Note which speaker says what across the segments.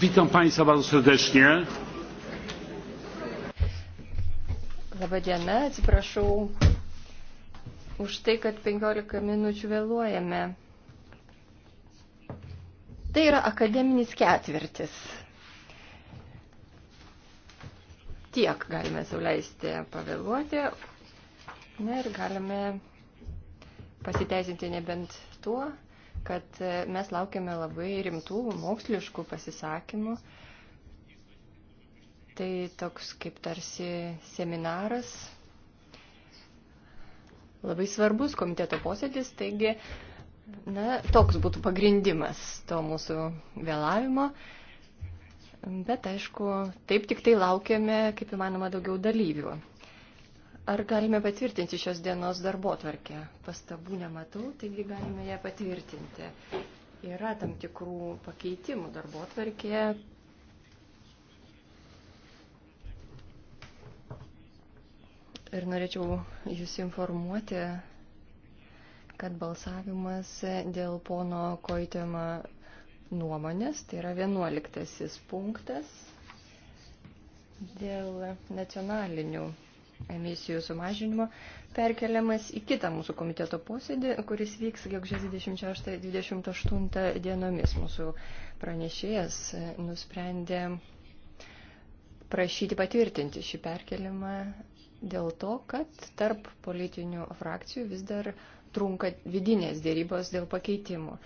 Speaker 1: Witam Państwa bardzo serdecznie.
Speaker 2: Labą dieną, atsiprašau už tai, kad 15 minučių vėluojame. Tai yra akademinis ketvirtis. Tiek galime sauliaisti pavėluoti. Na ir galime pasiteisinti nebent tuo, kad e, mes laukiame labai rimtų moksliškų pasisakymų. Tai toks kaip tarsi seminaras. Labai svarbus komiteto posėdis, taigi, na, toks būtų pagrindimas to mūsų vėlavimo. Bet, aišku, taip tik tai laukiame, kaip įmanoma, daugiau dalyvių. Ar galime patvirtinti šios dienos darbo tvarkę? Pastabų nematau, taigi galime ją patvirtinti. Yra tam tikrų pakeitimų darbo tvarkėje. Ir norėčiau Jūs informuoti, kad balsavimas dėl pono Koitėma nuomonės, tai yra vienuoliktasis punktas dėl nacionalinių emisijų sumažinimo perkeliamas į kitą mūsų komiteto posėdį, kuris vyks gegužės 26-28 dienomis. Mūsų pranešėjas nusprendė prašyti patvirtinti šį perkelimą dėl to, kad tarp politinių frakcijų vis dar trunka vidinės dėrybos dėl pakeitimų.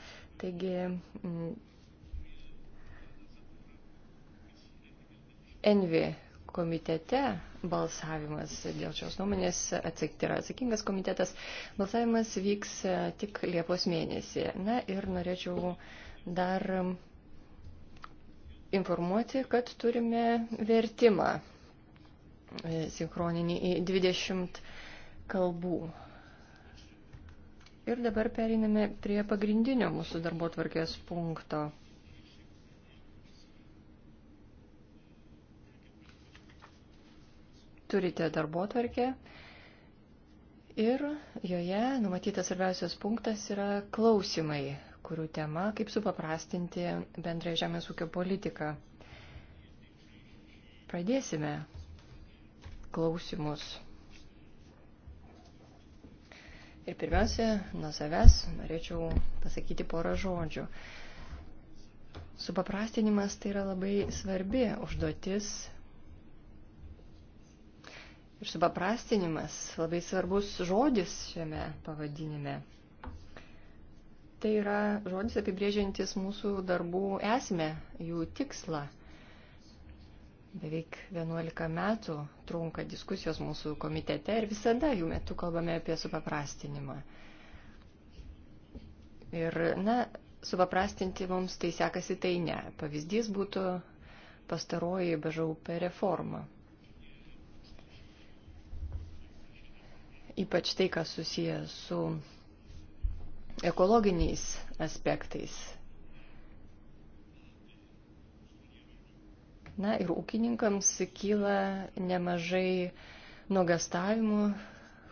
Speaker 2: Taigi mm, Envi komitete balsavimas dėl šios nuomonės atsakyt, tai yra atsakingas komitetas. Balsavimas vyks e, tik Liepos mėnesį. Na ir norėčiau dar informuoti, kad turime vertimą e, sinchroninį į 20 kalbų. Ir dabar periname prie pagrindinio mūsų darbo tvarkės punkto. turite darbo tvarkę ir joje numatytas svarbiausias punktas yra klausimai, kurių tema - kaip supaprastinti bendrąją žemės ūkio politiką. Pradėsime klausimus. Ir pirmiausia, nuo savęs norėčiau pasakyti porą žodžių. Supaprastinimas tai yra labai svarbi užduotis Ir supaprastinimas labai svarbus žodis šiame pavadinime. Tai yra žodis apibrėžiantis mūsų darbų esmę, jų tikslą. Beveik 11 metų trunka diskusijos mūsų komitete ir visada jų metu kalbame apie supaprastinimą. Ir, na, supaprastinti mums tai sekasi, tai ne. Pavyzdys būtų pastaroji BŽUP reforma. ypač tai, kas susiję su ekologiniais aspektais. Na ir ūkininkams kyla nemažai nuogastavimų,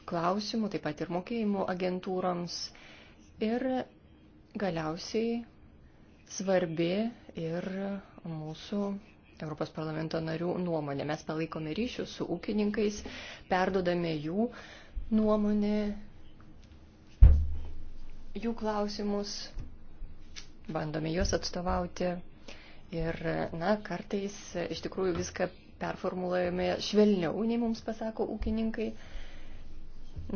Speaker 2: klausimų, taip pat ir mokėjimų agentūroms. Ir galiausiai svarbi ir mūsų Europos parlamento narių nuomonė. Mes palaikome ryšius su ūkininkais, perdodame jų uh, nuomonė, jų klausimus, bandome juos atstovauti ir, na, kartais iš tikrųjų viską performuluojame švelniau, nei mums pasako ūkininkai,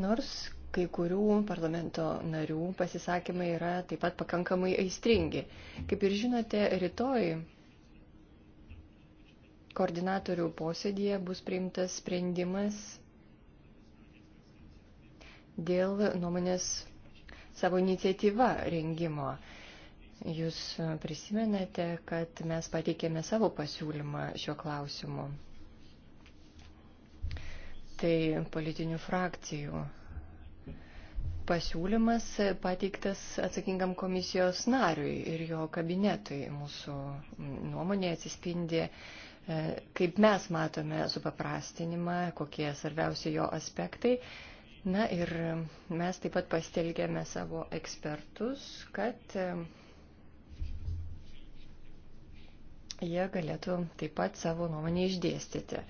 Speaker 2: nors kai kurių parlamento narių pasisakymai yra taip pat pakankamai aistringi. Kaip ir žinote, rytoj koordinatorių posėdėje bus priimtas sprendimas dėl nuomonės savo iniciatyvą rengimo. Jūs prisimenate, kad mes pateikėme savo pasiūlymą šiuo klausimu. Tai politinių frakcijų pasiūlymas pateiktas atsakingam komisijos nariui ir jo kabinetui. Mūsų nuomonė atsispindi, e, kaip mes matome supaprastinimą, kokie svarbiausi jo aspektai Na ir e, mes taip pat pastelgėme savo ekspertus, kad e, jie galėtų taip pat savo nuomonę išdėstyti.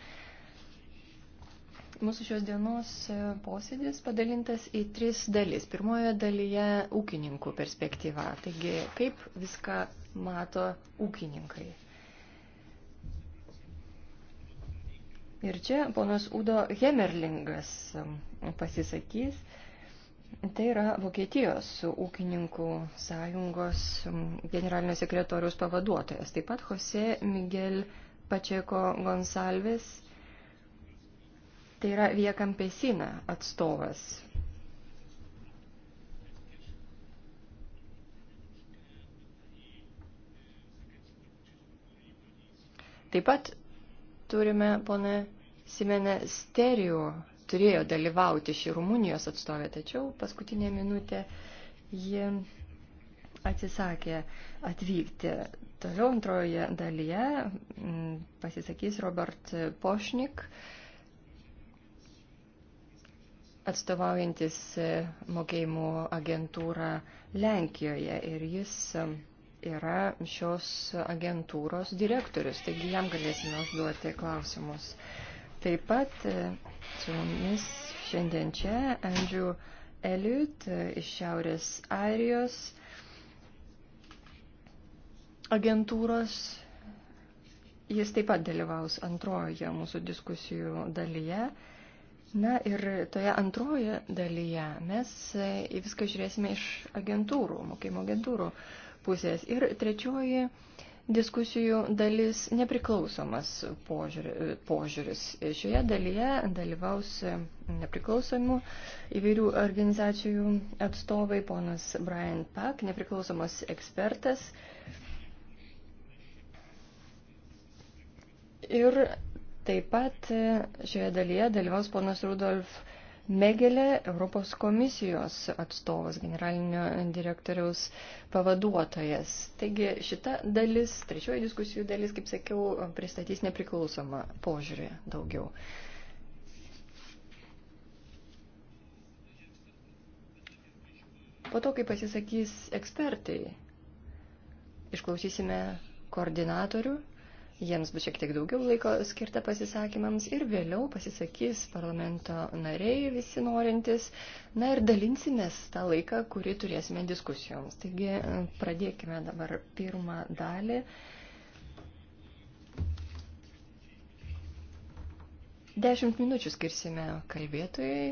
Speaker 2: Mūsų šios dienos e, posėdis padalintas į tris dalis. Pirmojoje dalyje ūkininkų perspektyva, taigi kaip viską mato ūkininkai. Ir čia ponas Udo Hemerlingas pasisakys. Tai yra Vokietijos ūkininkų sąjungos generalinio sekretoriaus pavaduotojas. Taip pat Jose Miguel Pačeko Gonsalves. Tai yra Viekampesina atstovas. Taip pat turime ponę Simenę Sterijų. Turėjo dalyvauti šį Rumunijos atstovę, tačiau paskutinė minutė ji atsisakė atvykti. Toliau antroje dalyje mm, pasisakys Robert Pošnik, atstovaujantis mokėjimų agentūrą Lenkijoje ir jis yra šios agentūros direktorius, taigi jam galėsime užduoti klausimus. Taip pat e, su mumis šiandien čia Andrew Elliot e, iš Šiaurės Airijos agentūros. Jis taip pat dalyvaus antrojoje mūsų diskusijų dalyje. Na ir toje antroje dalyje mes e, į viską žiūrėsime iš agentūrų, mokėjimo agentūrų pusės. Ir trečioji diskusijų dalis - nepriklausomas požiūris. Šioje dalyje dalyvaus nepriklausomų įvairių organizacijų atstovai, ponas Brian Pak, nepriklausomas ekspertas. Ir taip pat šioje dalyje dalyvaus ponas Rudolf Megelė, Europos komisijos atstovas, generalinio direktoriaus pavaduotojas. Taigi šita dalis, trečioji diskusijų dalis, kaip sakiau, pristatys nepriklausomą požiūrį daugiau. Po to, kai pasisakys ekspertai, išklausysime koordinatorių Jiems bus šiek tiek daugiau laiko skirta pasisakymams ir vėliau pasisakys parlamento nariai visi norintys. Na ir dalinsimės tą laiką, kurį turėsime diskusijoms. Taigi e, pradėkime dabar pirmą dalį. Dešimt minučių skirsime kalbėtojai.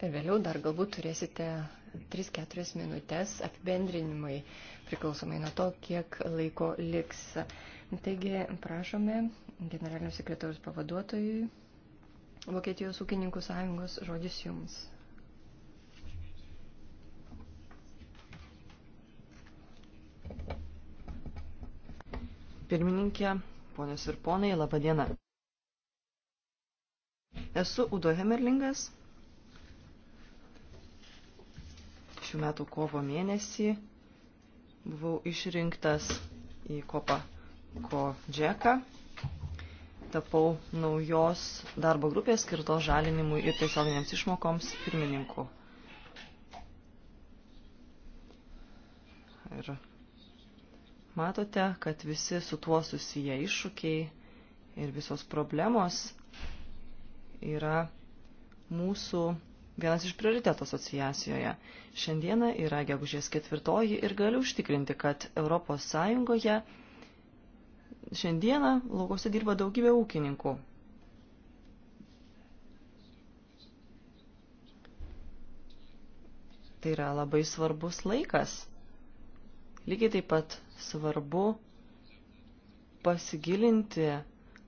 Speaker 2: Ir vėliau dar galbūt turėsite 3-4 minutės apibendrinimui priklausomai nuo to, kiek laiko liks. Taigi, prašome generalinio sekretoriaus pavaduotojui Vokietijos ūkininkų sąjungos žodis jums.
Speaker 3: Pirmininkė, ponios ir ponai, laba diena. Esu Udo Hemerlingas. Šiuo metu kovo mėnesį buvau išrinktas į kopą Kodžeką, tapau naujos darbo grupės skirtos žalinimui ir tiesioginėms išmokoms pirmininku. Ir matote, kad visi su tuo susiję iššūkiai ir visos problemos yra mūsų vienas iš prioritetų asociacijoje. Šiandiena yra gegužės ketvirtoji ir galiu užtikrinti, kad Europos Sąjungoje šiandieną laukose dirba daugybė ūkininkų. Tai yra labai svarbus laikas. Lygiai taip pat svarbu pasigilinti,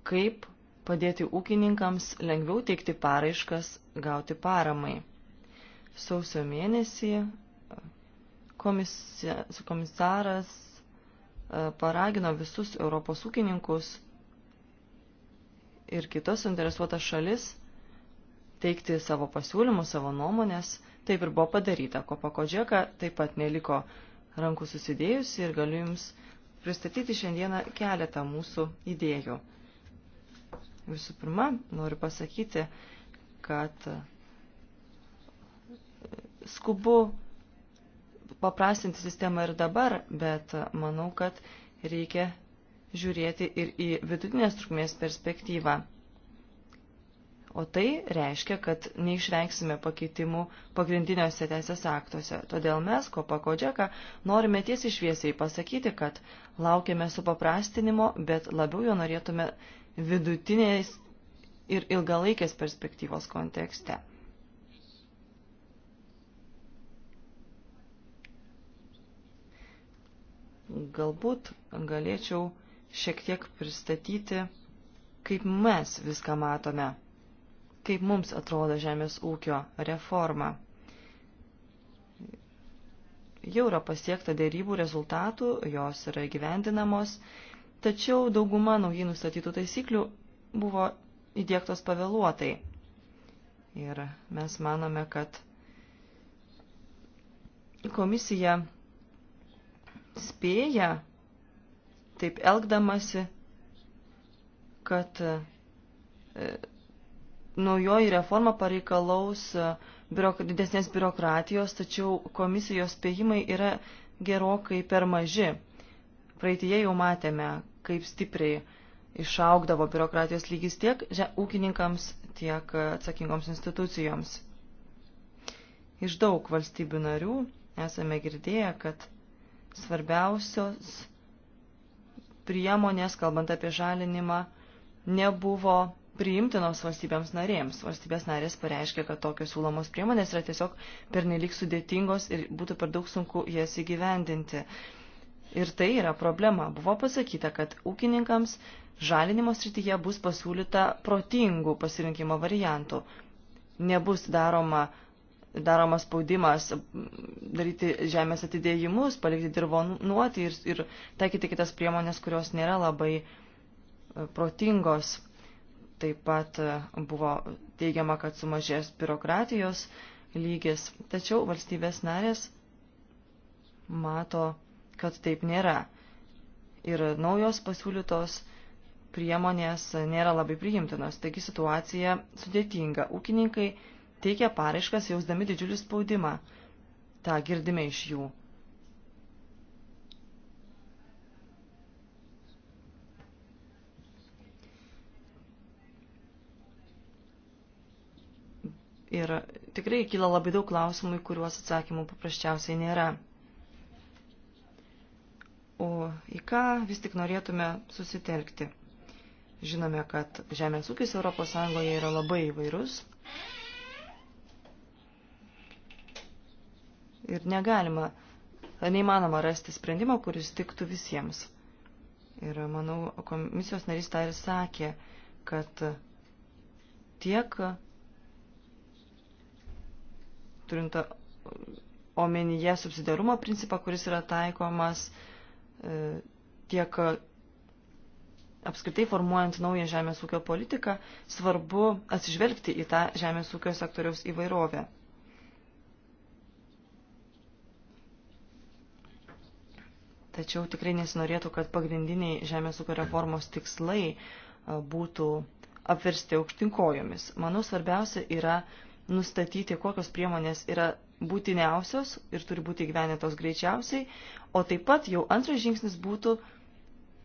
Speaker 3: kaip padėti ūkininkams lengviau teikti paraiškas gauti paramai. Sausio mėnesį e, komisaras e, paragino visus Europos ūkininkus ir kitas suinteresuotas šalis teikti savo pasiūlymus, savo nuomonės. Taip ir buvo padaryta. Kopakodžeka taip pat neliko rankų susidėjusi ir galiu Jums pristatyti šiandieną keletą mūsų idėjų. Visų pirma, noriu pasakyti, kad skubu paprastinti sistemą ir dabar, bet manau, kad reikia žiūrėti ir į vidutinės trukmės perspektyvą. O tai reiškia, kad neišvengsime pakeitimų pagrindiniuose teisės aktuose. Todėl mes, ko pakodžiaka, norime tiesiai šviesiai pasakyti, kad laukiame supaprastinimo, bet labiau jo norėtume vidutinės ir ilgalaikės perspektyvos kontekste. Galbūt galėčiau šiek tiek pristatyti, kaip mes viską matome, kaip mums atrodo žemės ūkio reforma. Jau yra pasiekta dėrybų rezultatų, jos yra gyvendinamos, tačiau dauguma naujai nustatytų taisyklių buvo įdėktos pavėluotai. Ir mes manome, kad komisija spėja taip elgdamasi, kad e, naujoji reforma pareikalaus e, biurok didesnės biurokratijos, tačiau komisijos spėjimai yra gerokai per maži. Praeitie jau matėme, kaip stipriai išaugdavo biurokratijos lygis tiek ūkininkams, tiek atsakingoms institucijoms. Iš daug valstybių narių esame girdėję, kad svarbiausios priemonės, kalbant apie žalinimą, nebuvo priimtinos valstybėms narėms. Valstybės narės pareiškia, kad tokios siūlomos priemonės yra tiesiog pernelyg sudėtingos ir būtų per daug sunku jas įgyvendinti. Ir tai yra problema. Buvo pasakyta, kad ūkininkams žalinimo srityje bus pasiūlyta protingų pasirinkimo variantų. Nebus daroma, daromas spaudimas daryti žemės atidėjimus, palikti dirvonuoti ir, ir taikyti kitas priemonės, kurios nėra labai e, protingos. Taip pat e, buvo teigiama, kad sumažės biurokratijos lygis, tačiau valstybės narės mato, kad taip nėra. Ir naujos pasiūlytos priemonės nėra labai priimtinos, taigi situacija sudėtinga. Ūkininkai teikia paraiškas, jausdami didžiulį spaudimą. Ta girdime iš jų. Ir tikrai kyla labai daug klausimų, į kuriuos atsakymų paprasčiausiai nėra. O į ką vis tik norėtume susitelkti? Žinome, kad žemės ūkis ES yra labai įvairus. Ir negalima, neįmanoma rasti sprendimą, kuris tiktų visiems. Ir manau, komisijos narys tą ir sakė, kad tiek turint omenyje subsidiarumo principą, kuris yra taikomas e, tiek apskritai formuojant naują žemės ūkio politiką, svarbu atsižvelgti į tą žemės ūkio sektoriaus įvairovę. Tačiau tikrai nesinorėtų, kad pagrindiniai žemės ūkio reformos tikslai būtų apversti aukštinkojomis. Manau, svarbiausia yra nustatyti, kokios priemonės yra būtiniausios ir turi būti gyvenintos greičiausiai, o taip pat jau antras žingsnis būtų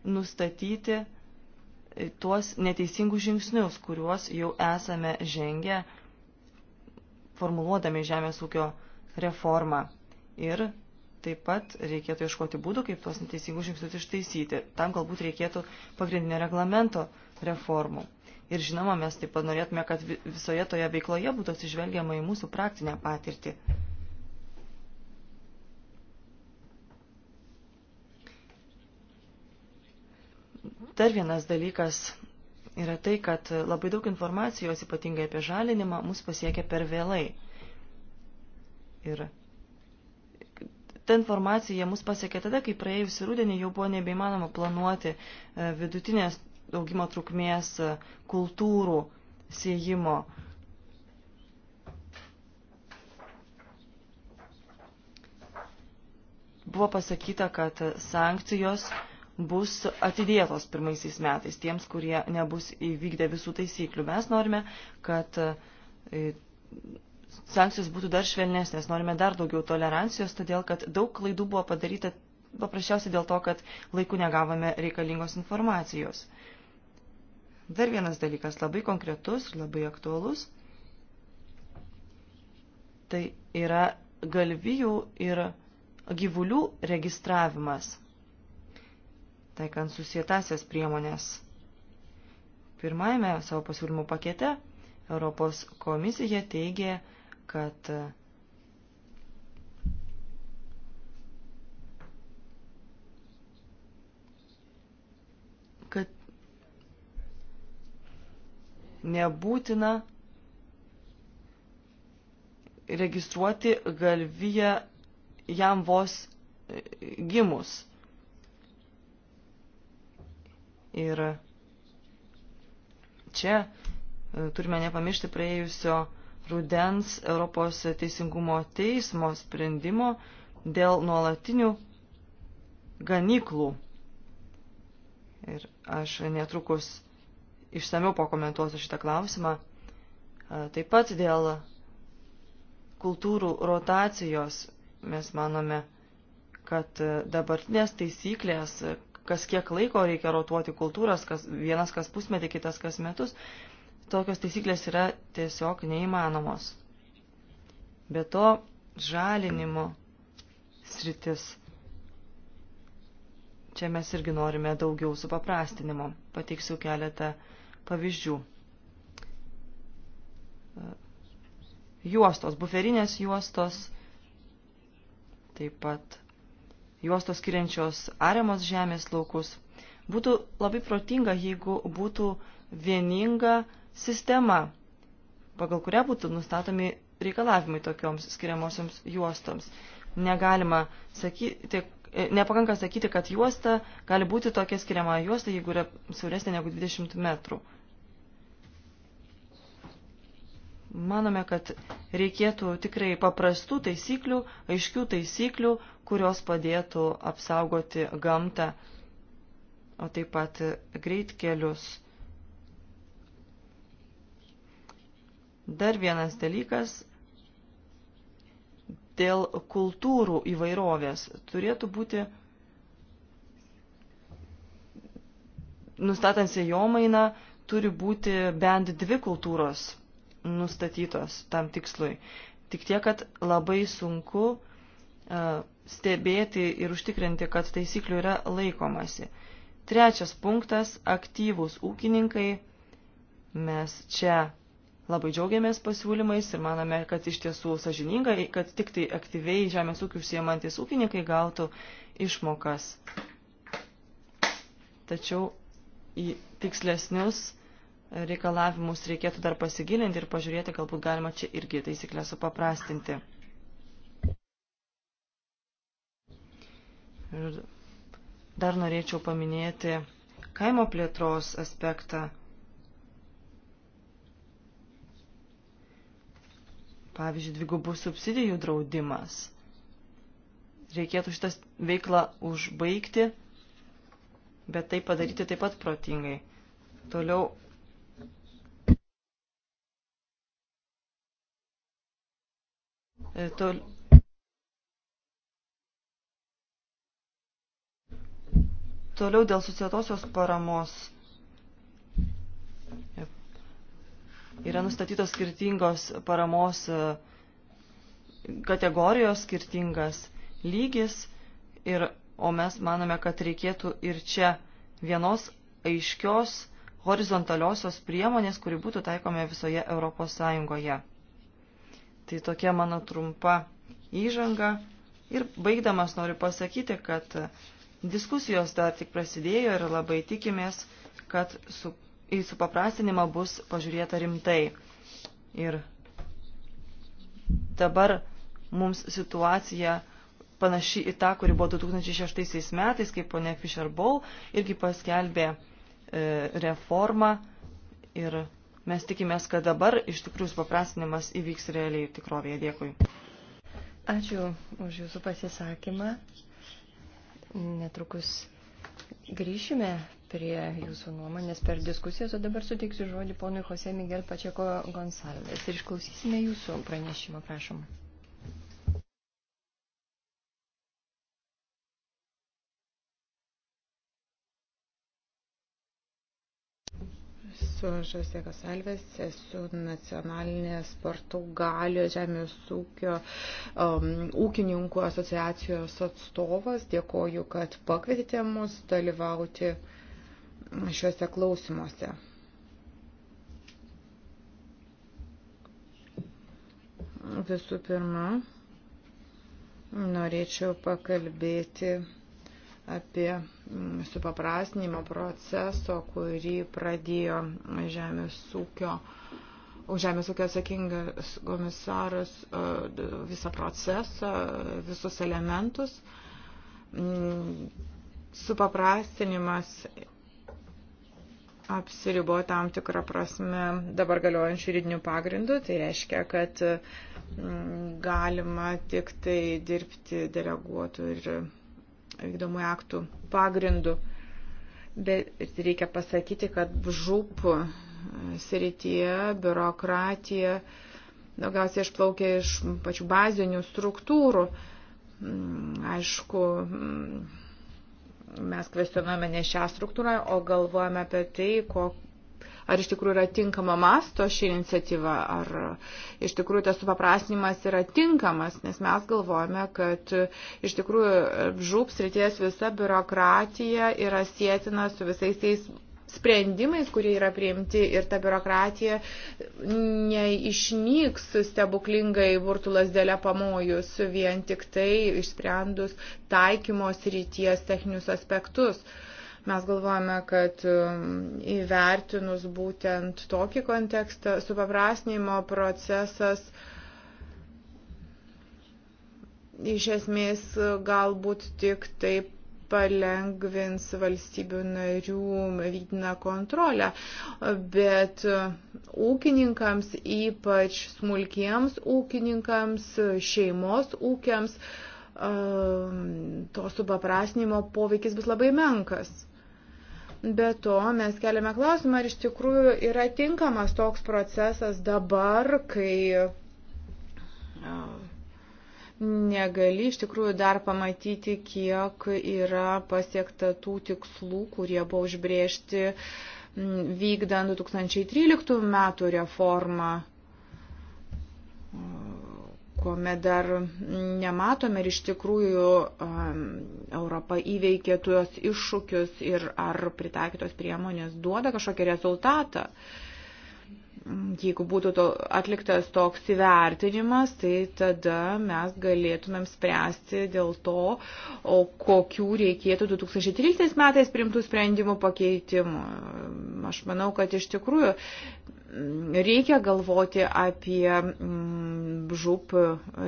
Speaker 3: nustatyti tuos neteisingus žingsnius, kuriuos jau esame žengę formuluodami žemės ūkio reformą. Ir taip pat reikėtų ieškoti būdų, kaip tuos neteisingus žingsnius ištaisyti. Tam galbūt reikėtų pagrindinio reglamento reformų. Ir žinoma, mes taip pat norėtume, kad visoje toje veikloje būtų atsižvelgiama į mūsų praktinę patirtį. Dar vienas dalykas yra tai, kad labai daug informacijos, ypatingai apie žalinimą, mus pasiekia per vėlai. Ir ta informacija mus pasiekė tada, kai praėjusį rudenį jau buvo nebeįmanoma planuoti e, vidutinės augimo trukmės e, kultūrų siejimo. Buvo pasakyta, kad sankcijos uh, bus atidėtos pirmaisiais metais tiems, kurie nebus įvykdę visų taisyklių. Mes norime, kad e, sankcijos būtų dar švelnesnės, norime dar daugiau tolerancijos, todėl kad daug klaidų buvo padaryta paprasčiausiai dėl to, kad laiku negavome reikalingos informacijos. Dar vienas dalykas labai konkretus ir labai aktuolus. Tai yra galvijų ir gyvulių registravimas taikant susietasias priemonės. Pirmajame savo pasiūlymų pakete Europos komisija teigė, kad kad nebūtina registruoti galviją jam vos gimus. Ir čia e, turime nepamiršti praėjusio rudens Europos teisingumo teismo sprendimo dėl nuolatinių ganyklų. Ir aš netrukus išsamiau pakomentuosiu šitą klausimą. E, taip pat dėl kultūrų rotacijos mes manome, kad e, dabartinės taisyklės kas kiek laiko reikia rotuoti kultūras, kas, vienas kas pusmetį, kitas kas metus, tokios taisyklės yra tiesiog neįmanomos. Be to, žalinimo sritis. Čia mes irgi norime daugiau supaprastinimo. Pateiksiu keletą pavyzdžių. Juostos, buferinės juostos, taip pat juostos skiriančios ariamos žemės laukus. Būtų labai protinga, jeigu būtų vieninga sistema, pagal kurią būtų nustatomi reikalavimai tokioms skiriamosioms juostoms. Negalima sakyti, e, nepakanka sakyti, kad juosta gali būti tokia skiriama juosta, jeigu yra siauresnė negu 20 metrų. Manome, kad reikėtų tikrai paprastų taisyklių, aiškių taisyklių, kurios padėtų apsaugoti gamtą, o taip pat greitkelius. Dar vienas dalykas dėl kultūrų įvairovės turėtų būti nustatant sėjomainą turi būti bent dvi kultūros nustatytos tam tikslui. Tik tiek, kad labai sunku e, stebėti ir užtikrinti, kad taisyklių yra laikomasi. Trečias punktas - aktyvūs ūkininkai. Mes čia labai džiaugiamės pasiūlymais ir manome, kad iš tiesų sažiningai, kad tik tai aktyviai žemės ūkių užsiemantis ūkininkai gautų išmokas. Tačiau į tikslesnius reikalavimus reikėtų dar pasigilinti ir pažiūrėti, galbūt galima čia irgi taisyklę supaprastinti. Ir dar norėčiau paminėti kaimo plėtros aspektą. Pavyzdžiui, dvigubų subsidijų draudimas. Reikėtų šitą veiklą užbaigti, bet tai padaryti taip pat protingai. Toliau E, tol... Toliau dėl susietosios paramos e, yra nustatytos skirtingos paramos e, kategorijos, skirtingas lygis, ir, o mes manome, kad reikėtų ir čia vienos aiškios horizontaliosios priemonės, kuri būtų taikoma visoje Europos Sąjungoje. Tai tokia mano trumpa įžanga. Ir baigdamas noriu pasakyti, kad diskusijos dar tik prasidėjo ir labai tikimės, kad su, į supaprastinimą bus pažiūrėta rimtai. Ir dabar mums situacija panaši į tą, kuri buvo 2006 metais, kai ponė Fisher Bowl irgi paskelbė e, reformą ir Mes tikimės, kad dabar iš tikrųjų supaprastinimas įvyks realiai tikrovėje. Dėkui. Ačiū
Speaker 2: už Jūsų pasisakymą. Netrukus grįšime prie Jūsų nuomonės per diskusijas, o dabar suteiksiu žodį ponui Jose Miguel Pačeko Gonsalves ir išklausysime Jūsų pranešimą, prašom.
Speaker 4: esu Žosiekas Alves,
Speaker 5: esu nacionalinės Portugalijos žemės ūkio um, ūkininkų asociacijos atstovas. Dėkoju, kad pakvietėte mus dalyvauti šiuose klausimuose. Visų pirma, norėčiau pakalbėti apie Mm, supaprasnimo proceso, kurį pradėjo žemės ūkio. Už žemės ūkio atsakingas komisaras e, visą procesą, visus elementus. Mm, supaprastinimas apsiribo tam tikrą prasme dabar galiojančių juridinių pagrindų. Tai reiškia, kad mm, galima tik tai dirbti deleguotų ir vykdomų aktų pagrindų. Bet reikia pasakyti, kad žūp e, srityje biurokratija daugiausiai išplaukia iš pačių bazinių struktūrų. Mm, aišku, mm, mes kvestionuojame ne šią struktūrą, o galvojame apie tai, ar iš tikrųjų yra tinkama masto ši iniciatyva, ar iš tikrųjų tas supaprastinimas yra tinkamas, nes mes galvojame, kad iš tikrųjų žūps ryties visa biurokratija yra sėtina su visais tais sprendimais, kurie yra priimti ir ta biurokratija neišnyks stebuklingai burtulas dėlė pamojus vien tik tai išsprendus taikymos ryties techninius aspektus. Uh, Mes galvojame, kad um, įvertinus būtent tokį kontekstą, supaprasnimo procesas iš esmės galbūt tik taip palengvins valstybių narių vykdyną kontrolę, bet um, ūkininkams, ypač smulkiems ūkininkams, šeimos ūkiams, um, to supaprasnimo poveikis bus labai menkas. Be to, mes keliame klausimą, ar iš tikrųjų yra tinkamas toks procesas dabar, kai negali iš tikrųjų dar pamatyti, kiek yra pasiekta tų tikslų, kurie buvo užbriežti vykdant 2013 metų reformą kuomet dar nematome ir iš tikrųjų um, Europa įveikė tuos iššūkius ir ar pritaikytos priemonės duoda kažkokį rezultatą. Jeigu būtų to, atliktas toks įvertinimas, tai tada mes galėtumėm spręsti dėl to, o kokių reikėtų 2013 metais primtų sprendimų pakeitimų. Aš manau, kad iš tikrųjų reikia galvoti apie mm, žūp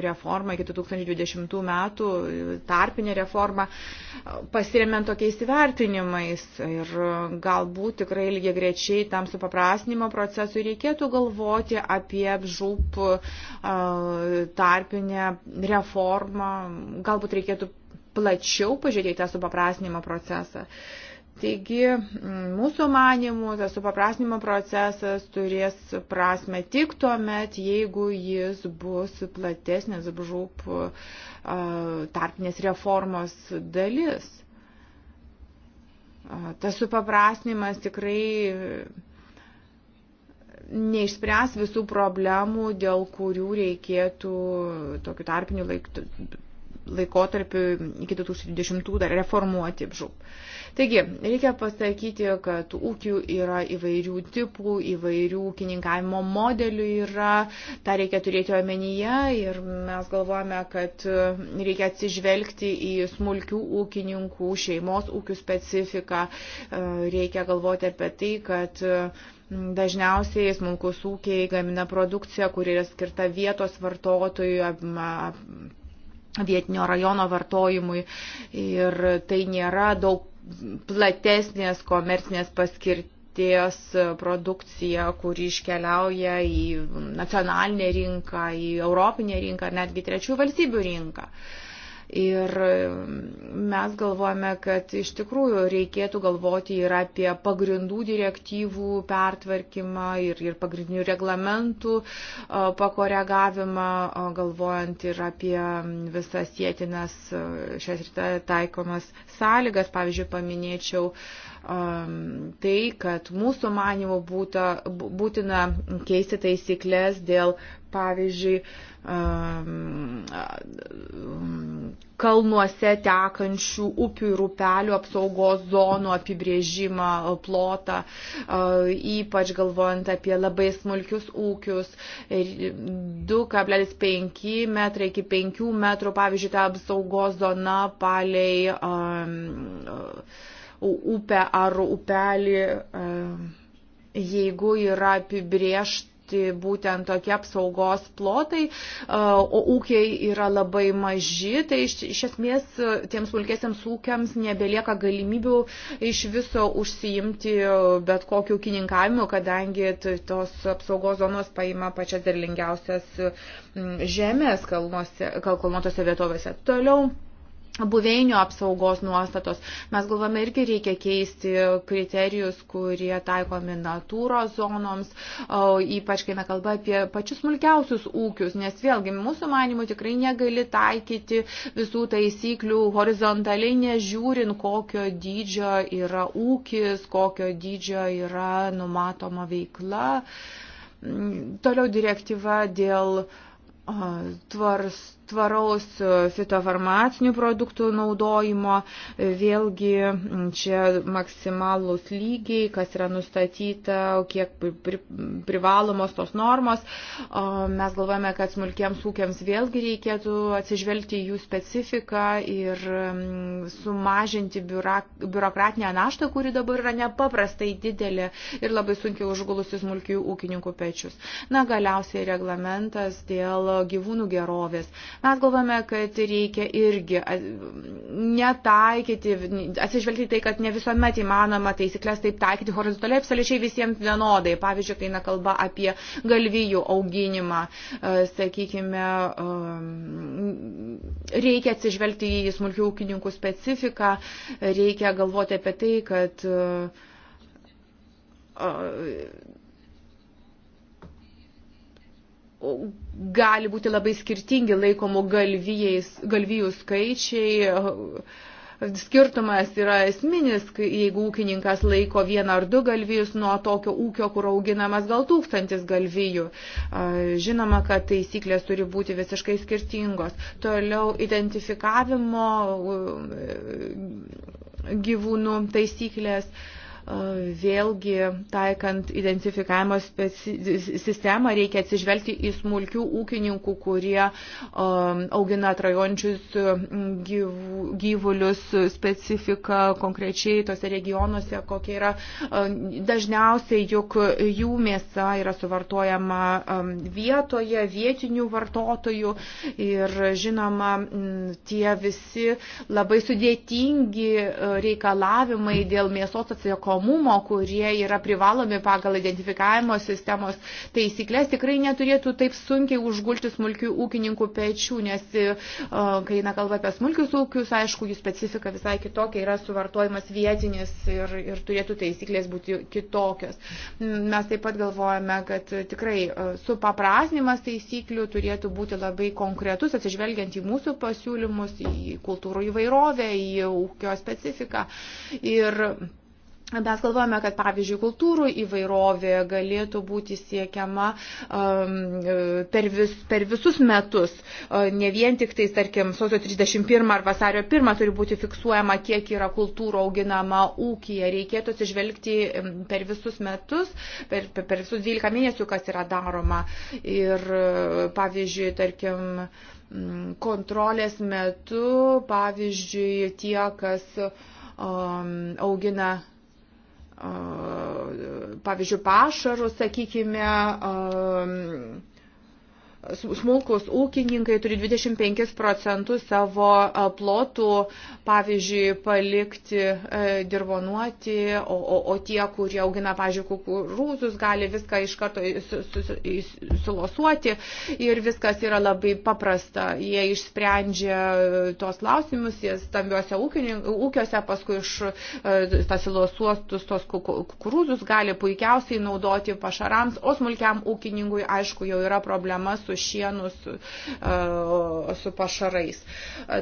Speaker 5: reformą iki 2020 metų, tarpinę reformą, pasiremiant tokiais įvertinimais. Ir galbūt tikrai lygiai grečiai tam supaprasnimo procesui reikėtų galvoti apie žūp tarpinę reformą. Galbūt reikėtų plačiau pažiūrėti tą supaprasnimo procesą. Uh, Taigi, mm, mūsų manimų, tas supaprasnimo procesas turės prasme tik tuo met, jeigu jis bus platesnės apžūp tarpinės reformos dalis. Tas supaprasnimas tikrai neišspręs visų problemų, dėl kurių reikėtų tokiu tarpiniu laiku laikotarpiu iki 2020 dar reformuoti BŽUP. Taigi, reikia pasakyti, kad ūkių yra įvairių tipų, įvairių ūkininkavimo modelių yra, tą reikia turėti omenyje ir mes galvojame, kad reikia atsižvelgti į smulkių ūkininkų, šeimos ūkių specifiką, e, reikia galvoti apie tai, kad dažniausiai smulkus ūkiai gamina produkciją, kuri yra skirta vietos vartotojui, vietinio rajono vartojimui ir tai nėra daug platesnės komercinės paskirties produkcija, kuri iškeliauja į nacionalinę rinką, į europinę rinką ar netgi trečių valstybių rinką. Uh, Ir mes galvojame, kad iš tikrųjų reikėtų galvoti ir apie pagrindų direktyvų pertvarkymą ir, ir pagrindinių reglamentų pakoregavimą, galvojant ir apie visas sėtinas šias rytą taikomas sąlygas. Pavyzdžiui, paminėčiau tai, kad mūsų manimo būta, būtina keisti taisyklės dėl pavyzdžiui, kalnuose tekančių upių ir upelių apsaugos zonų apibrėžimą, plotą, ypač galvojant apie labai smulkius ūkius, 2,5 metrai iki 5 metrų, pavyzdžiui, ta apsaugos zona paliai upę ar upelį, jeigu yra apibriežta išaukti būtent tokie apsaugos plotai, o ūkiai yra labai maži, tai iš, iš esmės tiems smulkėsiams ūkiams nebelieka galimybių iš viso užsiimti bet kokiu ūkininkavimu, kadangi tos apsaugos zonos paima pačias derlingiausias žemės kalnuose, kalnuotose vietovėse. Toliau buveinių apsaugos nuostatos. Mes galvome irgi reikia keisti kriterijus, kurie taikomi natūros zonoms, ypač kai kalba apie pačius smulkiausius ūkius, nes vėlgi mūsų manimų tikrai negali taikyti visų taisyklių horizontaliai nežiūrint, kokio dydžio yra ūkis, kokio dydžio yra numatoma veikla. Toliau direktyva dėl tvars tvaraus e, fitofarmacinių produktų naudojimo. Vėlgi čia maksimalus lygiai, kas yra nustatyta, kiek privalomos tos normos. Mes galvojame, kad smulkiems ūkiams vėlgi reikėtų atsižvelgti jų specifiką ir sumažinti biurokratinę naštą, kuri dabar yra nepaprastai didelė ir labai sunkiai užgulusi smulkių ūkininkų pečius. Na, galiausiai reglamentas dėl gyvūnų gerovės. Mes galvome, kad reikia irgi netaikyti, atsižvelgti tai, kad ne visuomet įmanoma taisyklės taip taikyti horizontaliai absoliučiai visiems vienodai. Pavyzdžiui, kai eina kalba apie galvijų auginimą, sakykime, reikia atsižvelgti į smulkių ūkininkų specifiką, reikia galvoti apie tai, kad gali būti labai skirtingi laikomų galvijų skaičiai. Skirtumas yra esminis, jeigu ūkininkas laiko vieną ar du galvijus nuo tokio ūkio, kur auginamas gal tūkstantis galvijų. Žinoma, kad taisyklės turi būti visiškai skirtingos. Toliau identifikavimo gyvūnų taisyklės. Uh, vėlgi taikant identifikavimo sistemą reikia atsižvelgti į smulkių ūkininkų, kurie augina atrajončius gyvulius specifiką konkrečiai tose regionuose, kokia yra dažniausiai, juk jų mėsa yra suvartojama vietoje, vietinių vartotojų ir žinoma, tie visi labai sudėtingi reikalavimai dėl mėsos atsiekomo privalomumo, kurie yra privalomi pagal identifikavimo sistemos taisyklės, tikrai neturėtų taip sunkiai užgulti smulkių ūkininkų pečių, nes e, kai eina kalba apie smulkius ūkius, aišku, jų specifika visai kitokia, yra suvartojimas vietinis ir, ir turėtų taisyklės būti kitokios. Mes taip pat galvojame, kad tikrai e, supaprasnimas taisyklių turėtų būti labai konkretus, atsižvelgiant į mūsų pasiūlymus, į kultūrų įvairovę, į ūkio specifiką. Ir Mes galvojame, kad pavyzdžiui kultūrų įvairovė galėtų būti siekiama um, per, vis, per visus metus. Uh, ne vien tik tai, tarkim, sausio 31 ar vasario 1 turi būti fiksuojama, kiek yra kultūrų auginama ūkija. Reikėtų atsižvelgti um, per visus metus, per, per, per visus 12 mėnesių, kas yra daroma. Ir uh, pavyzdžiui, tarkim, um, kontrolės metu, pavyzdžiui, tie, kas um, augina pavyzdžiui, pašarų, sakykime, smulkus ūkininkai turi 25 procentus savo plotų, pavyzdžiui, palikti dirbonuoti, o, o, o tie, kurie augina, pavyzdžiui, kukurūzus, gali viską iš karto sulosuoti ir viskas yra labai paprasta. Jie išsprendžia tuos klausimus, jie stambiuose ūkiuose paskui iš pasilosuostus tos kukurūzus gali puikiausiai naudoti pašarams, o smulkiam ūkininkui, aišku, jau yra problema su su šienu, su, su pašarais.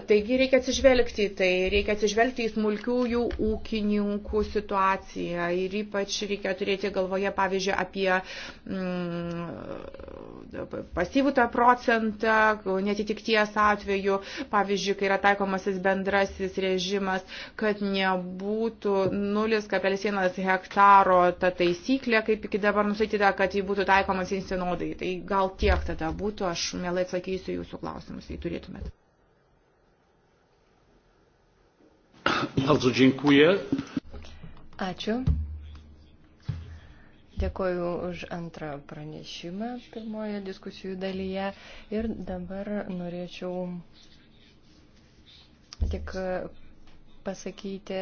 Speaker 5: Taigi reikia atsižvelgti į tai, reikia atsižvelgti į smulkiųjų ūkininkų situaciją ir ypač reikia turėti galvoje, pavyzdžiui, apie mm, pasyvų tą procentą, netitikties atveju, pavyzdžiui, kai yra taikomasis bendrasis režimas, kad nebūtų 0,1 hektaro ta taisyklė, kaip iki dabar nusatyta, kad jį būtų taikomas insinodai. Tai gal tiek tada nebūtų, aš mielai atsakysiu jūsų klausimus, jei turėtumėt.
Speaker 1: Bardzo dziękuję.
Speaker 2: Ačiū. Dėkoju už antrą pranešimą pirmoje diskusijų dalyje. Ir dabar norėčiau tik pasakyti,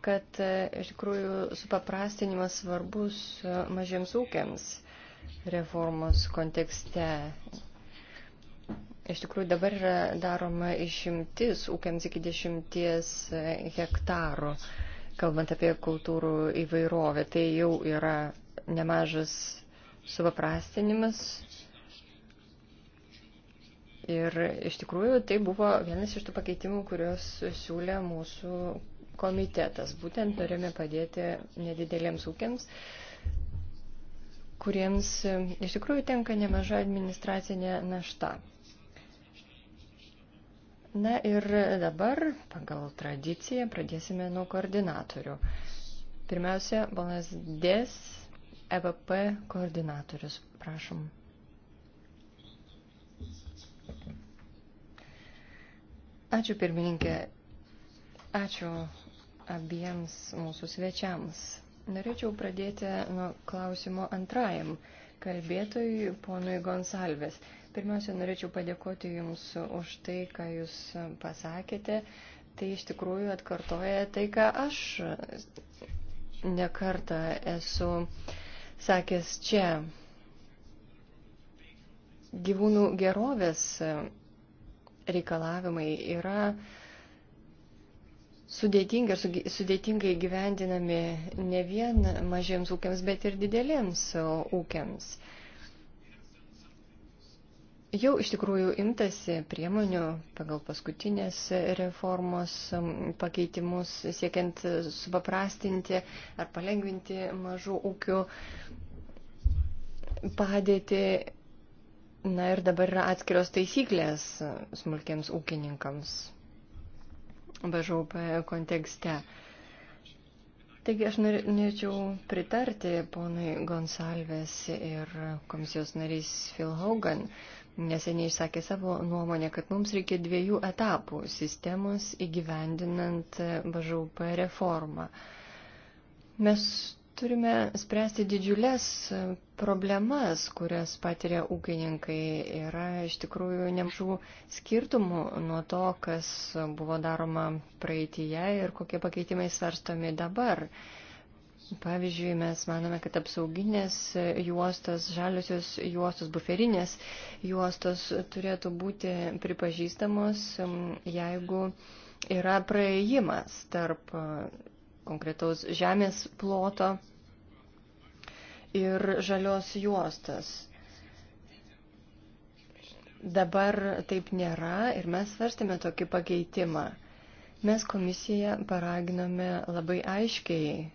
Speaker 2: kad e, iš tikrųjų supaprastinimas svarbus e, mažiems ūkiams reformos kontekste. Iš tikrųjų, dabar yra daroma išimtis ūkiams iki 10 hektarų, kalbant apie kultūrų įvairovę. Tai jau yra nemažas supaprastinimas. Ir iš tikrųjų tai buvo vienas iš tų pakeitimų, kuriuos siūlė mūsų komitetas. Būtent norėjome padėti nedideliems ūkiams kuriems e, iš tikrųjų tenka nemaža administracinė našta. Na ir dabar pagal tradiciją pradėsime nuo koordinatorių. Pirmiausia, Bonas Dės, EVP koordinatorius. Prašom. Ačiū pirmininkė. Ačiū abiems mūsų svečiams. Norėčiau pradėti nuo klausimo antrajam kalbėtojui, ponui Gonsalves. Pirmiausia, norėčiau padėkoti Jums už tai, ką Jūs pasakėte. Tai iš tikrųjų atkartoja tai, ką aš nekartą esu sakęs čia. Gyvūnų gerovės reikalavimai yra uh, sudėtingi ir sudėtingai gyvendinami ne vien mažiems ūkiams, bet ir dideliems ūkiams. Jau iš tikrųjų imtasi priemonių pagal paskutinės reformos pakeitimus, siekiant supaprastinti ar palengvinti mažų ūkių padėti. Na ir dabar yra atskiros taisyklės smulkiems ūkininkams. BŽUP kontekste. Taigi aš norėčiau pritarti ponui Gonsalves ir komisijos narys Phil Hogan. Neseniai išsakė savo nuomonę, kad mums reikia dviejų etapų sistemos įgyvendinant BŽUP reformą. Mes Turime spręsti didžiulės problemas, kurias patiria ūkininkai. Yra iš tikrųjų nemažų skirtumų nuo to, kas buvo daroma praeitįje ir kokie pakeitimai svarstomi dabar. Pavyzdžiui, mes manome, kad apsauginės juostos, žaliosios juostos, buferinės juostos turėtų būti pripažįstamos, um, jeigu yra praėjimas tarp uh, konkretaus žemės ploto ir žalios juostas. Dabar taip nėra ir mes svarstėme tokį pakeitimą. Mes komisiją paraginome labai aiškiai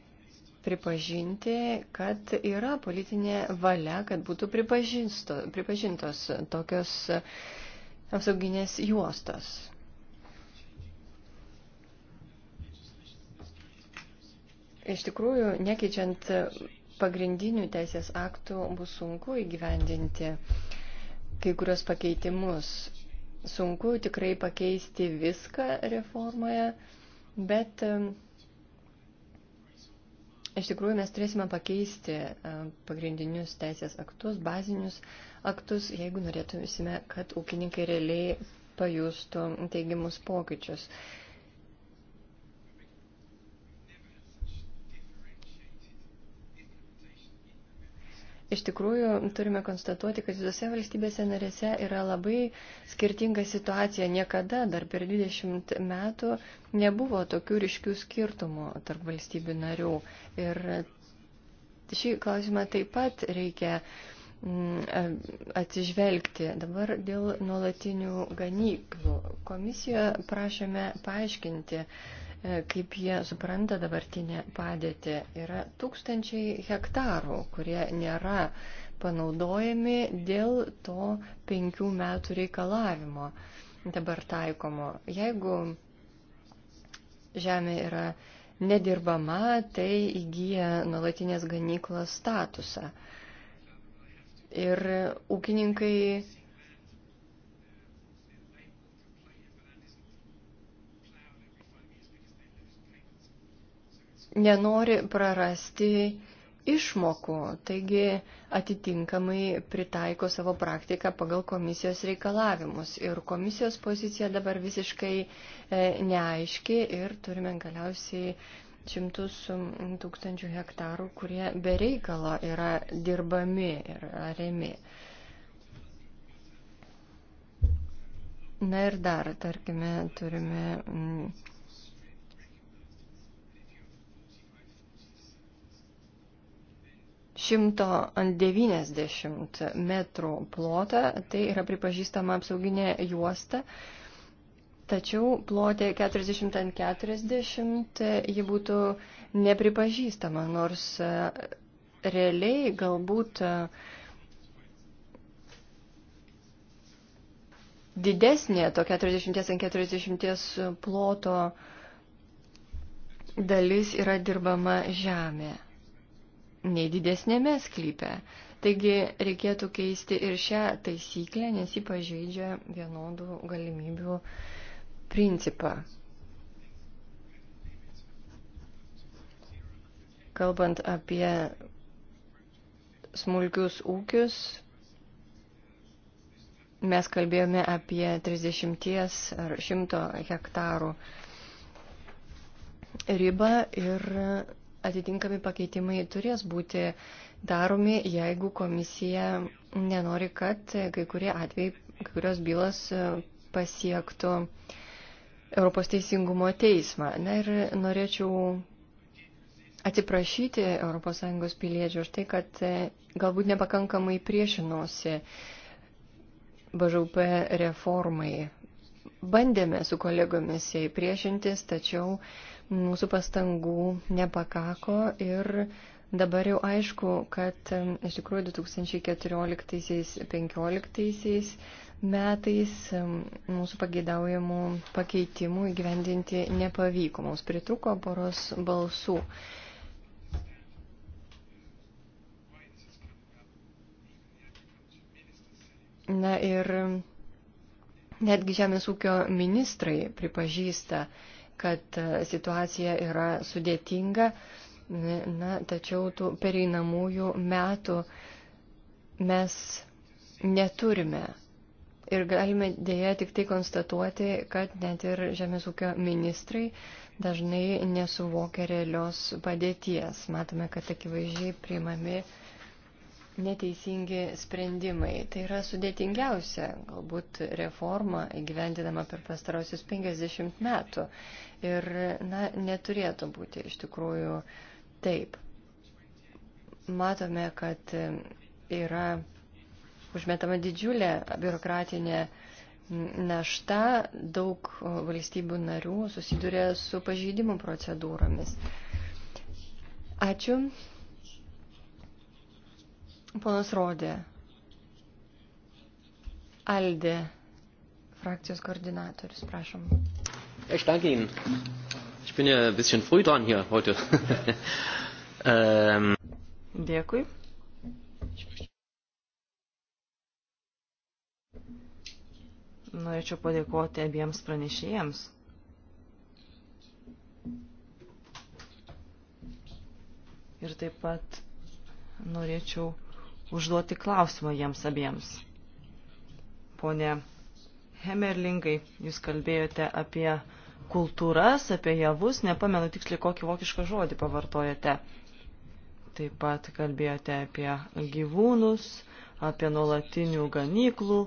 Speaker 2: pripažinti, kad yra politinė valia, kad būtų pripažintos tokios apsauginės juostos. Iš tikrųjų, nekeičiant pagrindinių teisės aktų bus sunku įgyvendinti kai kurios pakeitimus. Sunku tikrai pakeisti viską reformoje, bet e, iš tikrųjų mes turėsime pakeisti e, pagrindinius teisės aktus, bazinius aktus, jeigu norėtumėsime, kad ūkininkai realiai pajustų teigiamus pokyčius. Iš tikrųjų, turime konstatuoti, kad visose valstybėse narėse yra labai skirtinga situacija. Niekada dar per 20 metų nebuvo tokių ryškių skirtumų tarp valstybių narių. Ir šį klausimą taip pat reikia mm, atsižvelgti. Dabar dėl nuolatinių ganyklų. Komisijoje prašome paaiškinti E, kaip jie supranta dabartinę padėtį. Yra tūkstančiai hektarų, kurie nėra panaudojami dėl to penkių metų reikalavimo dabar taikomo. Jeigu žemė yra nedirbama, tai įgyja nuolatinės ganyklos statusą. Ir ūkininkai nenori prarasti išmokų, taigi atitinkamai pritaiko savo praktiką pagal komisijos reikalavimus. Ir komisijos pozicija dabar visiškai e, neaiški ir turime galiausiai šimtus tūkstančių hektarų, kurie be reikalo yra dirbami ir remi. Na ir dar, tarkime, turime 190 metrų plotą, tai yra pripažįstama apsauginė juosta, tačiau plotė 40 ant 40 ji būtų nepripažįstama, nors e, realiai galbūt e, didesnė to 40 ant 40 ploto dalis yra dirbama žemė nei didesnėme sklype. Taigi reikėtų keisti ir šią taisyklę, nes jį pažeidžia vienodų galimybių principą. Kalbant apie smulkius ūkius, mes kalbėjome apie 30 ar 100 hektarų ribą ir atitinkami pakeitimai turės būti daromi, jeigu komisija nenori, kad kai kurie atvejai, kai kurios bylos e, pasiektų Europos teisingumo teismą. Na ir norėčiau atsiprašyti ES piliečių už tai, kad e, galbūt nepakankamai priešinosi BŽP reformai. Bandėme su kolegomis jai priešintis, tačiau uh, mūsų pastangų nepakako ir dabar jau aišku, kad iš tikrųjų 2014-2015 metais mūsų pageidaujamų pakeitimų įgyvendinti nepavyko. Mums pritruko poros balsų. Na ir netgi žemės ūkio ministrai pripažįsta, kad e, situacija yra sudėtinga, na, tačiau tų pereinamųjų metų mes neturime. Ir galime dėja tik tai konstatuoti, kad net ir žemės ūkio ministrai dažnai nesuvokia realios padėties. Matome, kad akivaizdžiai priimami uh, neteisingi sprendimai. Tai yra sudėtingiausia galbūt reforma įgyvendinama per pastarosius 50 metų. Ir na, neturėtų būti iš tikrųjų taip. Matome, kad yra užmetama didžiulė biurokratinė našta, daug valstybių narių susiduria su pažeidimų procedūromis. Ačiū. Ponas Rodė, Aldė, frakcijos koordinatorius,
Speaker 3: prašom.
Speaker 4: Ich danke Ihnen. Ich bin ja ein bisschen früh dran hier heute. ähm.
Speaker 3: Dėkui. Norėčiau padėkoti abiems pranešėjams. Ir taip pat norėčiau užduoti klausimą jiems abiems. Pone Hemerlingai, jūs kalbėjote apie kultūras, apie javus, nepamenu tiksliai kokį vokišką žodį pavartojate. Taip pat kalbėjote apie gyvūnus, apie nuolatinių ganyklų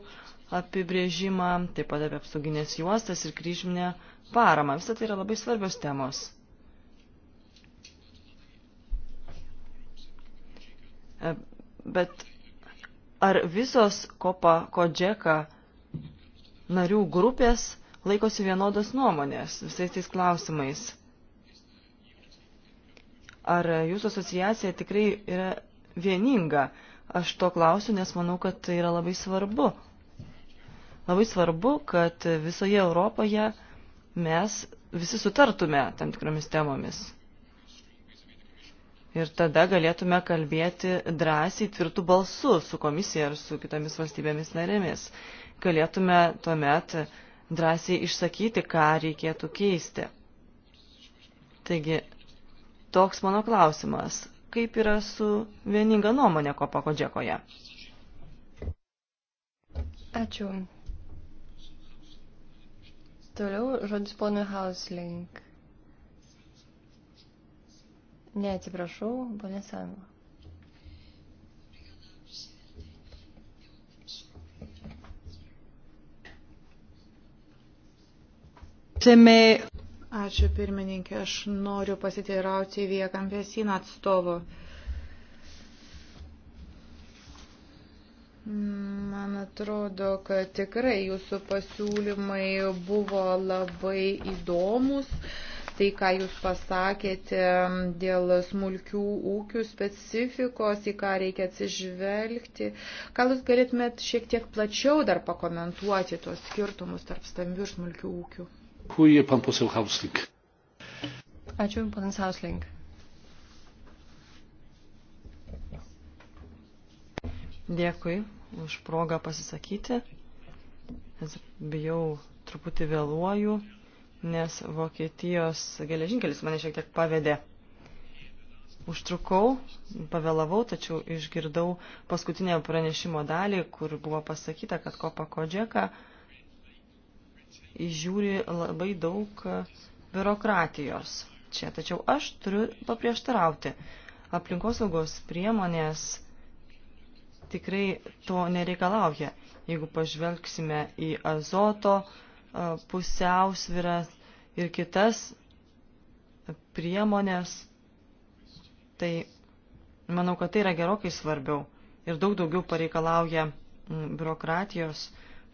Speaker 3: apibrėžimą, taip pat apie apsauginės juostas ir kryžminę paramą. Visą tai yra labai svarbios temos. Bet ar visos kopa kodžeka narių grupės laikosi vienodos nuomonės visais tais klausimais? Ar jūsų asociacija tikrai yra vieninga? Aš to klausiu, nes manau, kad tai yra labai svarbu. Labai svarbu, kad visoje Europoje mes visi sutartume tam tikromis temomis ir tada galėtume kalbėti drąsiai tvirtų balsų su komisija ir su kitomis valstybėmis narėmis. Galėtume tuomet drąsiai išsakyti, ką reikėtų keisti. Taigi, toks mano klausimas. Kaip yra su vieninga nuomonė Kopako džekoje?
Speaker 2: Ačiū. Toliau žodis ponui Hauslink. Ne, atsiprašau, ponė Sango.
Speaker 5: Ačiū pirmininkė, aš noriu pasiteirauti viekampėsino atstovo. Man atrodo, kad tikrai jūsų pasiūlymai buvo labai įdomus. Uh, tai, ką Jūs pasakėte dėl smulkių ūkių specifikos, į ką reikia atsižvelgti. Gal Jūs galėtumėt šiek tiek plačiau dar pakomentuoti tuos skirtumus tarp stambių ir smulkių ūkių?
Speaker 1: Kurie pan posiau Hauslik.
Speaker 2: Ačiū, panas Hausling.
Speaker 3: Dėkui už progą pasisakyti. Bijau, truputį vėluoju nes Vokietijos geležinkelis mane šiek tiek pavedė. Užtrukau, pavėlavau, tačiau išgirdau paskutinę pranešimo dalį, kur buvo pasakyta, kad Kopa Kodžeka įžiūri labai daug biurokratijos. Čia, tačiau aš turiu paprieštarauti. Aplinkosaugos priemonės tikrai to nereikalauja. Jeigu pažvelgsime į azoto, uh, pusiausviras ir kitas priemonės, tai manau, kad tai yra gerokai svarbiau ir daug daugiau pareikalauja biurokratijos,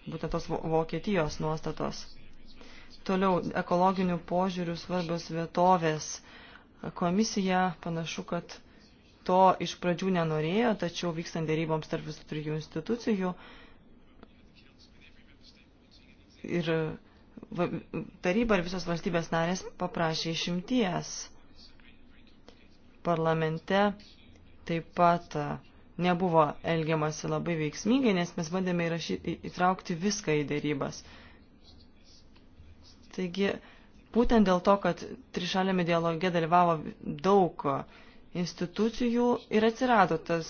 Speaker 3: būtent tos Vokietijos nuostatos. Toliau ekologinių požiūrių svarbios vietovės. Komisija panašu, kad to iš pradžių nenorėjo, tačiau vykstant dėryboms tarp visų trijų institucijų, uh, ir taryba ir visos valstybės narės paprašė išimties. Parlamente taip pat nebuvo elgiamasi labai veiksmingai, nes mes bandėme įrašyti, įtraukti viską į dėrybas. Taigi, būtent dėl to, kad trišalėme dialoge dalyvavo daug institucijų ir atsirado tas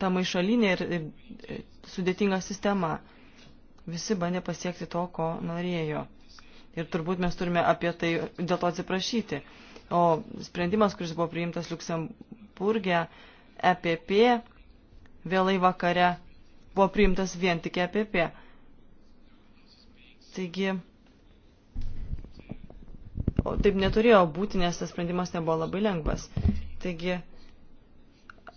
Speaker 3: ta maišalinė ir, ir sudėtinga sistema. Visi bandė pasiekti to, ko norėjo. Ir turbūt mes turime apie tai dėl to atsiprašyti. O sprendimas, kuris buvo priimtas Luksemburgė, EPP, vėlai vakare, buvo priimtas vien tik EPP. Taigi, o taip neturėjo būti, nes tas sprendimas nebuvo labai lengvas. Taigi,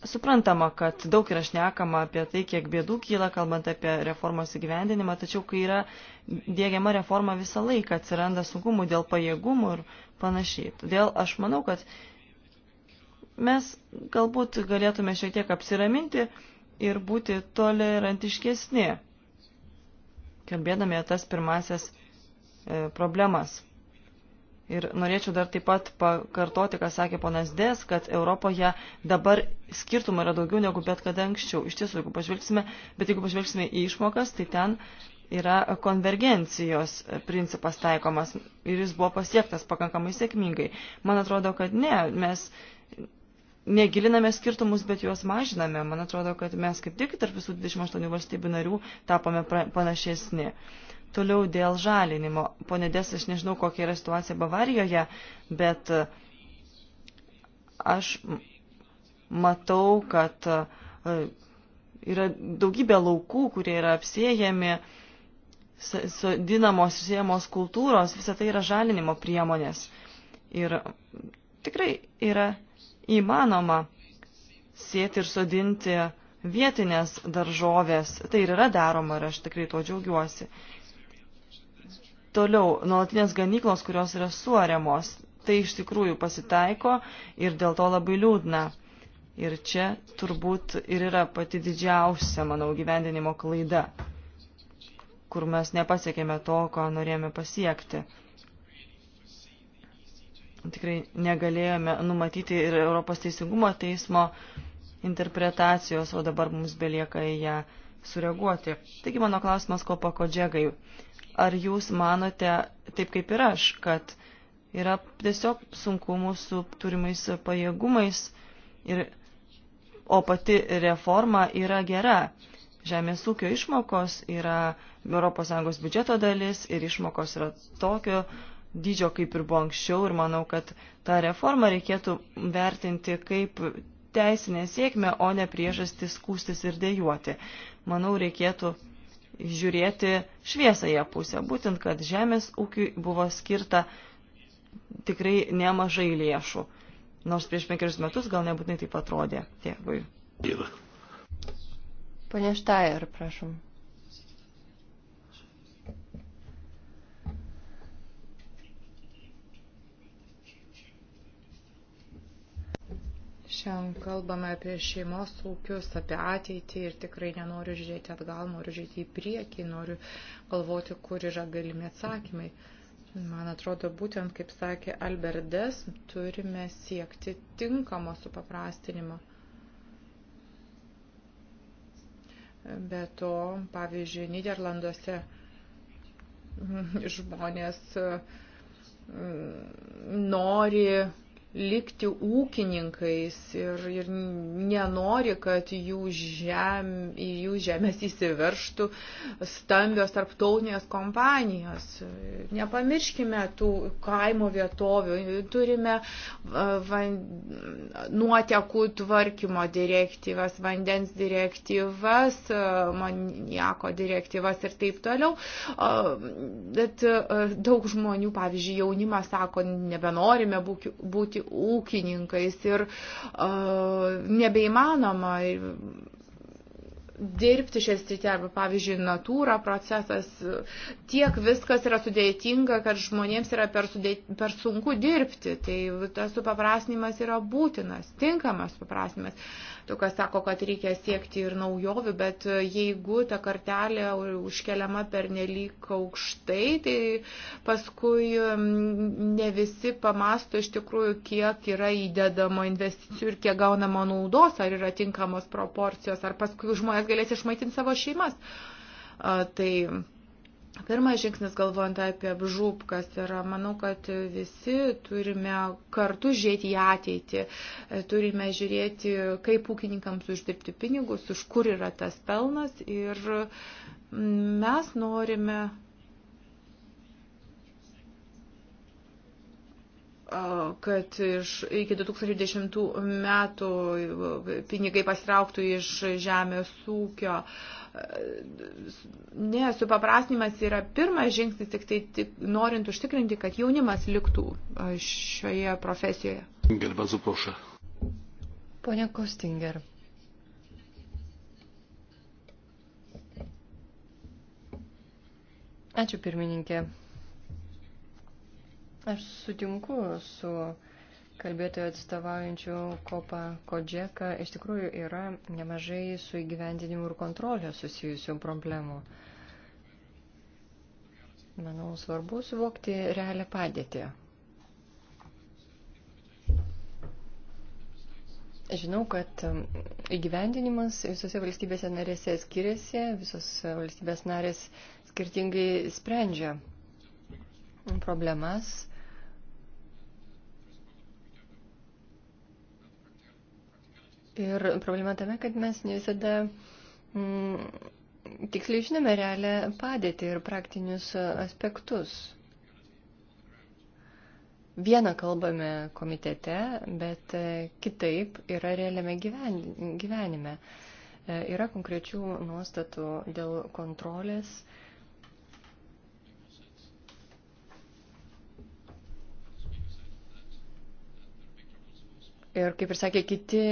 Speaker 3: Suprantama, kad daug yra šnekama apie tai, kiek bėdų kyla, kalbant apie reformos įgyvendinimą, tačiau kai yra dėgiama reforma visą laiką, atsiranda sunkumų dėl pajėgumų ir panašiai. Todėl aš manau, kad mes galbūt galėtume šiek tiek apsiraminti ir būti tolerantiškesni, kalbėdami tas pirmasias e, problemas. Ir norėčiau dar taip pat pakartoti, ką sakė ponas Dės, kad Europoje dabar skirtumai yra daugiau negu bet kada anksčiau. Iš tiesų, jeigu pažvelgsime, bet jeigu pažvelgsime į išmokas, tai ten yra konvergencijos principas taikomas ir jis buvo pasiektas pakankamai sėkmingai. Man atrodo, kad ne, mes negiliname skirtumus, bet juos mažiname. Man atrodo, kad mes kaip tik tarp visų 28 valstybių narių tapome panašesni. Toliau dėl žalinimo. Pone Des, aš nežinau, kokia yra situacija Bavarijoje, bet e, aš matau, kad e, yra daugybė laukų, kurie yra apsėjami, sodinamos ir siejamos kultūros, visa tai yra žalinimo priemonės. Ir tikrai yra įmanoma sėti ir sodinti vietinės daržovės. Tai ir yra daroma ir aš tikrai tuo džiaugiuosi. Toliau, nuolatinės ganyklos, kurios yra suoriamos, tai iš tikrųjų pasitaiko ir dėl to labai liūdna. Ir čia turbūt ir yra pati didžiausia, manau, gyvendinimo klaida, kur mes nepasiekėme to, ko norėjome pasiekti. Tikrai negalėjome numatyti ir Europos teisingumo teismo interpretacijos, o dabar mums belieka į ją sureaguoti. Taigi mano klausimas, ko pakodžegai, ar jūs manote, taip kaip ir aš, kad yra tiesiog sunkumų su turimais pajėgumais, ir, o pati reforma yra gera. Žemės ūkio išmokos yra ES biudžeto dalis ir išmokos yra tokio dydžio, kaip ir buvo anksčiau ir manau, kad tą reformą reikėtų vertinti kaip teisinę sėkmę, o ne priežastį skūstis ir dėjuoti. Manau, reikėtų žiūrėti šviesąją pusę, būtent kad žemės ūkiui buvo skirta tikrai nemažai lėšų, nors prieš penkerius metus gal nebūtinai taip atrodė tėvui. Pane Štajer, prašom.
Speaker 5: Šiandien kalbame apie šeimos ūkius, apie ateitį ir tikrai nenoriu žiūrėti atgal, noriu žiūrėti į priekį, noriu galvoti, kur yra galimi atsakymai. Man atrodo, būtent, kaip sakė Albertas, turime siekti tinkamo supaprastinimo. Be to, pavyzdžiui, Niderlanduose žmonės mm, nori likti ūkininkais ir, ir nenori, kad jų, žem, jų žemės įsiverštų stambios tarptautinės kompanijos. Nepamirškime tų kaimo vietovių. Turime van, nuotekų tvarkymo direktyvas, vandens direktyvas, maniako direktyvas ir taip toliau. Bet e, daug žmonių, pavyzdžiui, jaunimas sako, nebenorime būti ūkininkais ir uh, nebeįmanoma dirbti šią sritį arba, pavyzdžiui, natūra procesas, tiek viskas yra sudėtinga, kad žmonėms yra per, sudė, per sunku dirbti. Tai tas supaprasnimas yra būtinas, tinkamas supaprasnimas daug kas sako, kad reikia siekti ir naujovių, bet jeigu ta kartelė užkeliama per nelik aukštai, tai paskui ne visi pamasto iš tikrųjų, kiek yra įdedama investicijų ir kiek gaunama naudos, ar yra tinkamos proporcijos, ar paskui žmonės galės išmaitinti savo šeimas. Tai Pirmas žingsnis, galvojant apie apžūp, kas yra, manau, kad visi turime kartu žiūrėti į ateitį, turime žiūrėti, kaip ūkininkams uždirbti pinigus, iš kur yra tas pelnas ir mes norime kad iš, iki 2010 metų e, pinigai pasitrauktų iš žemės ūkio.
Speaker 4: E,
Speaker 5: ne, supaprastinimas yra pirmas žingsnis, tik tai tik, norint užtikrinti, kad jaunimas liktų šioje profesijoje. Pone Kostinger.
Speaker 2: Ačiū pirmininkė. Aš sutinku su kalbėtojo atstovaujančiu Kopa Kodžeka. Iš tikrųjų yra nemažai su įgyvendinimu ir kontrolė susijusių problemų. Manau, svarbu suvokti realią padėtį. Žinau, kad um, įgyvendinimas visose valstybėse narėse skiriasi, visos valstybės narės skirtingai sprendžia problemas. Ir problema tame, kad mes ne visada mm, tiksliai žinome realią padėtį ir praktinius aspektus. Vieną kalbame komitete, bet e, kitaip yra realiame gyvenime. E, yra konkrečių nuostatų dėl kontrolės. Ir kaip ir sakė kiti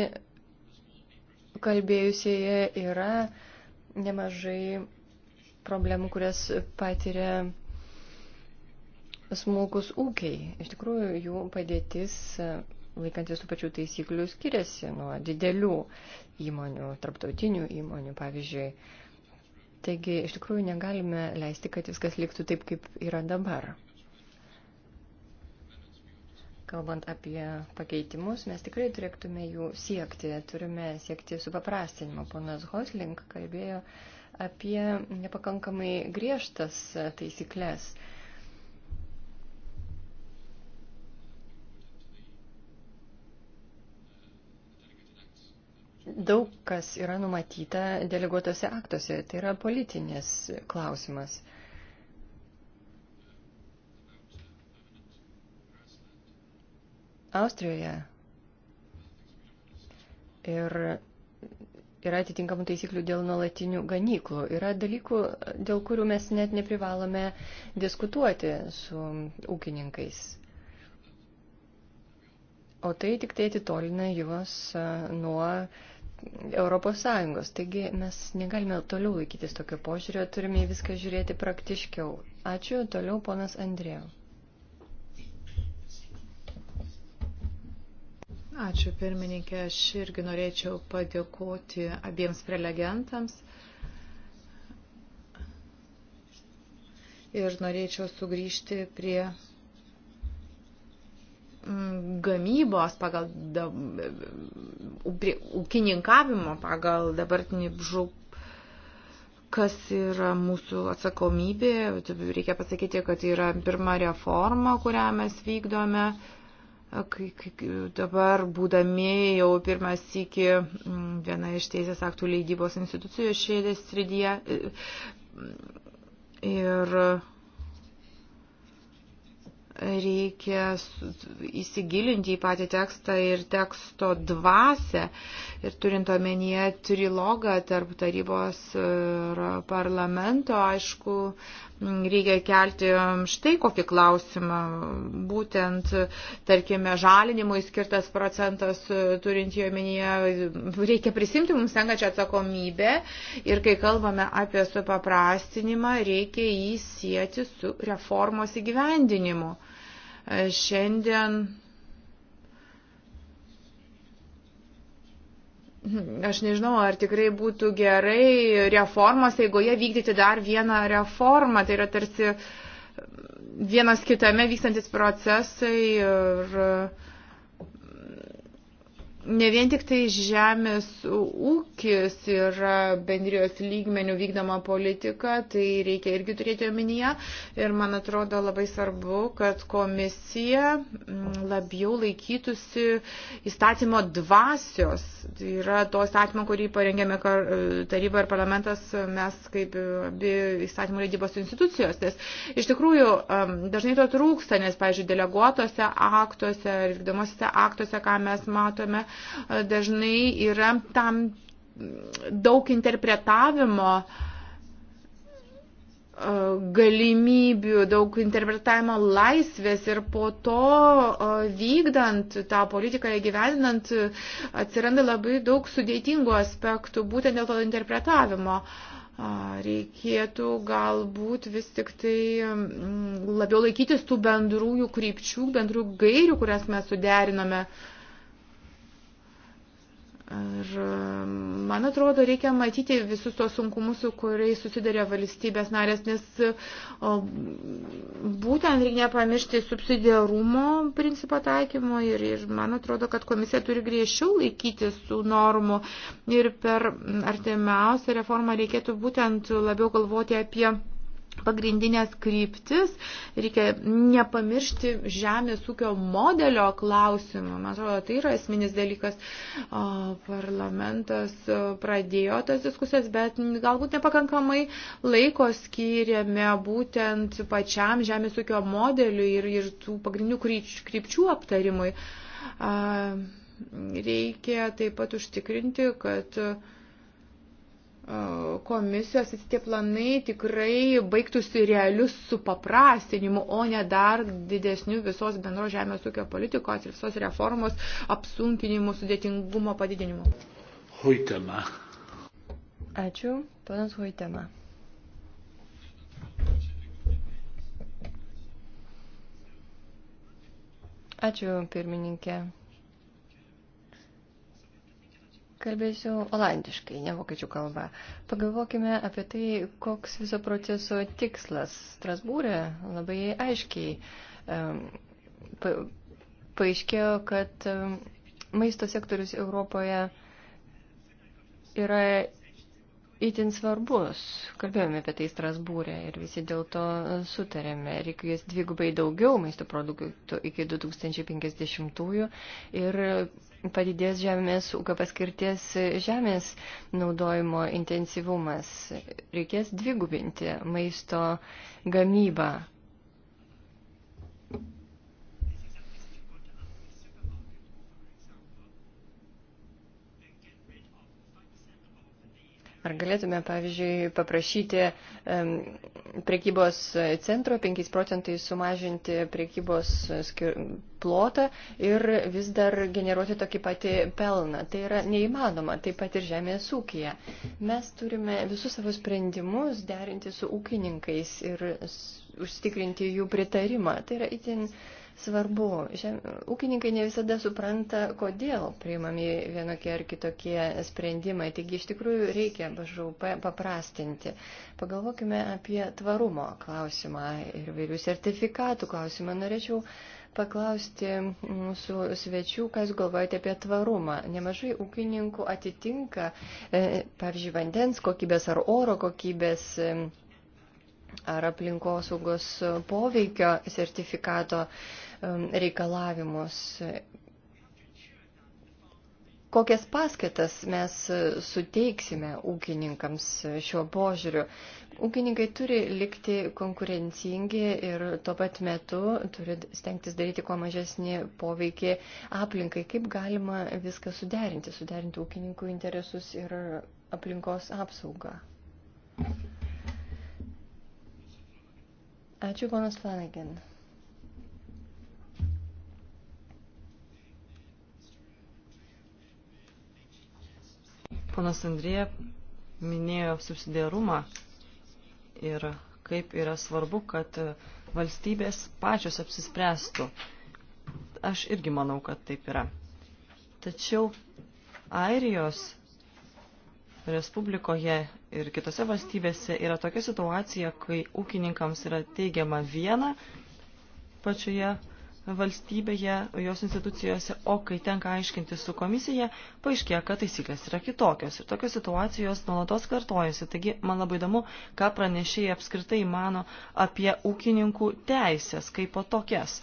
Speaker 2: kalbėjusieji yra nemažai problemų, kurias patiria smulkus ūkiai. Iš tikrųjų, jų padėtis laikantis tų pačių taisyklių skiriasi nuo didelių įmonių, tarptautinių įmonių, pavyzdžiui. Taigi, iš tikrųjų, negalime leisti, kad viskas liktų taip, kaip yra dabar. Kalbant apie pakeitimus, mes tikrai turėtume jų siekti, turime siekti supaprastinimo. Ponas Hoslink kalbėjo apie nepakankamai griežtas taisyklės. Daug kas yra numatyta deleguotose aktuose, tai yra politinis klausimas. Austrijoje ir yra atitinkamų taisyklių dėl nuolatinių ganyklų. Yra dalykų, dėl kurių mes net neprivalome diskutuoti su ūkininkais. O tai tik tai atitolina juos nuo ES. Taigi mes negalime toliau laikytis tokio požiūrio, turime į viską žiūrėti praktiškiau. Ačiū, toliau ponas Andrėjau.
Speaker 5: Ačiū pirmininkė, aš irgi norėčiau padėkoti abiems prelegentams. Ir norėčiau sugrįžti prie mm, gamybos pagal da, prie ūkininkavimo pagal dabartinį žūp kas yra mūsų atsakomybė. Reikia pasakyti, kad tai yra pirma reforma, kurią mes vykdome. Uh, kai, kai dabar būdami jau pirmas iki viena iš teisės aktų leidybos institucijų šioje srityje ir reikia įsigilinti į patį tekstą ir teksto dvasę. Ir turint omenyje trilogą tarp tarybos ir parlamento, aišku, reikia kelti um, štai kokį klausimą. Būtent, tarkime, žalinimui skirtas procentas e, turint jo minėje, reikia prisimti mums tenkačią atsakomybę ir kai kalbame apie supaprastinimą, reikia jį sieti su reformos įgyvendinimu. E, šiandien aš nežinau, ar tikrai būtų gerai reformos eigoje vykdyti dar vieną reformą. Tai yra tarsi vienas kitame vykstantis procesai ir. Uh, ne vien tik tai žemės ūkis yra bendrijos lygmenių vykdoma politika, tai reikia irgi turėti omenyje. Ir man atrodo labai svarbu, kad komisija mm, labiau laikytųsi įstatymo dvasios. Tai yra to įstatymo, kurį parengėme taryba ir parlamentas, mes kaip abi įstatymų leidybos institucijos. Nes iš tikrųjų dažnai to trūksta, nes, pavyzdžiui, deleguotose aktuose ir vykdomosiose aktuose, ką mes matome, dažnai yra tam daug interpretavimo e, galimybių, daug interpretavimo laisvės ir po to e, vykdant tą politiką įgyvendinant atsiranda labai daug sudėtingų aspektų būtent dėl to interpretavimo. Reikėtų galbūt vis tik tai mm, labiau laikytis tų bendrųjų krypčių, bendrųjų gairių, kurias mes suderinome uh, Ir man atrodo, reikia matyti visus tos sunkumus, su kuriais susidarė valstybės narės, nes būtent reikia pamiršti subsidiarumo principą taikymo ir, ir man atrodo, kad komisija turi griežčiau laikytis tų normų ir per artimiausią reformą reikėtų būtent labiau galvoti apie pagrindinės kryptis. Reikia nepamiršti žemės ūkio modelio klausimų. Man atrodo, tai yra esminis dalykas. O, parlamentas pradėjo tas diskusijas, bet galbūt nepakankamai laiko skiriame būtent pačiam žemės ūkio modeliui ir, ir tų pagrindinių krypčių aptarimui. A, reikia taip pat užtikrinti, kad a, komisijos tie planai tikrai baigtųsi realius supaprastinimu, o ne dar didesniu visos bendro žemės ūkio politikos ir visos reformos apsunkinimu, sudėtingumo padidinimu.
Speaker 1: Huitema.
Speaker 2: Ačiū, panas Huitema. Ačiū, pirmininkė. Kalbėsiu olandiškai, ne vokiečių kalba. Pagalvokime apie tai, koks viso proceso tikslas. Strasbūrė labai aiškiai pa, paaiškėjo, kad maisto sektorius Europoje yra itin svarbus. Kalbėjome apie tai Strasbūrė ir visi dėl to sutarėme. Reikės dvigubai daugiau maisto produktų iki 2050-ųjų ir padidės žemės ūkio paskirties žemės naudojimo intensyvumas. Reikės dvigubinti maisto gamybą Ar galėtume, pavyzdžiui, paprašyti prekybos centro 5 procentai sumažinti prekybos plotą ir vis dar generuoti tokį patį pelną? Tai yra neįmanoma, taip pat ir žemės ūkija. Mes turime visus savo sprendimus derinti su ūkininkais ir užtikrinti jų pritarimą. Tai yra itin. Įtin svarbu. Žem, ūkininkai ne visada supranta, kodėl priimami vienokie ar kitokie sprendimai. Taigi iš tikrųjų reikia BŽUP paprastinti. Pagalvokime apie tvarumo klausimą ir vairių sertifikatų klausimą. Norėčiau paklausti mūsų svečių, kas galvojate apie tvarumą. Nemažai ūkininkų atitinka, e, pavyzdžiui, vandens kokybės ar oro kokybės e, ar aplinkosaugos poveikio sertifikato uh, Um, reikalavimus. Kokias paskaitas mes suteiksime ūkininkams šiuo požiūriu? Ūkininkai turi likti konkurencingi ir tuo pat metu turi stengtis daryti kuo mažesnį poveikį aplinkai. Kaip galima viską suderinti, suderinti ūkininkų interesus ir aplinkos apsaugą? Ačiū, ponas Flanagan.
Speaker 3: Ponas Andrija minėjo subsidiarumą ir kaip yra svarbu, kad valstybės pačios apsispręstų. Aš irgi manau, kad taip yra. Tačiau Airijos Respublikoje ir kitose valstybėse yra tokia situacija, kai ūkininkams yra teigiama viena pačioje valstybėje, jos institucijose, o kai tenka aiškinti su komisija, paaiškėja, kad taisyklės yra kitokios. Ir tokios situacijos nuolatos kartojasi. Taigi, man labai įdomu, ką pranešėjai apskritai mano apie ūkininkų teisės kaip po tokias.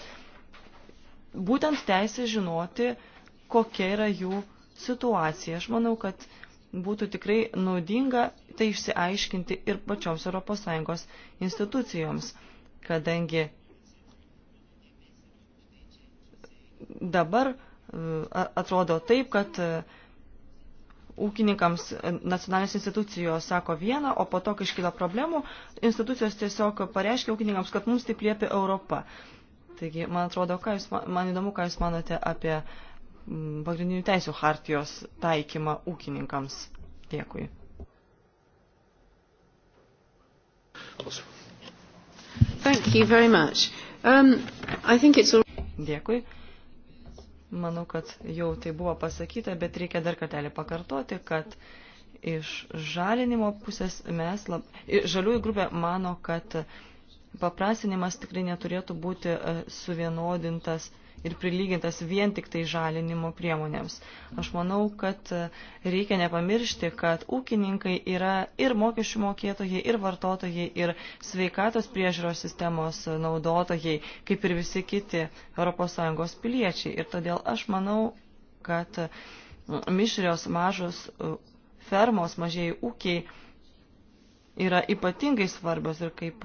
Speaker 3: Būtent teisė žinoti, kokia yra jų situacija. Aš manau, kad būtų tikrai naudinga tai išsiaiškinti ir pačioms ES institucijoms, kadangi dabar e, atrodo taip, kad e, ūkininkams e, nacionalinės institucijos sako vieną, o po to, kai iškyla problemų, institucijos tiesiog pareiškia ūkininkams, kad mums taip liepia Europa. Taigi, man atrodo, ką jūs, man įdomu, ką jūs manote apie pagrindinių teisų hartijos taikymą ūkininkams. Dėkui.
Speaker 4: Thank you very much. Um,
Speaker 3: I think it's all... Dėkui. Manau, kad jau tai buvo pasakyta, bet reikia dar kartelį pakartoti, kad iš žalinimo pusės mes, lab... žaliųjų grupė mano, kad paprasinimas tikrai neturėtų būti e, suvienodintas ir prilygintas vien tik tai žalinimo priemonėms. Aš manau, kad e, reikia nepamiršti, kad ūkininkai yra ir mokesčių mokėtojai, ir vartotojai, ir sveikatos priežiūros sistemos naudotojai, kaip ir visi kiti ES piliečiai. Ir todėl aš manau, kad e, mišrios mažos e, fermos, mažieji ūkiai yra ypatingai svarbios ir kaip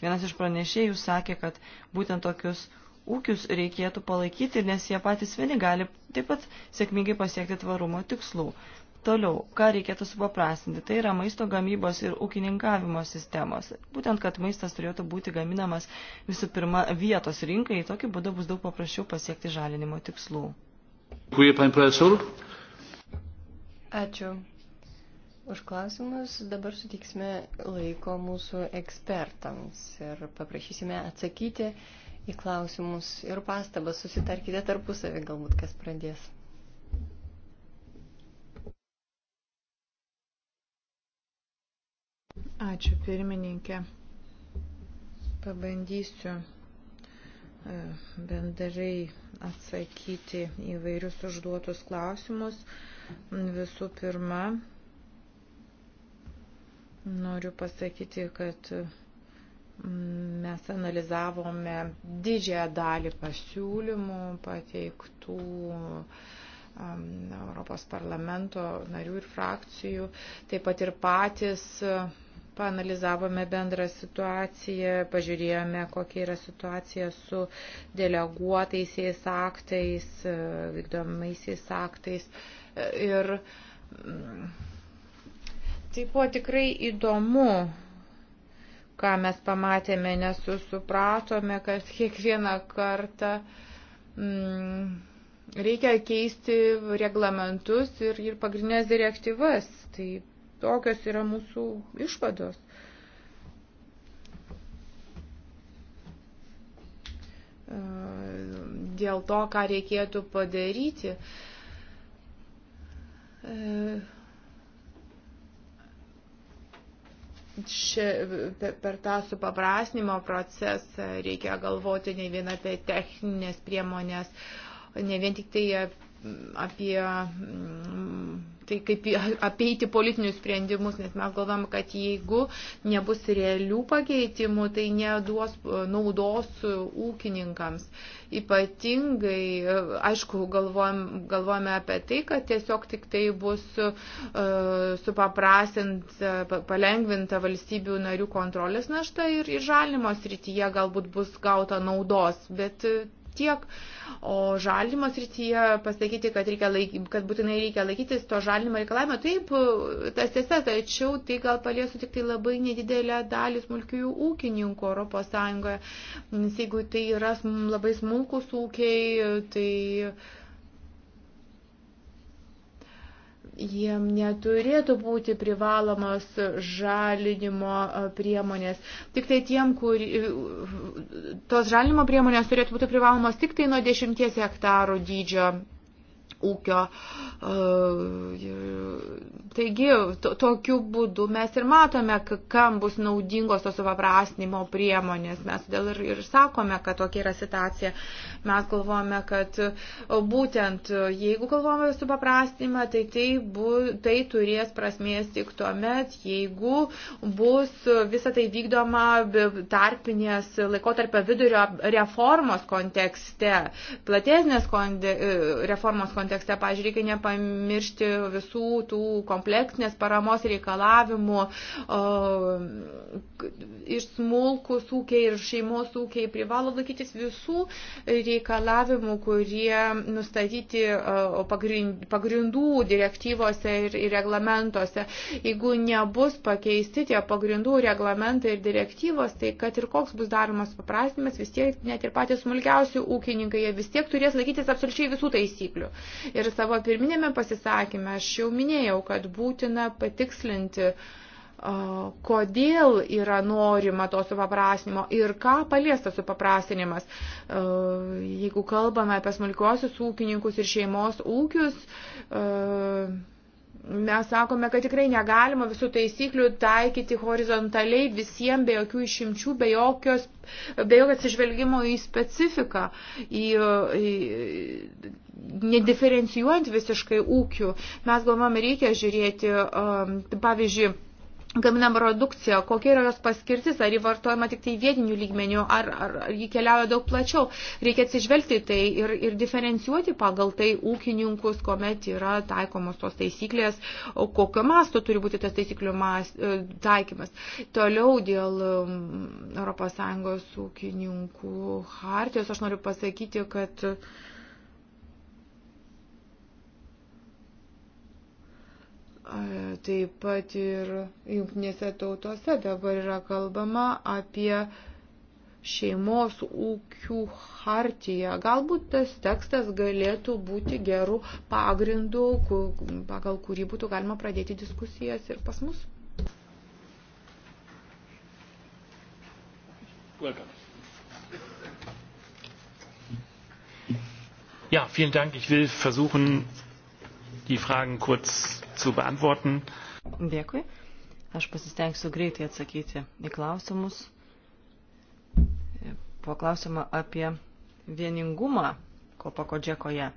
Speaker 3: vienas iš pranešėjų sakė, kad būtent tokius ūkius reikėtų palaikyti, nes jie patys vieni gali taip pat sėkmingai pasiekti tvarumo tikslų. Toliau, ką reikėtų supaprastinti, tai yra maisto gamybos ir ūkininkavimo sistemos. Būtent, kad maistas turėtų būti gaminamas visų pirma vietos rinkai, tokiu būdu bus daug paprasčiau pasiekti žalinimo tikslų.
Speaker 2: Ačiū už klausimus. Dabar sutiksime laiko mūsų ekspertams ir paprašysime atsakyti į klausimus ir pastabas. Susitarkite tarpusavį, galbūt kas pradės.
Speaker 5: Ačiū, pirmininkė. Pabandysiu e, bendrai atsakyti į vairius užduotus klausimus. Visų pirma, noriu pasakyti, kad mes analizavome didžiąją dalį pasiūlymų pateiktų um, Europos parlamento narių ir frakcijų, taip pat ir patys uh, panalizavome bendrą situaciją, pažiūrėjome, kokia yra situacija su deleguotaisiais aktais, uh, vykdomaisiais aktais. Ir mm, tai buvo tikrai įdomu ką mes pamatėme, nes supratome, kad kiekvieną kartą mm, reikia keisti reglamentus ir, ir pagrindinės direktyvas. Tai tokios yra mūsų išvados. Dėl to, ką reikėtų padaryti. E ši, per tą supaprasnimo procesą reikia galvoti ne vien apie techninės priemonės, ne vien tik tai apie mm, tai kaip apeiti politinius sprendimus, nes mes galvom, kad jeigu nebus realių pakeitimų, tai neduos e, naudos ūkininkams. Ypatingai, e, aišku, galvojame, galvojame apie tai, kad tiesiog tik tai bus uh, e, supaprasint, palengvinta valstybių narių kontrolės našta ir žalimo srityje galbūt bus gauta naudos, bet tiek, o žalimo srityje pasakyti, kad, reikia laiky, kad būtinai reikia laikytis to žalimo reikalavimo, taip, tas tiesa, tačiau tai gal paliesų tik tai labai nedidelę dalį smulkiųjų ūkininkų Europos Sąjungoje, nes jeigu tai yra labai smulkus ūkiai, tai jiem neturėtų būti privalomos žalinimo priemonės. Tik tai tiem, kur tos žalinimo priemonės turėtų būti privalomos tik tai nuo 10 hektarų dydžio ūkio. E, taigi, to, tokiu būdu mes ir matome, kam bus naudingos tos supaprastinimo priemonės. Mes dėl ir, ir sakome, kad tokia yra situacija. Mes galvojame, kad būtent jeigu galvojame apie supaprastinimą, tai tai, bu, tai turės prasmės tik tuo met, jeigu bus visą tai vykdoma tarpinės laikotarpio vidurio reformos kontekste, platesnės konde, e, reformos kontekste kontekste. Pavyzdžiui, reikia nepamiršti visų tų kompleksinės paramos reikalavimų. Ir smulkus ūkiai, ir šeimos ūkiai privalo laikytis visų reikalavimų, kurie nustatyti pagrindų direktyvose ir reglamentuose. Jeigu nebus pakeisti tie pagrindų reglamentai ir direktyvos, tai kad ir koks bus daromas paprastymas, vis tiek net ir patys smulkiausi ūkininkai, jie vis tiek turės laikytis absoliučiai visų taisyklių. Ir savo pirminėme pasisakymė aš jau minėjau, kad būtina patikslinti kodėl yra norima to supaprasnimo ir ką palies tas supaprasinimas. Jeigu kalbame apie smulkiuosius ūkininkus ir šeimos ūkius, mes sakome, kad tikrai negalima visų taisyklių taikyti horizontaliai visiems be jokių išimčių, be jokios, be jokios atsižvelgimo į specifiką, į, į, nediferencijuojant visiškai ūkių. Mes galvome, reikia žiūrėti, um, pavyzdžiui, gaminama produkcija, kokia yra jos paskirtis, ar jį vartojama tik tai vietinių lygmenių, ar, ar, ar jį keliauja daug plačiau. Reikia atsižvelgti tai ir, ir diferencijuoti pagal tai ūkininkus, kuomet yra taikomos tos taisyklės, kokio masto turi būti tas taisyklių mas, e, taikymas. Toliau dėl ES ūkininkų hartijos aš noriu pasakyti, kad uh, Taip pat ir jungtinėse tautose dabar yra kalbama apie šeimos ūkių hartiją. Galbūt tas tekstas galėtų būti gerų pagrindų, pagal kurį būtų galima pradėti diskusijas ir pas mus.
Speaker 4: Welcome. Ja, vielen Dank. Ich will versuchen,
Speaker 1: die Fragen kurz zu beantworten.
Speaker 3: Dėkui. Aš pasistengsiu greitai atsakyti į klausimus. Po klausimą apie vieningumą Kopako džekoje.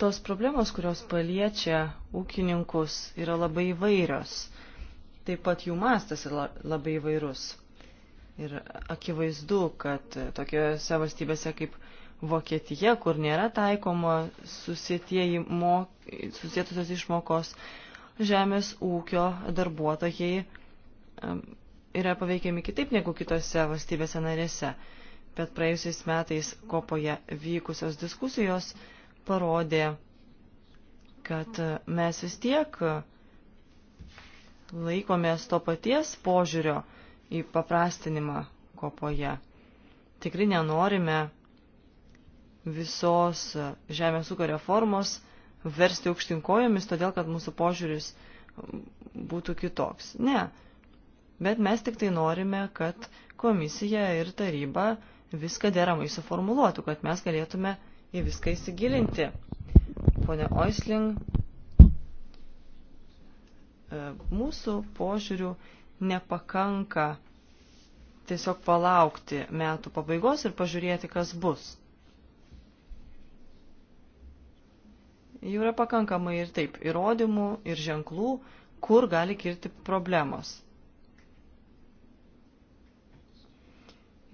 Speaker 3: tos problemos, kurios paliečia ūkininkus, yra labai įvairios. Taip pat jų mastas yra labai įvairus. Ir akivaizdu, kad tokiose valstybėse kaip Vokietija, kur nėra taikoma susietusios išmokos, žemės ūkio darbuotojai yra paveikiami kitaip negu kitose valstybėse narėse. Bet praėjusiais metais kopoje vykusios diskusijos parodė, kad mes vis tiek laikomės to paties požiūrio į paprastinimą kopoje. Tikrai nenorime visos žemės ūkio reformos versti aukštinkojomis, todėl kad mūsų požiūris būtų kitoks. Ne. Bet mes tik tai norime, kad komisija ir taryba viską deramai suformuluotų, kad mes galėtume į viską įsigilinti. Pone Oisling, e, mūsų požiūrių nepakanka tiesiog palaukti metų pabaigos ir pažiūrėti, kas bus. Jau yra pakankamai ir taip įrodymų ir ženklų, kur gali kirti problemos.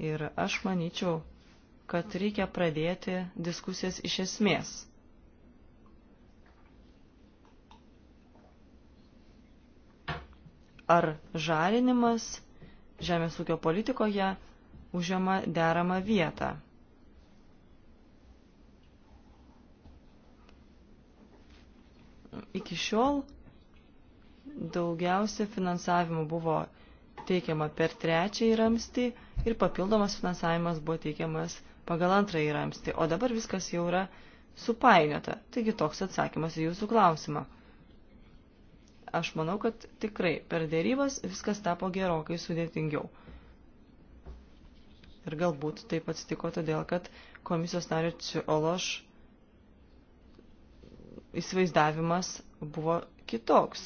Speaker 3: Ir aš manyčiau, kad reikia pradėti diskusijas iš esmės. ar žalinimas žemės ūkio politikoje užima deramą vietą. Iki šiol daugiausia finansavimų buvo teikiama per trečiąjį ramstį ir papildomas finansavimas buvo teikiamas pagal antrąjį ramstį, o dabar viskas jau yra supainiota. Taigi toks atsakymas į jūsų klausimą. Aš manau, kad tikrai per dėrybas viskas tapo gerokai sudėtingiau. Ir galbūt taip atsitiko todėl, kad komisijos nario Ološ įsivaizdavimas buvo kitoks.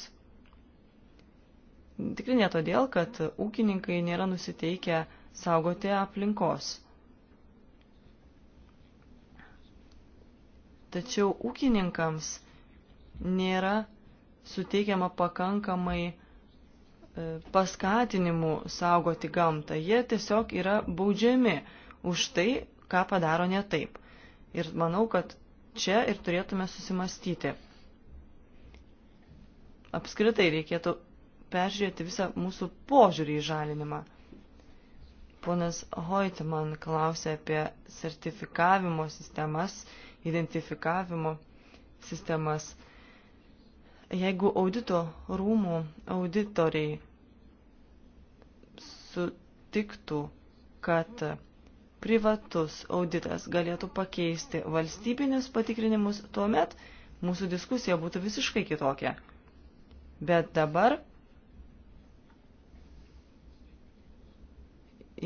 Speaker 3: Tikrai ne todėl, kad ūkininkai nėra nusiteikę saugoti aplinkos. Tačiau ūkininkams nėra suteikiama pakankamai e, paskatinimų saugoti gamtą. Jie tiesiog yra baudžiami už tai, ką padaro ne taip. Ir manau, kad čia ir turėtume susimastyti. Apskritai reikėtų peržiūrėti visą mūsų požiūrį į žalinimą. Ponas Hoitman klausė apie sertifikavimo sistemas, identifikavimo sistemas. Jeigu audito rūmų auditoriai sutiktų, kad privatus auditas galėtų pakeisti valstybinius patikrinimus, tuomet mūsų diskusija būtų visiškai kitokia. Bet dabar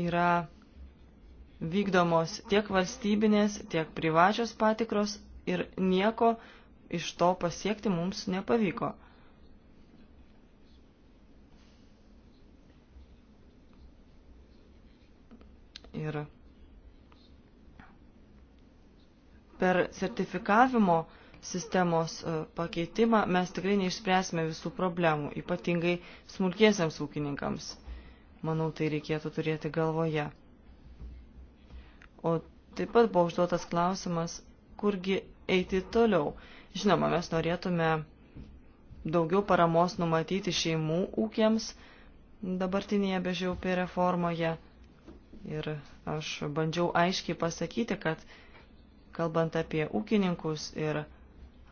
Speaker 3: yra vykdomos tiek valstybinės, tiek privačios patikros ir nieko iš to pasiekti mums nepavyko. Ir per sertifikavimo sistemos e, pakeitimą mes tikrai neišspręsime visų problemų, ypatingai smulkiesiams ūkininkams. Manau, tai reikėtų turėti galvoje. O taip pat buvo užduotas klausimas, kurgi eiti toliau. Žinoma, mes norėtume daugiau paramos numatyti šeimų ūkiams dabartinėje BŽUP reformoje. Ir aš bandžiau aiškiai pasakyti, kad kalbant apie ūkininkus ir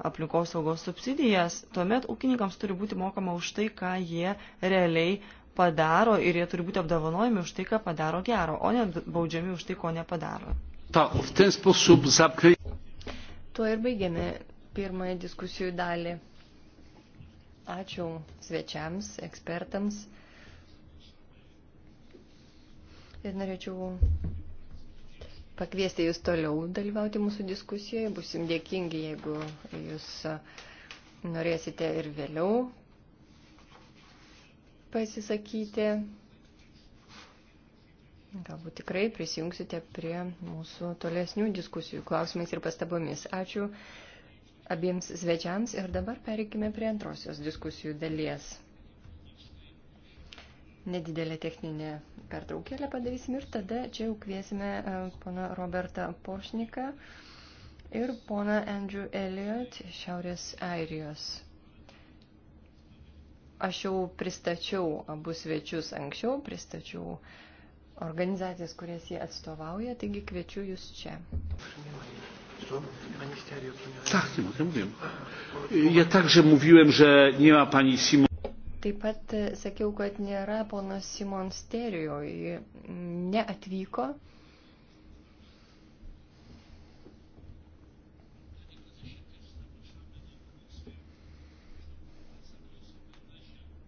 Speaker 3: aplinkosaugos subsidijas, tuomet ūkininkams turi būti mokama už tai, ką jie realiai padaro ir jie turi būti apdovanojami už tai, ką padaro gero, o ne baudžiami už tai, ko nepadaro. Ta, Tuo ir baigiame pirmąją diskusijų dalį.
Speaker 2: Ačiū svečiams, ekspertams. Ir norėčiau pakviesti jūs toliau dalyvauti mūsų diskusijoje. Busim dėkingi, jeigu jūs norėsite ir vėliau pasisakyti. Galbūt tikrai prisijungsite prie mūsų tolesnių diskusijų klausimais ir pastabomis. Ačiū abiems svečiams ir dabar pereikime prie antrosios diskusijų dalies. Nedidelę techninę pertraukėlę padarysim ir tada čia jau kviesime e, pana Robertą Pošniką ir pana Andrew Elliot iš Šiaurės Airijos. Aš jau pristačiau abu svečius anksčiau, pristačiau organizacijas, kurias jie atstovauja, taigi kviečiu jūs čia.
Speaker 1: Gerai. Tak, nie mogę, mówię. Ja także mówiłem, że nie ma pani Simon.
Speaker 2: Taip pat e, sakiau, kad nėra pono Simon Sterio, neatvyko.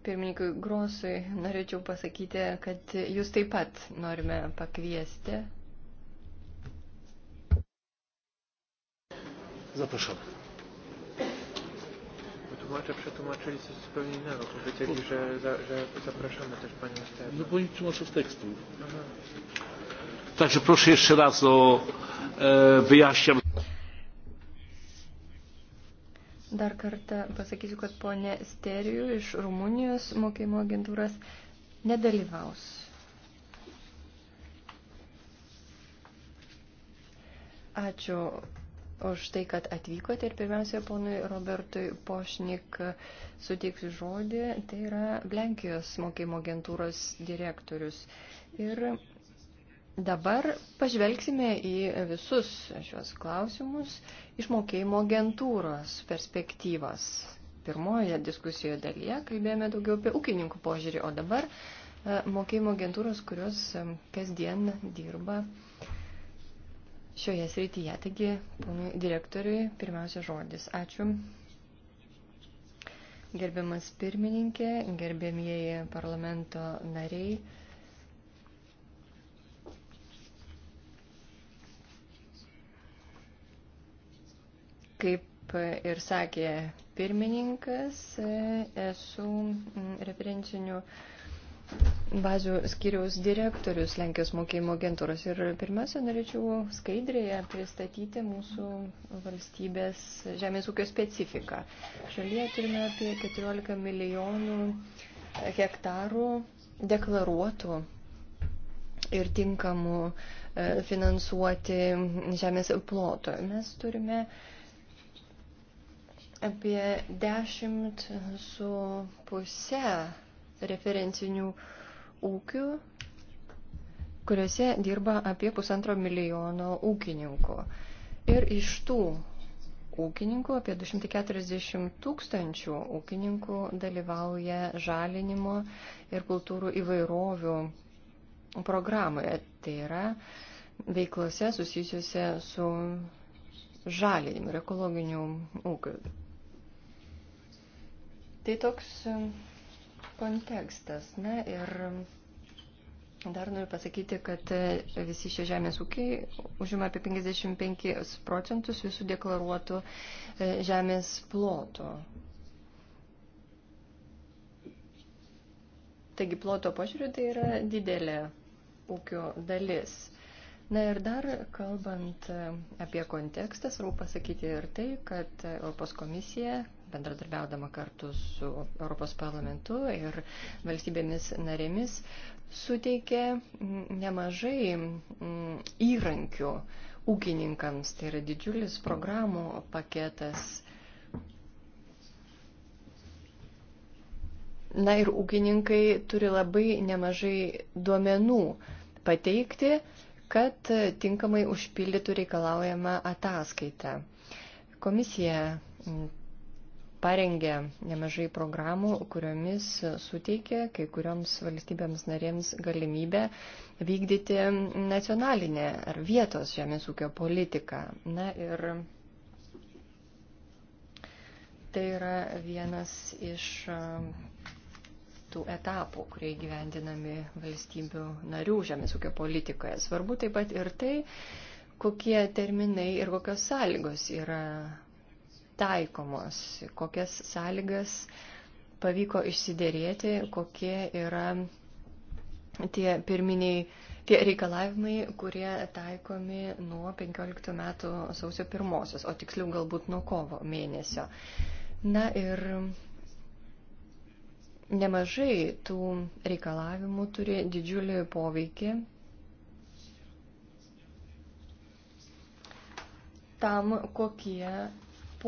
Speaker 2: Pirmininkui Grosui norėčiau pasakyti, kad jūs taip pat norime pakviesti
Speaker 4: Zapraszamy. Tłumacze przetłumaczyli coś zupełnie innego. Powiedzieli, że, za, że zapraszamy też panią Stefan. No bo
Speaker 1: nie tłumaczę z tekstu. Aha. Także proszę jeszcze raz o e, wyjaśniam.
Speaker 2: Dar kartą pasakysiu, kad ponė Sterijų iš Rumunijos mokymo agentūros nedalyvaus. Ačiū už tai, kad atvykote ir pirmiausia, ponui Robertui Pošnik suteiksiu žodį. Tai yra Lenkijos mokymo agentūros direktorius. Ir dabar pažvelgsime į visus šios klausimus iš mokėjimo agentūros perspektyvos. Pirmoje diskusijoje dalyje kalbėjome daugiau apie ūkininkų požiūrį, o dabar e, mokėjimo agentūros, kurios e, kasdien dirba šioje srityje. Taigi, ponui direktoriui, pirmiausia žodis. Ačiū. Gerbiamas pirmininkė, gerbėmieji parlamento nariai. Kaip ir sakė pirmininkas, esu referencinių bazių skiriaus direktorius Lenkijos mokėjimo agentūros. Ir pirmiausia, norėčiau skaidrėje pristatyti mūsų valstybės žemės ūkio specifiką. Šalyje turime apie 14 milijonų hektarų deklaruotų ir tinkamų e, finansuoti žemės ploto. Mes turime apie 10 su pusę referencinių ūkių, kuriuose dirba apie pusantro milijono ūkininkų. Ir iš tų ūkininkų, apie 240 tūkstančių ūkininkų dalyvauja žalinimo ir kultūrų įvairovių programoje. Tai yra veiklose susijusiuose su žalinimu ir ekologiniu ūkiu. Tai toks kontekstas. Na ir dar noriu pasakyti, kad visi šie žemės ūkiai užima apie 55 procentus visų deklaruotų e, žemės ploto. Taigi ploto požiūriu tai yra didelė ūkio dalis. Na ir dar kalbant e, apie kontekstą, svarbu pasakyti ir tai, kad Europos komisija bendradarbiaudama kartu su Europos parlamentu ir valstybėmis narėmis, suteikė nemažai mm, įrankių ūkininkams. Tai yra didžiulis programų paketas. Na ir ūkininkai turi labai nemažai duomenų pateikti, kad tinkamai užpildytų reikalaujamą ataskaitą. Komisija parengė nemažai programų, kuriomis suteikė kai kurioms valstybėms narėms galimybę vykdyti nacionalinę ar vietos žemės ūkio politiką. Na ir tai yra vienas iš tų etapų, kurie gyvendinami valstybių narių žemės ūkio politikoje. Svarbu taip pat ir tai, kokie terminai ir kokios sąlygos yra taikomos, kokias sąlygas pavyko išsiderėti, kokie yra tie pirminiai, tie reikalavimai, kurie taikomi nuo 15 metų sausio pirmosios, o tiksliau galbūt nuo kovo mėnesio. Na ir nemažai tų reikalavimų turi didžiulį poveikį tam, kokie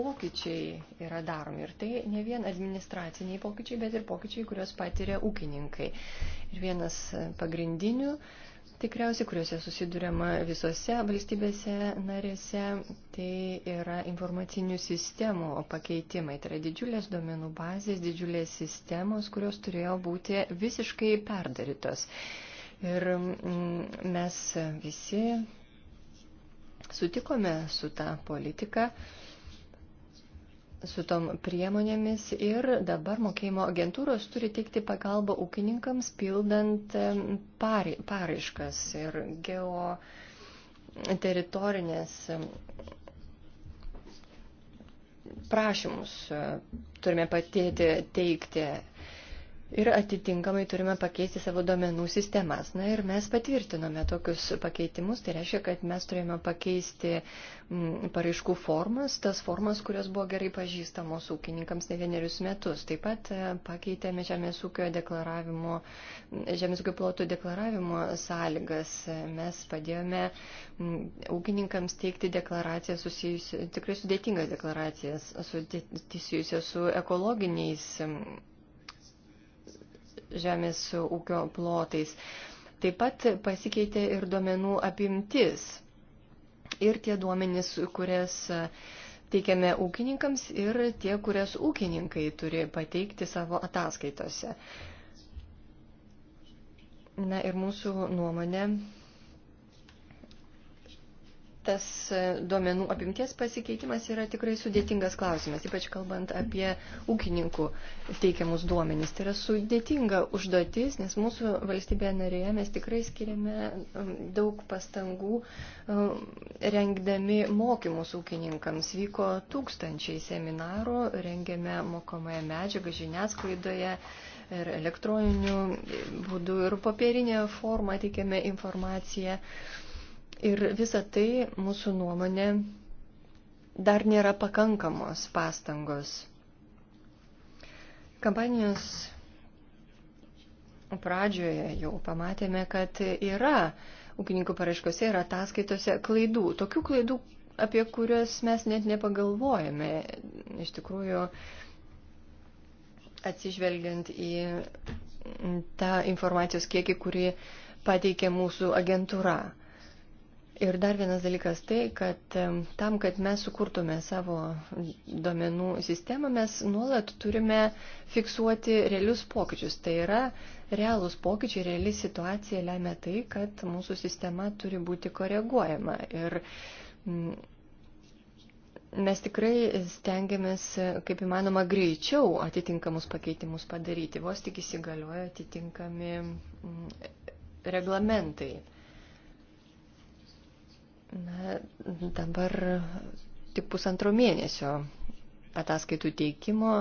Speaker 2: pokyčiai yra daromi. Ir tai ne vien administraciniai pokyčiai, bet ir pokyčiai, kuriuos patiria ūkininkai. Ir vienas pagrindinių, tikriausiai, kuriuose susidurėma visose valstybėse narėse, tai yra informacinių sistemų pakeitimai. Tai yra didžiulės duomenų bazės, didžiulės sistemos, kurios turėjo būti visiškai perdarytos. Ir mm, mes visi sutikome su tą politiką su tom priemonėmis ir dabar mokėjimo agentūros turi teikti pagalbą ūkininkams pildant paraiškas ir geo teritorinės prašymus e, turime patėti teikti Ir atitinkamai turime pakeisti savo domenų sistemas. Na ir mes patvirtinome tokius pakeitimus, tai reiškia, kad mes turėjome pakeisti m, mm, paraiškų formas, tas formas, kurios buvo gerai pažįstamos ūkininkams ne vienerius metus. Taip pat e, pakeitėme žemės ūkio deklaravimo, mm, žemės ūkio plotų deklaravimo sąlygas. E, mes padėjome m, mm, ūkininkams teikti deklaracijas susijusias, tikrai sudėtingas deklaracijas susijusias su ekologiniais žemės ūkio plotais. Taip pat pasikeitė ir duomenų apimtis. Ir tie duomenys, kurias teikiame ūkininkams ir tie, kurias ūkininkai turi pateikti savo ataskaitose. Na ir mūsų nuomonė tas e, duomenų apimties pasikeitimas yra tikrai sudėtingas klausimas, ypač kalbant apie ūkininkų teikiamus duomenys. Tai yra sudėtinga užduotis, nes mūsų valstybėje narėje mes tikrai skiriame daug pastangų rengdami mokymus ūkininkams. Vyko tūkstančiai seminarų, rengėme mokomąją medžiagą žiniasklaidoje ir elektroniniu būdu ir popierinė forma teikiame informaciją. Ir visa tai, mūsų nuomonė, dar nėra pakankamos pastangos. Kampanijos pradžioje jau pamatėme, kad yra ūkininkų paraiškose ir ataskaitose klaidų. Tokių klaidų, apie kurias mes net nepagalvojame. Iš tikrųjų, atsižvelgiant į tą informacijos kiekį, kurį pateikė mūsų agentūra. Ir dar vienas dalykas tai, kad tam, kad mes sukurtume savo domenų sistemą, mes nuolat turime fiksuoti realius pokyčius. Tai yra realūs pokyčiai, reali situacija lemia tai, kad mūsų sistema turi būti koreguojama. Ir mes tikrai stengiamės, kaip įmanoma, greičiau atitinkamus pakeitimus padaryti, vos tik įsigalioja atitinkami reglamentai. Na, dabar tik pusantro mėnesio ataskaitų teikimo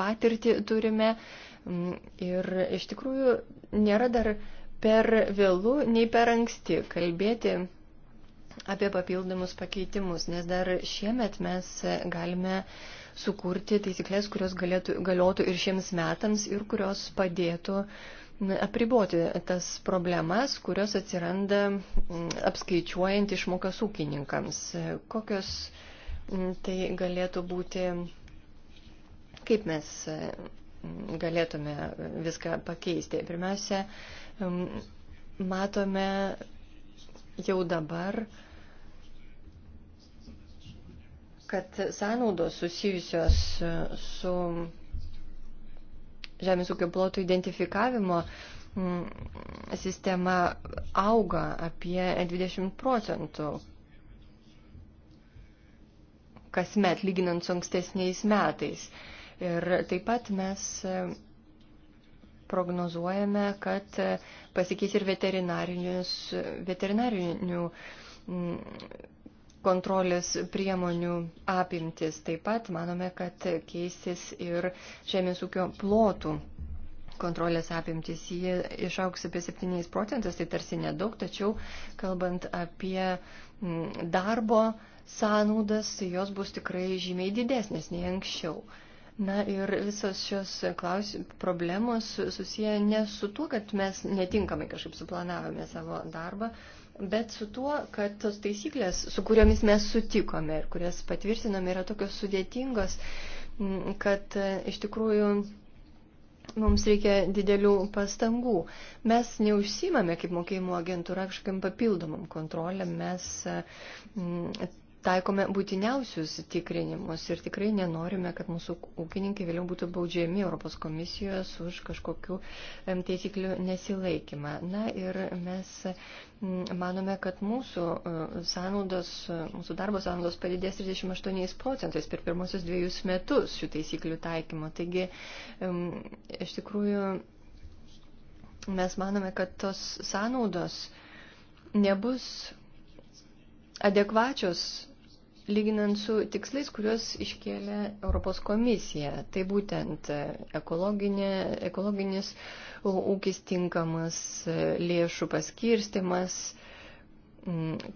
Speaker 2: patirtį turime mm, ir iš tikrųjų nėra dar per vėlų nei per anksti kalbėti apie papildomus pakeitimus, nes dar šiemet mes galime sukurti taisyklės, kurios galėtų, galiotų ir šiems metams ir kurios padėtų uh, apriboti tas problemas, kurios atsiranda mm, apskaičiuojant išmokas ūkininkams. Kokios mm, tai galėtų būti, kaip mes mm, galėtume viską pakeisti. Pirmiausia, matome jau dabar, kad sąnaudos susijusios su žemės ūkio plotų identifikavimo mm, sistema auga apie 20 procentų kasmet, lyginant su ankstesniais metais. Ir taip pat mes e, prognozuojame, kad e, pasikeis ir veterinarinių mm, kontrolės priemonių apimtis. Taip pat manome, kad keisis ir žemės ūkio plotų kontrolės apimtis. Jie išauks apie 7 procentus, tai tarsi nedaug, tačiau kalbant apie mm, darbo sąnaudas, tai jos bus tikrai žymiai didesnės nei anksčiau. Na ir visos šios klaus... problemos susiję ne su tuo, kad mes netinkamai kažkaip suplanavome savo darbą, bet su tuo, kad tos taisyklės, su kuriomis mes sutikome ir kurias patvirtinome, yra tokios sudėtingos, kad e, iš tikrųjų mums reikia didelių pastangų. Mes neužsimame kaip mokėjimo agentūra kažkokiam papildomam kontrolėm, mes e, taikome būtiniausius tikrinimus ir tikrai nenorime, kad mūsų ūkininkai vėliau būtų baudžiami Europos komisijos už kažkokių teisiklių nesilaikymą. Na ir mes manome, kad mūsų, e, sąnaudos, mūsų darbo sąnaudos padidės 38 procentais per pirmosius dviejus metus šių taisyklių taikymo. Taigi, iš tikrųjų, mes manome, kad tos sąnaudos nebus adekvačios lyginant su tikslais, kuriuos iškėlė Europos komisija. Tai būtent e, ekologinis ūkis tinkamas, e, lėšų paskirstimas,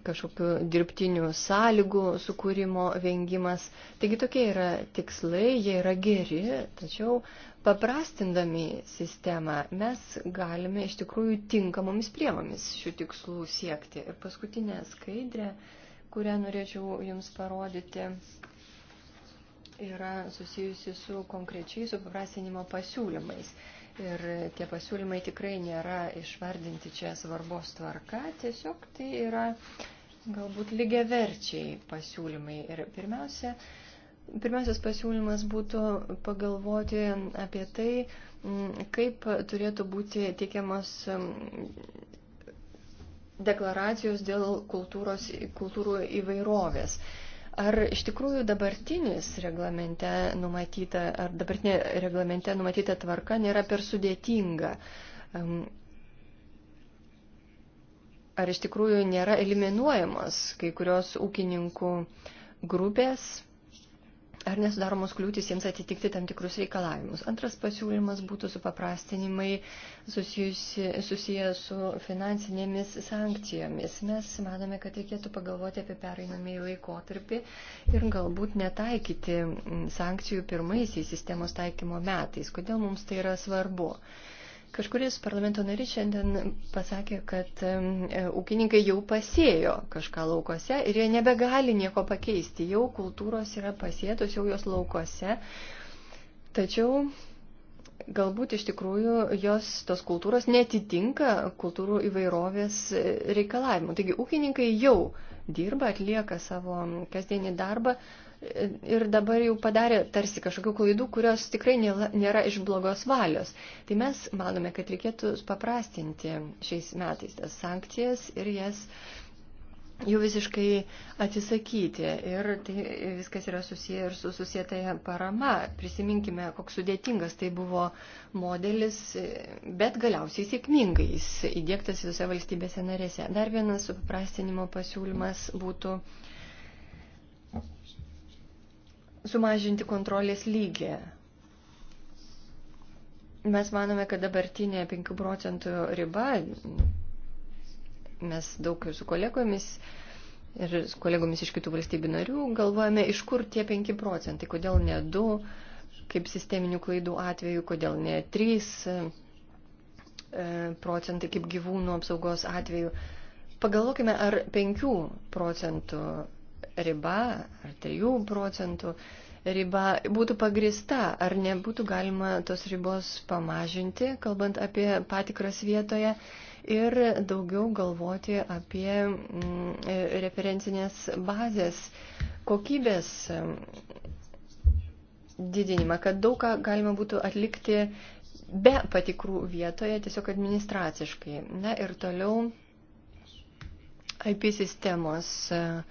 Speaker 2: kažkokių dirbtinių sąlygų sukūrimo vengimas. Taigi tokie yra tikslai, jie yra geri, tačiau paprastindami sistemą mes galime iš tikrųjų tinkamomis priemomis šių tikslų siekti. Ir paskutinė skaidrė. Uh, kurią norėčiau Jums parodyti, yra susijusi su konkrečiai supaprastinimo pasiūlymais. Ir tie pasiūlymai tikrai nėra išvardinti čia svarbos tvarka, tiesiog tai yra galbūt lygiaverčiai pasiūlymai. Ir pirmiausia, pirmiausias pasiūlymas būtų pagalvoti apie tai, kaip turėtų būti teikiamas deklaracijos dėl kultūros, kultūrų įvairovės. Ar iš tikrųjų dabartinis reglamente numatyta, ar dabartinė reglamente numatyta tvarka nėra per sudėtinga? Ar iš tikrųjų nėra eliminuojamos kai kurios ūkininkų grupės, ar nesudaromos kliūtis jiems atitikti tam tikrus reikalavimus. Antras pasiūlymas būtų supaprastinimai susiję su finansinėmis sankcijomis. Mes manome, kad reikėtų pagalvoti apie pereinamąjį laikotarpį ir galbūt netaikyti sankcijų pirmaisiais sistemos taikymo metais. Kodėl mums tai yra svarbu? Kažkuris parlamento narys šiandien pasakė, kad e, ūkininkai jau pasėjo kažką laukose ir jie nebegali nieko pakeisti. Jau kultūros yra pasėtos, jau jos laukose. Tačiau galbūt iš tikrųjų jos tos kultūros netitinka kultūrų įvairovės e, reikalavimų. Taigi ūkininkai jau dirba, atlieka savo kasdienį darbą, ir dabar jau padarė tarsi kažkokių klaidų, kurios tikrai nėra iš blogos valios. Tai mes manome, kad reikėtų paprastinti šiais metais tas sankcijas ir jas jų visiškai atsisakyti. Ir tai viskas yra susiję ir su susietaja parama. Prisiminkime, koks sudėtingas tai buvo modelis, bet galiausiai sėkmingai jis įdėktas visose valstybėse narėse. Dar vienas suprastinimo pasiūlymas būtų uh, sumažinti kontrolės lygį. Mes manome, kad dabartinė 5 procentų riba, mes daug su kolegomis ir su kolegomis iš kitų valstybių narių galvojame, iš kur tie 5 procentai, kodėl ne 2, kaip sisteminių klaidų atveju, kodėl ne 3 e, procentai, kaip gyvūnų apsaugos atveju. Pagalvokime, ar 5 procentų riba ar 3 procentų riba būtų pagrista, ar nebūtų galima tos ribos pamažinti, kalbant apie patikras vietoje ir daugiau galvoti apie mm, referencinės bazės kokybės mm, didinimą, kad daug ką galima būtų atlikti be patikrų vietoje, tiesiog administraciškai. Na ir toliau IP sistemos uh,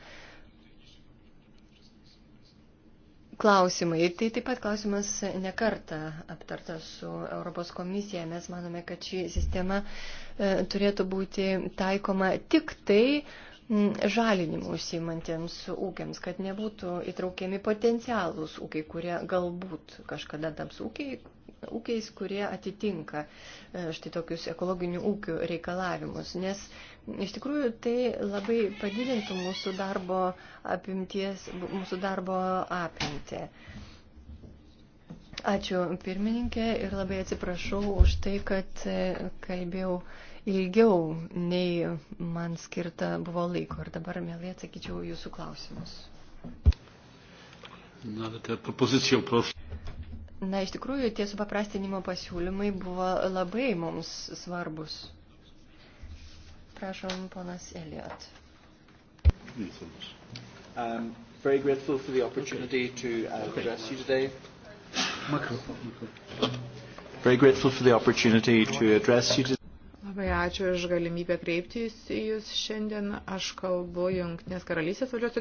Speaker 2: klausimai. Tai taip pat klausimas nekarta aptartas su Europos komisija. Mes manome, kad ši sistema e, turėtų būti taikoma tik tai žalinimu užsimantiems ūkiams, kad nebūtų įtraukiami potencialūs ūkiai, kurie galbūt kažkada taps ūkiai, ūkiais, kurie atitinka e, štai tokius ekologinių ūkių reikalavimus. Nes uh, Iš tikrųjų, tai labai padidintų mūsų darbo apimties, mūsų darbo apimtį. Ačiū pirmininkė ir labai atsiprašau už tai, kad e, kalbėjau ilgiau nei man skirta buvo laiko ir dabar mielai atsakyčiau jūsų klausimus.
Speaker 1: Nawet ja propozycją proszę.
Speaker 2: Na, iš tikrųjų, tie supaprastinimo pasiūlymai buvo labai mums svarbus. Prašom, ponas Eliot.
Speaker 4: Um, very grateful for the opportunity to uh, address you today. Very grateful for the opportunity to address you today.
Speaker 5: Labai ačiū už galimybę kreiptis į Jūs šiandien. Aš kalbu Junktinės karalystės valdžios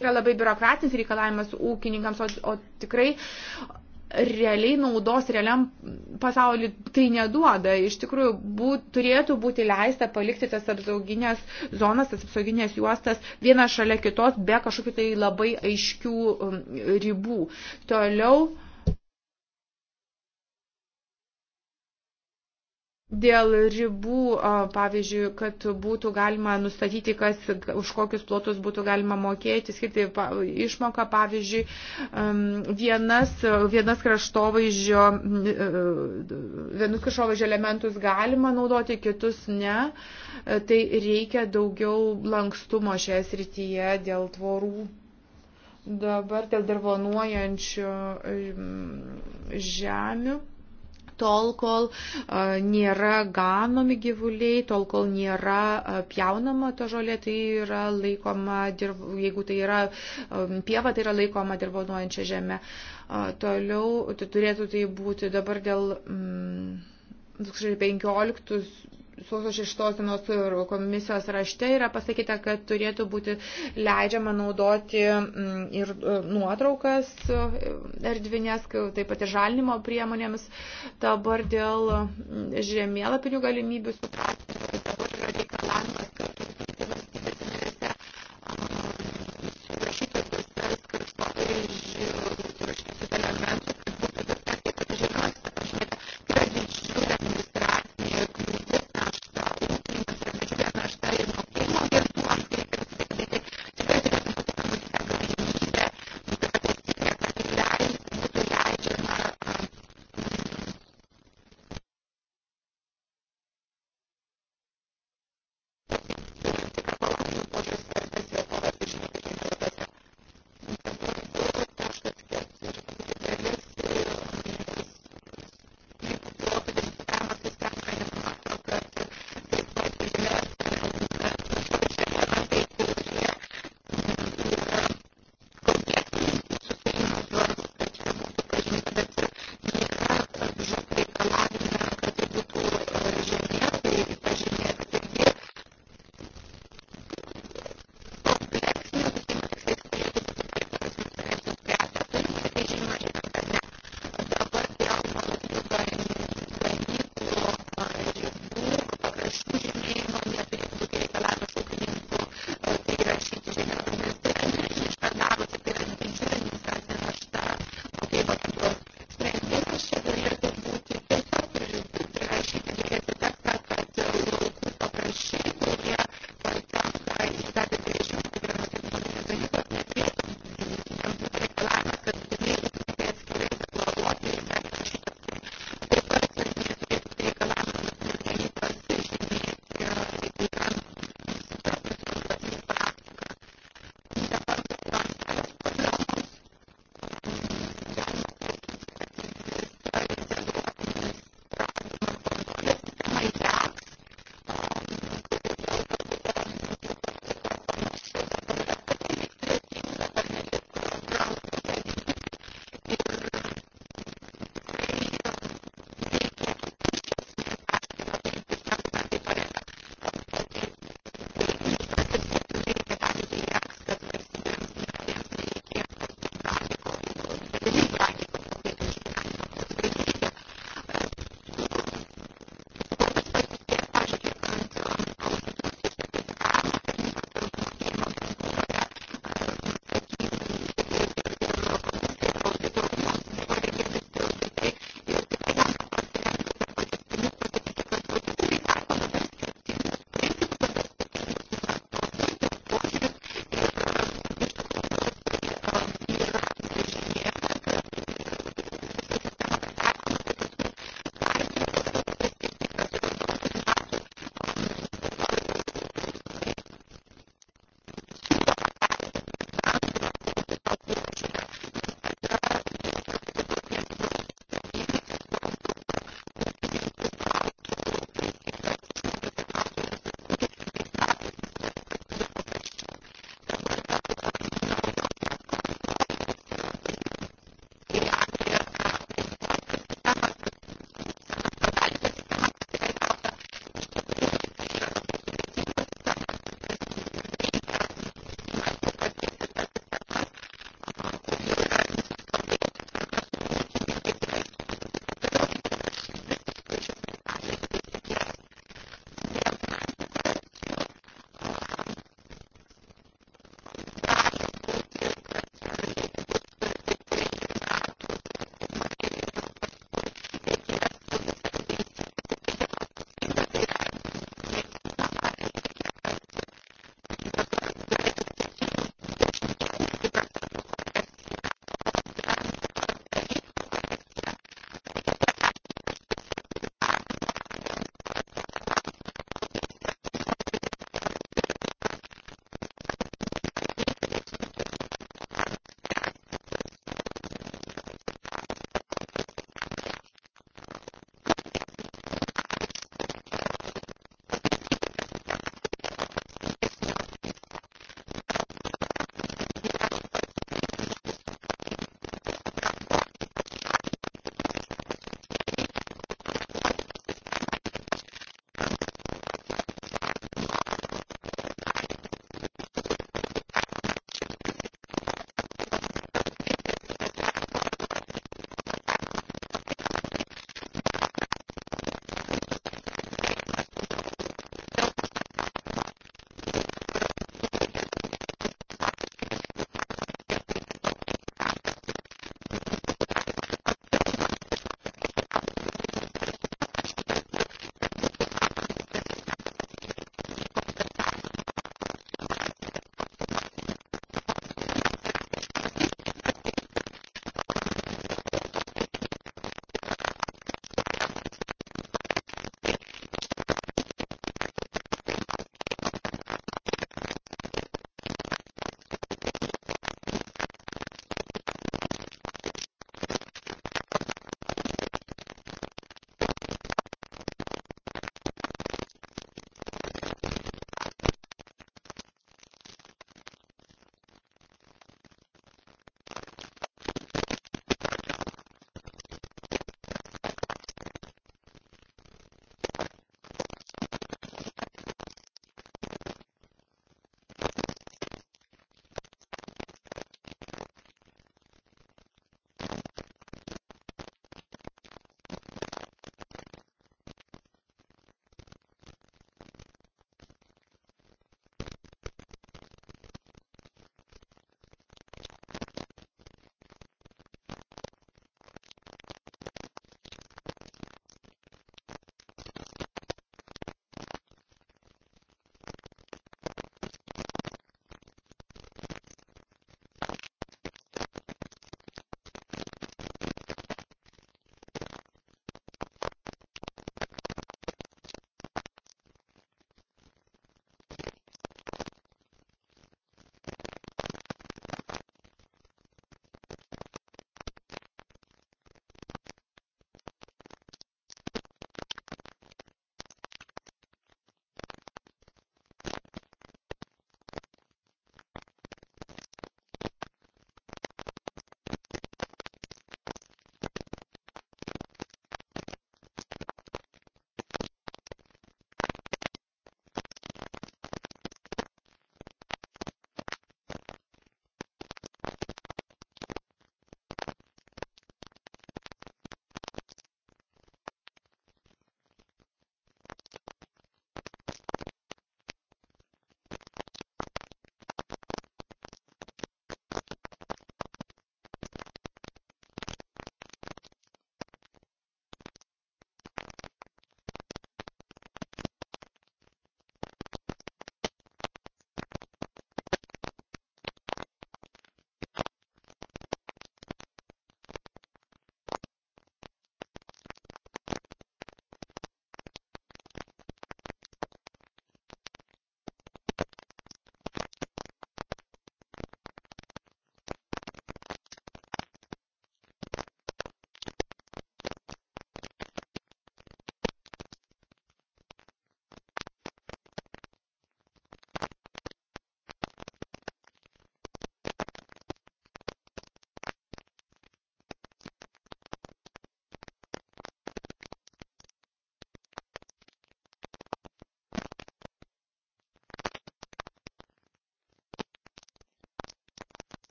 Speaker 5: yra labai biurokratinis reikalavimas ūkininkams, o, o tikrai realiai naudos realiam pasauliu tai neduoda. Iš tikrųjų, būt, turėtų būti leista palikti tas apsauginės zonas, tas apsauginės juostas vieną šalia kitos be kažkokių tai labai aiškių um, ribų. Toliau dėl ribų, pavyzdžiui, kad būtų galima nustatyti, kas, už kokius plotus būtų galima mokėti, skirti išmoką, pavyzdžiui, vienas, vienas kraštovaizdžio, vienus kraštovaizdžio elementus galima naudoti, kitus ne, tai reikia daugiau lankstumo šioje srityje dėl tvorų. Dabar dėl dirvonuojančių žemių tol, kol nėra ganomi gyvuliai, tol, kol nėra pjaunama ta žolė, tai yra laikoma, jeigu tai yra um, pieva, tai yra laikoma dirbonuojančia žemė. Toliau tai turėtų tai būti dabar dėl
Speaker 4: 2015
Speaker 5: mm, sausio 6 dienos komisijos rašte yra pasakyta, kad turėtų būti leidžiama naudoti mm, ir e, nuotraukas e, erdvinės, taip pat ir žalinimo priemonėmis. Dabar dėl mm, žemėlapinių galimybių suprasti, kad dabar yra reikalavimas, kad valstybės
Speaker 4: narėse rašytų tas kraštovaizdžių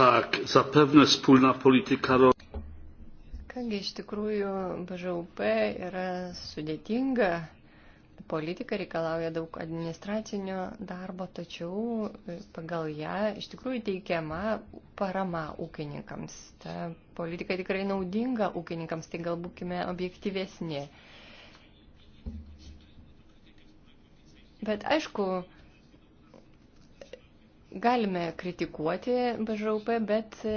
Speaker 1: Tak, zapewne wspólna polityka rolna.
Speaker 2: Kągi iš tikrųjų BŽUP yra sudėtinga. Politika reikalauja daug administracinio darbo, tačiau e, pagal ją iš tikrųjų teikiama parama ūkininkams. Ta politika tikrai naudinga ūkininkams, tai gal būkime objektyvesni. Bet aišku, Galime kritikuoti BŽUP, bet e,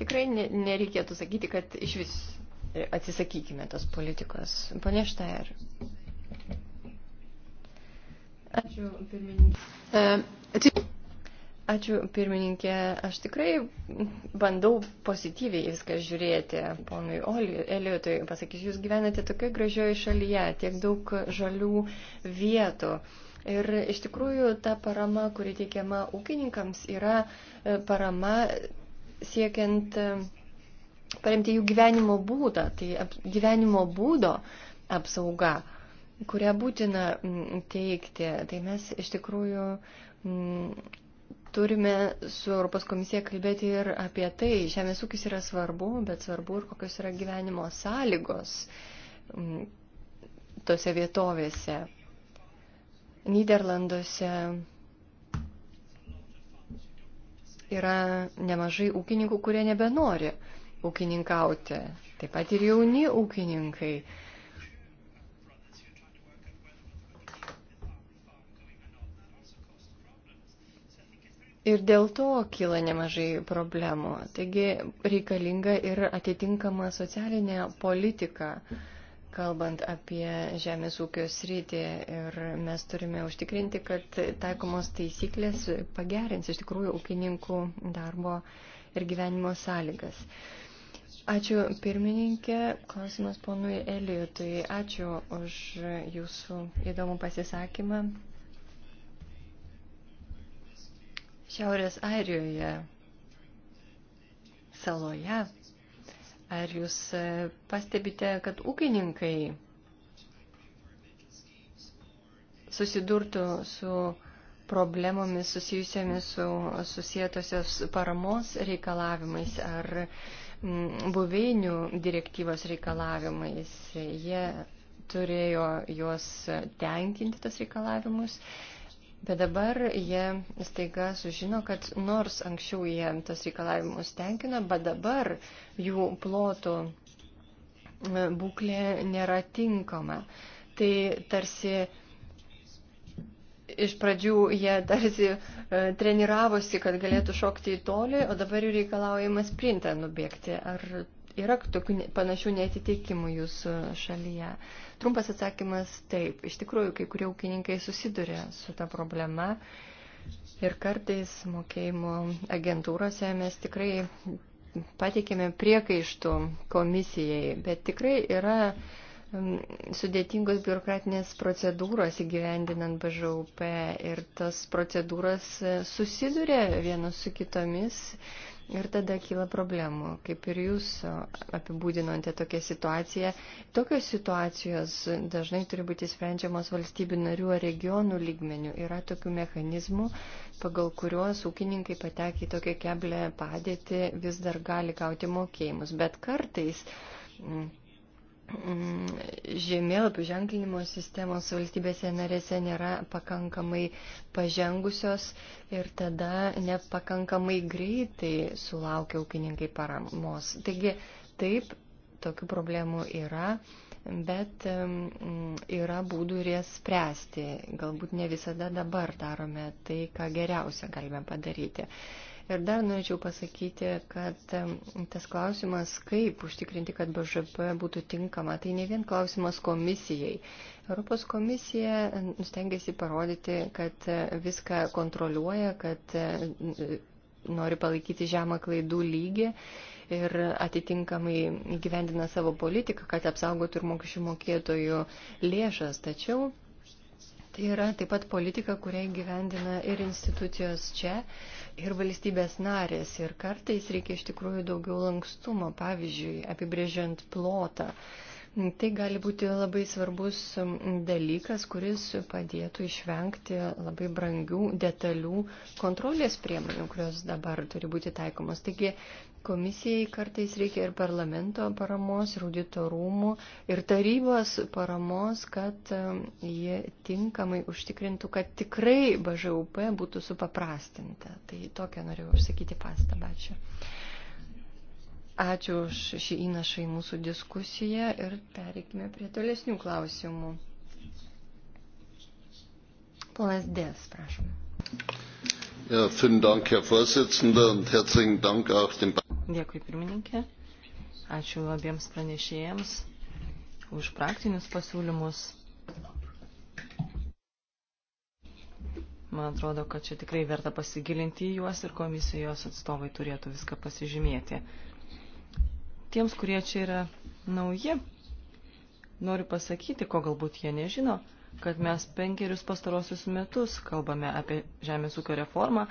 Speaker 2: tikrai nereikėtų sakyti, kad iš vis e, atsisakykime tos politikos. Pane Štair. Ačiū, pirmininkė. E, ačiū, pirmininkė. Aš tikrai bandau pozityviai viską žiūrėti. Ponui Eliotui pasakysiu, jūs gyvenate tokioje gražioje šalyje, tiek daug žalių vietų. Uh, Ir iš tikrųjų ta parama, kuri teikiama ūkininkams, yra e, parama siekiant e, paremti jų gyvenimo būdą, tai gyvenimo būdo apsauga, kurią būtina teikti. Tai mes iš tikrųjų turime su Europos komisija kalbėti ir apie tai. Žemės ūkis yra svarbu, bet svarbu ir kokios yra gyvenimo sąlygos tose vietovėse. Niderlanduose yra nemažai ūkininkų, kurie nebenori ūkininkauti. Taip pat ir jauni ūkininkai. Ir dėl to kyla nemažai problemų. Taigi reikalinga ir atitinkama socialinė politika. Uh, kalbant apie žemės ūkio sritį ir mes turime užtikrinti, kad taikomos taisyklės pagerins iš tikrųjų ūkininkų darbo ir gyvenimo sąlygas. Ačiū pirmininkė, klausimas ponui Elijutui. Ačiū už jūsų įdomų pasisakymą. Šiaurės Airijoje saloje Ar jūs e, pastebite, kad ūkininkai susidurtų su problemomis susijusiamis su susijėtosios paramos reikalavimais ar mm, buveinių direktyvos reikalavimais. Jie turėjo juos tenkinti tas reikalavimus Bet dabar jie staiga sužino, kad nors anksčiau jie tas reikalavimus tenkino, bet dabar jų plotų e, būklė nėra tinkama. Tai tarsi iš pradžių jie tarsi e, treniravosi, kad galėtų šokti į tolį, o dabar jų reikalaujamas printą nubėgti. Ar yra tokių panašių netitikimų jūsų e, šalyje? Trumpas atsakymas - taip. Iš tikrųjų, kai kurie ūkininkai susiduria su ta problema ir kartais mokėjimo agentūrose mes tikrai pateikėme priekaištų komisijai, bet tikrai yra sudėtingos biurokratinės procedūros įgyvendinant BŽUP ir tas procedūras e, susiduria vienas su kitomis Ir tada kyla problemų, kaip ir jūs apibūdinote tokią situaciją. Tokios situacijos dažnai turi būti sprendžiamos valstybių narių ar regionų lygmenių. Yra tokių mechanizmų, pagal kuriuos ūkininkai patekia į tokią keblę padėtį, vis dar gali gauti mokėjimus. Bet kartais Mm, žemėlapių ženklinimo sistemos valstybėse narėse nėra pakankamai pažengusios ir tada nepakankamai greitai sulaukia ūkininkai paramos. Taigi taip, tokių problemų yra, bet yra būdų ir jas spręsti. Galbūt ne visada dabar darome tai, ką geriausia galime padaryti. Ir dar norėčiau pasakyti, kad tas klausimas, kaip užtikrinti, kad BŽP būtų tinkama, tai ne vien klausimas komisijai. Europos komisija stengiasi parodyti, kad e, viską kontroliuoja, kad e, nori palaikyti žemą klaidų lygį ir atitinkamai gyvendina savo politiką, kad apsaugotų ir mokesčių mokėtojų lėšas. Tačiau Tai yra taip pat politika, kurią gyvendina ir institucijos čia, ir valstybės narės. Ir kartais reikia iš tikrųjų daugiau lankstumo, pavyzdžiui, apibrėžiant plotą. Tai gali būti labai svarbus dalykas, kuris padėtų išvengti labai brangių, detalių kontrolės priemonių, kurios dabar turi būti taikomos. Taigi Komisijai kartais reikia ir parlamento paramos, ir auditorumų, ir tarybos paramos, kad jie tinkamai užtikrintų, kad tikrai BŽUP būtų supaprastinta. Tai tokią norėjau užsakyti pastabą. Ačiū. Ačiū už šį įnašą į mūsų diskusiją ir pereikime prie tolesnių klausimų. Ponas Dės, prašom.
Speaker 1: Ja, vielen Dank, Herr Vorsitzender, und herzlichen Dank auch dem
Speaker 3: Dėkui pirmininkė. Ačiū abiems pranešėjams už praktinius pasiūlymus. Man atrodo, kad čia tikrai verta pasigilinti į juos ir komisijos atstovai turėtų viską pasižymėti. Tiems, kurie čia yra nauji, noriu pasakyti, ko galbūt jie nežino, kad mes penkerius pastarosius metus kalbame apie žemės ūkio reformą.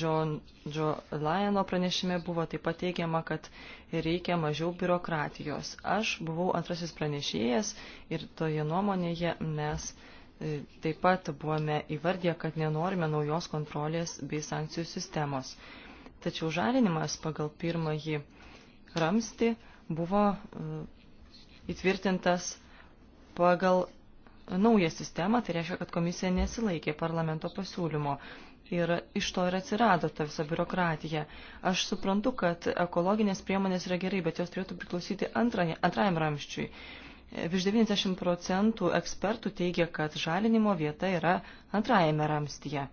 Speaker 3: John, Joe Lyono pranešime buvo taip pat teigiama, kad reikia mažiau biurokratijos. Aš buvau antrasis pranešėjas ir toje nuomonėje mes e, taip pat buvome įvardiję, kad nenorime naujos kontrolės bei sankcijų sistemos. Tačiau žalinimas pagal pirmąjį ramsti buvo e, įtvirtintas pagal naują sistemą, tai reiškia, kad komisija nesilaikė parlamento pasiūlymo. Ir iš to ir atsirado ta visa biurokratija. Aš suprantu, kad ekologinės priemonės yra gerai, bet jos turėtų priklausyti antrajam ramščiui. Virš 90 procentų ekspertų teigia, kad žalinimo vieta yra antrajame ramstyje.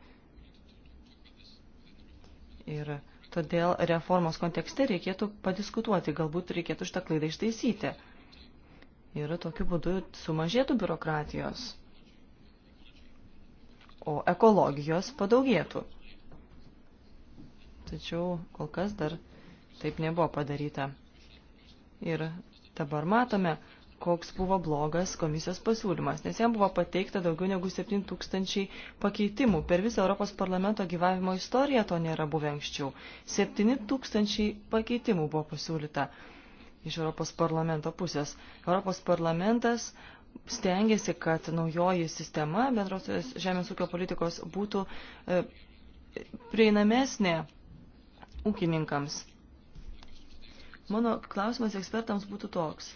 Speaker 3: Ir todėl reformos kontekste reikėtų padiskutuoti, galbūt reikėtų šitą klaidą ištaisyti ir tokiu būdu sumažėtų biurokratijos, o ekologijos padaugėtų. Tačiau kol kas dar taip nebuvo padaryta. Ir dabar matome, koks buvo blogas komisijos pasiūlymas, nes jam buvo pateikta daugiau negu 7000 pakeitimų. Per visą Europos parlamento gyvavimo istoriją to nėra buvę anksčiau. 7000 pakeitimų buvo pasiūlyta iš Europos parlamento pusės. Europos parlamentas stengiasi, kad naujoji sistema bendrosios žemės ūkio politikos būtų e, prieinamesnė ūkininkams. Mano klausimas ekspertams būtų toks.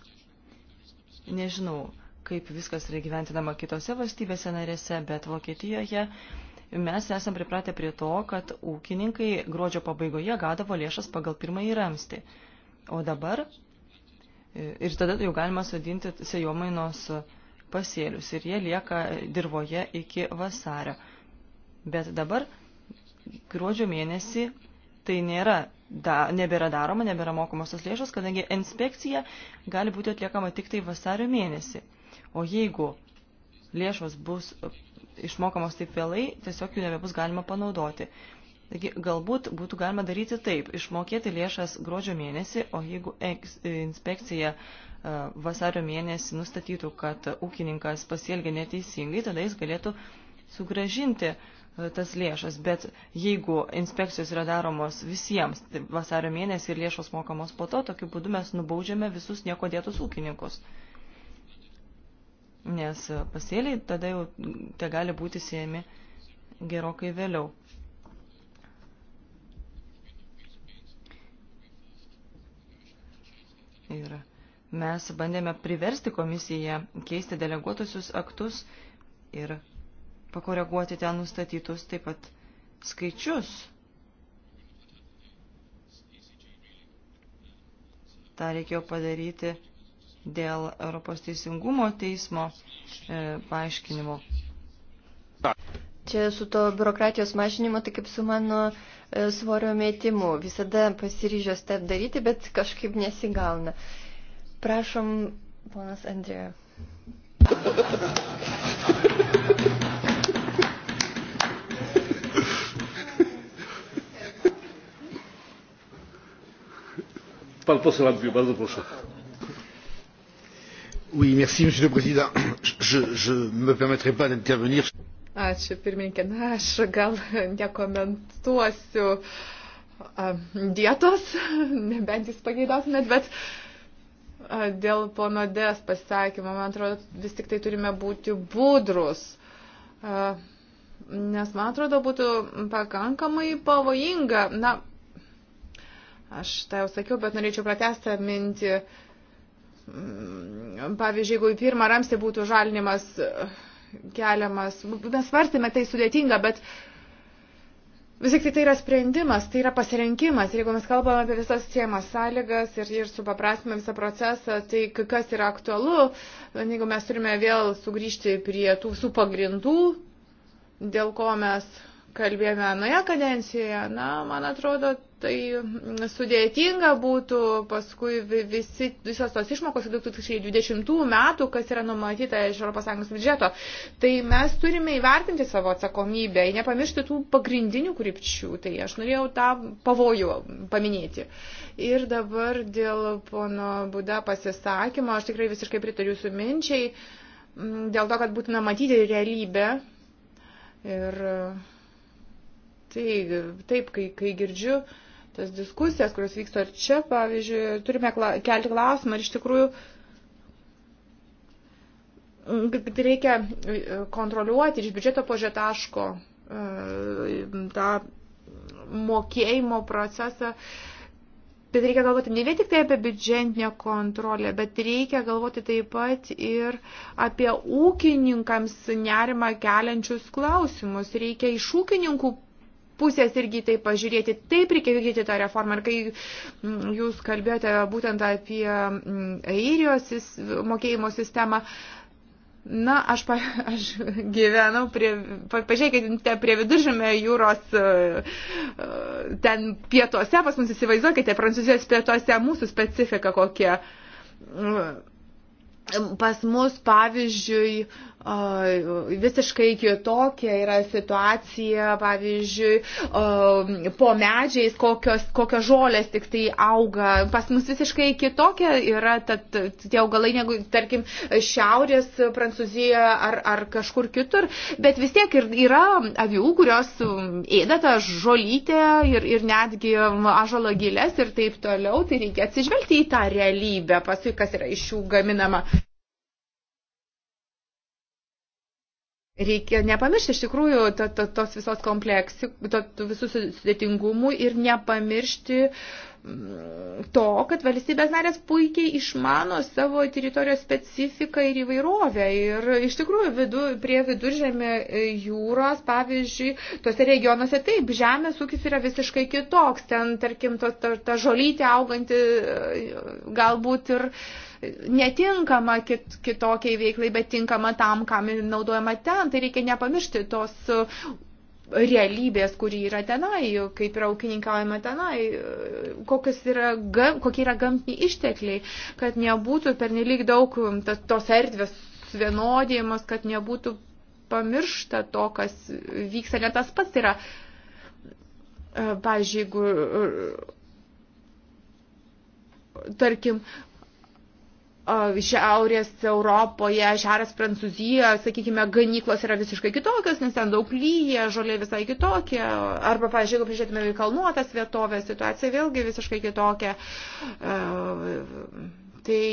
Speaker 3: Nežinau, kaip viskas yra gyventinama kitose valstybėse narėse, bet Vokietijoje mes esam pripratę prie to, kad ūkininkai gruodžio pabaigoje gaudavo lėšas pagal pirmąjį ramstį. O dabar Ir tada jau galima sodinti sejomainos pasėlius ir jie lieka dirboje iki vasario. Bet dabar gruodžio mėnesį tai nėra, da, nebėra daroma, nebėra mokamos tos lėšos, kadangi inspekcija gali būti atliekama tik tai vasario mėnesį. O jeigu lėšos bus išmokamos taip vėlai, tiesiog jų nebebus galima panaudoti. Taigi galbūt būtų galima daryti taip, išmokėti lėšas gruodžio mėnesį, o jeigu inspekcija e, vasario mėnesį nustatytų, kad ūkininkas pasielgia neteisingai, tada jis galėtų sugražinti e, tas lėšas. Bet jeigu inspekcijos yra daromos visiems tai vasario mėnesį ir lėšos mokamos po to, tokiu būdu mes nubaudžiame visus nieko dėtus ūkininkus. Nes e, pasėliai tada jau te gali būti siejami gerokai vėliau. Ir mes bandėme priversti komisiją keisti deleguotusius aktus ir pakoreguoti ten nustatytus taip pat skaičius. Ta reikėjo padaryti dėl Europos teisingumo teismo e, paaiškinimo.
Speaker 2: Čia su to biurokratijos mažinimo, tai kaip su mano E, svorio metimų. Visada pasiryžęs tą daryti, bet kažkaip nesigauna. Prašom, ponas Andrėjo.
Speaker 1: Pan poseł Andrzej, bardzo proszę. Oui, merci, Monsieur le Président. Je ne me permettrai pas d'intervenir.
Speaker 5: Ačiū, pirmininkė. Na, aš gal nekomentuosiu dietos, nebent jūs pageidautumėt, bet dėl ponodės pasisakymo, man atrodo, vis tik tai turime būti budrus. Nes, man atrodo, būtų pakankamai pavojinga. Na, aš tai jau sakiau, bet norėčiau pratestą mintį. Mm, pavyzdžiui, jeigu į pirmą ramstį būtų žalinimas keliamas. Mes svarstėme tai sudėtinga, bet vis tik tai, tai yra sprendimas, tai yra pasirinkimas. Ir jeigu mes kalbame apie visas siemas sąlygas ir, ir supaprastame visą procesą, tai kas yra aktualu, jeigu mes turime vėl sugrįžti prie tų visų pagrindų, dėl ko mes kalbėjome anoje kadencijoje, na, man atrodo, tai mm, sudėtinga būtų paskui visi, visos tos išmokos 2020 metų, kas yra numatyta iš ES biudžeto. Tai mes turime įvertinti savo atsakomybę, nepamiršti tų pagrindinių krypčių. Tai aš norėjau tą pavojų paminėti. Ir dabar dėl pono Buda pasisakymo, aš tikrai visiškai pritariu jūsų minčiai, mm, dėl to, kad būtume matyti realybę. Ir uh, Tai taip, kai, kai girdžiu tas diskusijas, kurios vyksta ar čia, pavyzdžiui, turime kla, kelti klausimą, ar iš tikrųjų reikia e, kontroliuoti iš biudžeto požio taško e, tą mokėjimo procesą. Bet reikia galvoti ne vien tik tai apie biudžetinę kontrolę, bet reikia galvoti taip pat ir apie ūkininkams nerimą keliančius klausimus. Reikia iš ūkininkų pusės irgi tai pažiūrėti. Taip reikia vykdyti tą reformą. Ir kai mm, jūs kalbėjote būtent apie mm, airijos mokėjimo sistemą, Na, aš, pa, aš gyvenau prie, pa, pažiūrėkite, prie viduržėmio jūros, e, e, ten pietuose, pas mus įsivaizduokite, prancūzijos pietuose mūsų specifika kokia. Mm, pas mus, pavyzdžiui, uh, visiškai kitokia yra situacija, pavyzdžiui, po medžiais, kokios, kokios žolės tik tai auga. Pas mus visiškai kitokia yra tad, tie augalai negu, tarkim, šiaurės Prancūzijoje ar, ar kažkur kitur, bet vis tiek ir yra avių, kurios um, ėda tą žolytę ir, ir netgi ažalo um, gilės ir taip toliau, tai reikia atsižvelgti į tą realybę, paskui kas yra iš jų gaminama. Reikia nepamiršti iš tikrųjų to, to, tos visos kompleksijų, to, to visų sudėtingumų ir nepamiršti mm, to, kad valstybės narės puikiai išmano savo teritorijos specifiką ir įvairovę. Ir iš tikrųjų vidu, prie viduržėmė e, jūros, pavyzdžiui, tose regionuose taip, žemės ūkis yra visiškai kitoks. Ten, tarkim, ta, ta, ta žolytė auganti e, galbūt ir. Uh, netinkama kit, kitokiai veiklai, bet tinkama tam, kam naudojama ten. Tai reikia nepamiršti tos uh, realybės, kuri yra tenai, kaip yra ūkininkaujama tenai, uh, yra, kokie yra gamtiniai ištekliai, kad nebūtų pernelyg daug um, tos erdvės vienodėjimas, kad nebūtų pamiršta to, kas vyksta, net tas pats yra. Uh, pavyzdžiui, jeigu tarkim, Šiaurės Europoje, Šiaurės Prancūzijoje, sakykime, ganyklos yra visiškai kitokios, nes ten daug lyja, žolė visai kitokia. Arba, pavyzdžiui, jeigu prižiūrėtume į kalnuotas vietovės, situacija vėlgi visiškai kitokia. Tai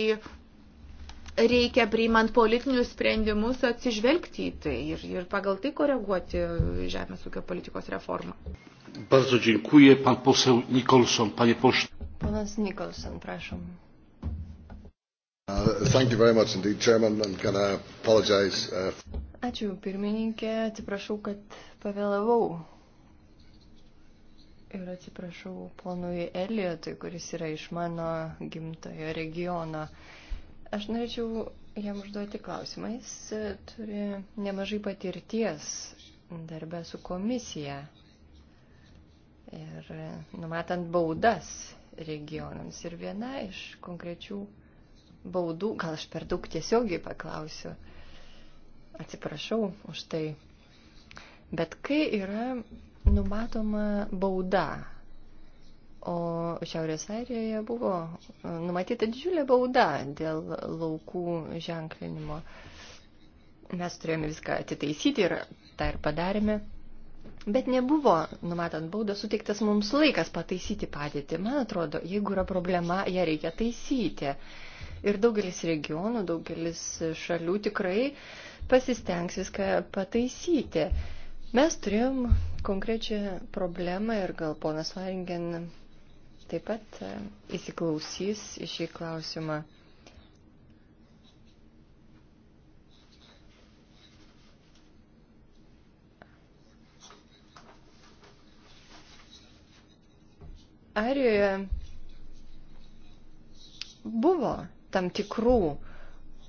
Speaker 5: reikia priimant politinius sprendimus atsižvelgti į tai ir, ir pagal tai koreguoti žemės ūkio politikos reformą.
Speaker 1: Bardzo dziękuję, pan poseł Nikolson, panie pošt.
Speaker 5: Ponas Nikolson,
Speaker 1: prašom. Uh, indeed, Chairman, uh...
Speaker 2: Ačiū pirmininkė, atsiprašau, kad pavėlavau. Ir atsiprašau ponui Eliotui, kuris yra iš mano gimtojo regiono. Aš norėčiau jam užduoti klausimą. Jis e, turi nemažai patirties darbę su komisija ir e, numatant baudas regionams. Ir viena iš konkrečių baudų, gal aš per daug tiesiogiai paklausiu, atsiprašau už tai, bet kai yra numatoma bauda, o Šiaurės Airijoje buvo e, numatyta didžiulė bauda dėl laukų ženklinimo, mes turėjome viską atitaisyti ir tą ir padarėme. Bet nebuvo, numatant baudą, suteiktas mums laikas pataisyti padėtį. Man atrodo, jeigu yra problema, ją reikia taisyti ir daugelis regionų, daugelis šalių tikrai pasistengs viską pataisyti. Mes turėjom konkrečią problemą ir gal ponas Varingen taip pat e, įsiklausys į šį klausimą. Arijoje buvo tam tikrų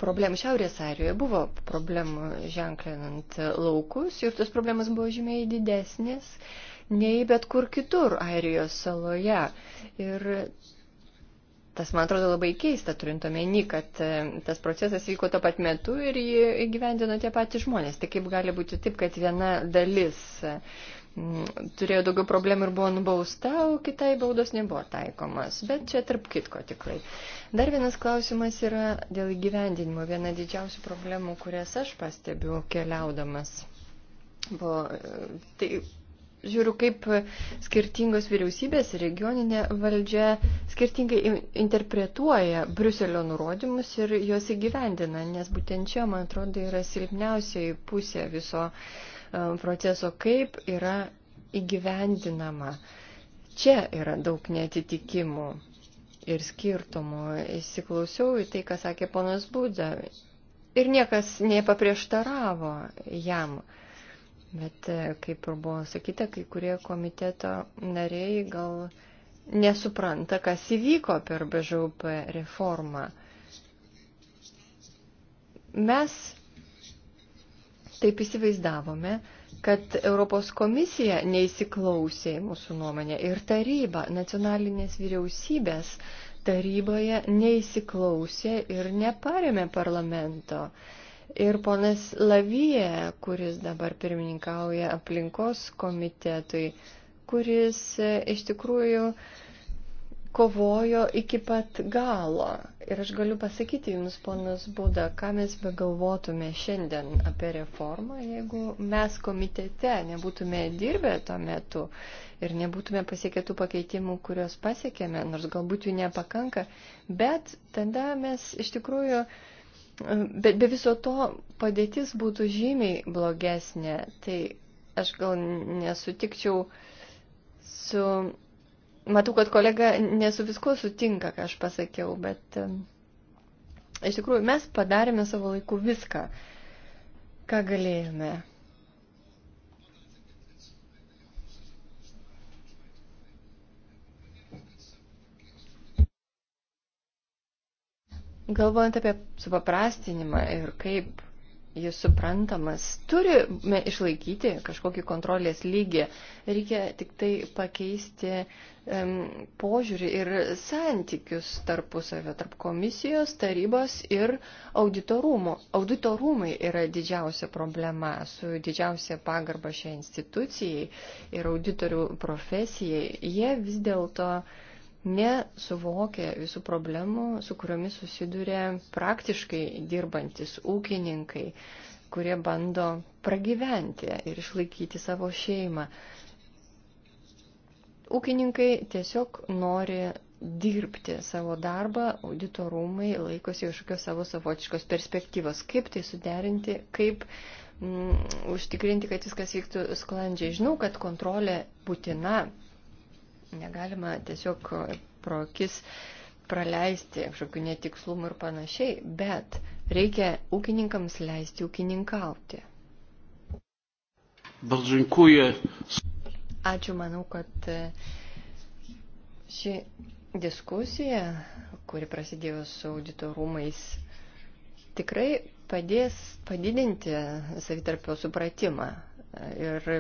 Speaker 2: problemų. Šiaurės Airijoje buvo problemų ženklinant laukus ir tos problemas buvo žymiai didesnės nei bet kur kitur Airijos saloje. Ir tas, man atrodo, labai keista, turint omeny, kad e, tas procesas vyko tuo pat metu ir jį įgyvendino tie patys žmonės. Tai kaip gali būti taip, kad viena dalis Mm, turėjo daugiau problemų ir buvo nubausta, o kitai baudos nebuvo taikomas. Bet čia tarp kitko tikrai. Dar vienas klausimas yra dėl įgyvendinimo. Viena didžiausių problemų, kurias aš pastebiu keliaudamas. Buvo, e, tai, žiūriu, kaip skirtingos vyriausybės ir regioninė valdžia skirtingai interpretuoja Bruselio nurodymus ir juos įgyvendina, nes būtent čia, man atrodo, yra silpniausiai pusė viso uh, Um, proceso, kaip yra įgyvendinama. Čia yra daug netitikimų ir skirtumų. Įsiklausiau į tai, ką sakė ponas Būda. Ir niekas nepaprieštaravo jam. Bet, e, kaip ir buvo sakyta, kai kurie komiteto nariai gal nesupranta, kas įvyko per BŽUP reformą. Mes taip įsivaizdavome, kad Europos komisija neįsiklausė į mūsų nuomonę ir taryba, nacionalinės vyriausybės taryboje neįsiklausė ir neparėmė parlamento. Ir ponas Lavyje, kuris dabar pirmininkauja aplinkos komitetui, kuris e, iš tikrųjų uh, kovojo iki pat galo. Ir aš galiu pasakyti Jums, ponas Būda, ką mes begalvotume šiandien apie reformą, jeigu mes komitete nebūtume dirbę tuo metu ir nebūtume pasiekę tų pakeitimų, kuriuos pasiekėme, nors galbūt jų nepakanka, bet tada mes iš tikrųjų, bet be viso to padėtis būtų žymiai blogesnė. Tai aš gal nesutikčiau su Matau, kad kolega nesu visko sutinka, ką aš pasakiau, bet iš tikrųjų mes padarėme savo laiku viską, ką galėjome. Galvojant apie supaprastinimą ir kaip jis suprantamas. Turime išlaikyti kažkokį kontrolės lygį. Reikia tik tai pakeisti um, požiūrį ir santykius tarpusavio, tarp komisijos, tarybos ir auditorumų. Auditorumai yra didžiausia problema su didžiausia pagarba šiai institucijai ir auditorių profesijai. Jie vis dėlto uh, nesuvokia visų problemų, su kuriomis susiduria praktiškai dirbantis ūkininkai, kurie bando pragyventi ir išlaikyti savo šeimą. Ūkininkai tiesiog nori dirbti savo darbą, auditorumai laikosi kažkokios savo savotiškos perspektyvos. Kaip tai suderinti, kaip mm, užtikrinti, kad viskas vyktų sklandžiai. Žinau, kad kontrolė būtina, Negalima tiesiog pro akis praleisti kažkokių netikslumų ir panašiai, bet reikia ūkininkams leisti ūkininkauti.
Speaker 1: Balžinkuje.
Speaker 2: Ačiū, manau, kad e, ši diskusija, kuri prasidėjo su auditorumais, tikrai padės padidinti savitarpio supratimą e, ir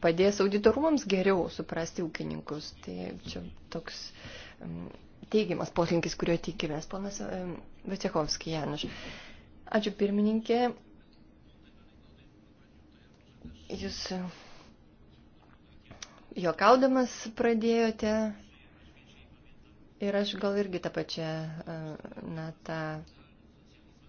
Speaker 2: padės auditorumams geriau suprasti ūkininkus. Tai čia toks teigiamas polinkis, kurio tikimės, ponas Vacekovskis Januš. Ačiū pirmininkė. Jūs juokaudamas pradėjote ir aš gal irgi tą pačią natą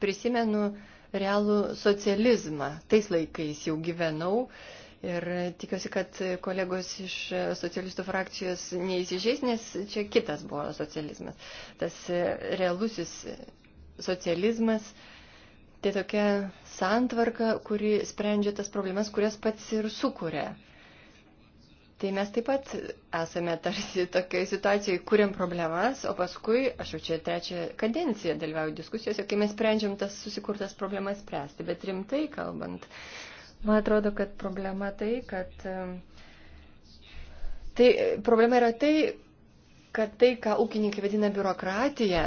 Speaker 2: prisimenu realų socializmą. Tais laikais jau gyvenau. Uh, Ir tikiuosi, kad kolegos iš socialistų frakcijos neįsižeis, nes čia kitas buvo socializmas. Tas realusis socializmas, tai tokia santvarka, kuri sprendžia tas problemas, kurias pats ir sukuria. Tai mes taip pat esame tarsi tokioje situacijoje, kuriam problemas, o paskui, aš jau čia trečią kadenciją dalyvauju diskusijose, kai mes sprendžiam tas susikurtas problemas spręsti. Bet rimtai kalbant, Man atrodo, kad problema tai, kad tai, problema yra tai, kad tai, ką ūkininkai vadina biurokratija,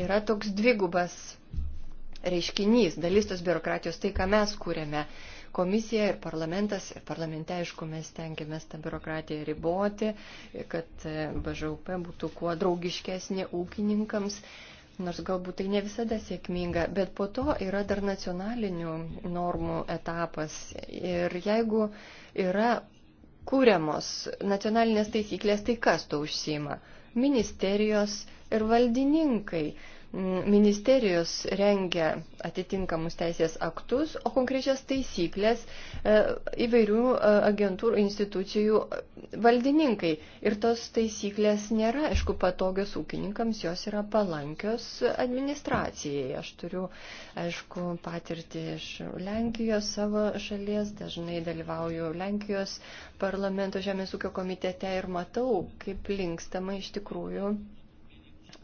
Speaker 2: yra toks dvigubas reiškinys, dalis tos biurokratijos, tai, ką mes kūrėme. Komisija ir parlamentas, ir parlamente, aišku, mes tengiamės tą biurokratiją riboti, kad BŽUP būtų kuo draugiškesnė ūkininkams. E, nors galbūt tai ne visada sėkminga, bet po to yra dar nacionalinių normų etapas. Ir jeigu yra kūriamos nacionalinės taisyklės, tai kas to užsima? Ministerijos ir valdininkai ministerijos rengia atitinkamus teisės aktus, o konkrečias taisyklės e, įvairių e, agentūrų institucijų valdininkai. Ir tos taisyklės nėra, aišku, patogios ūkininkams, jos yra palankios administracijai. Aš turiu, aišku, patirtį iš Lenkijos savo šalies, dažnai dalyvauju Lenkijos parlamento žemės ūkio komitete ir matau, kaip linkstama iš tikrųjų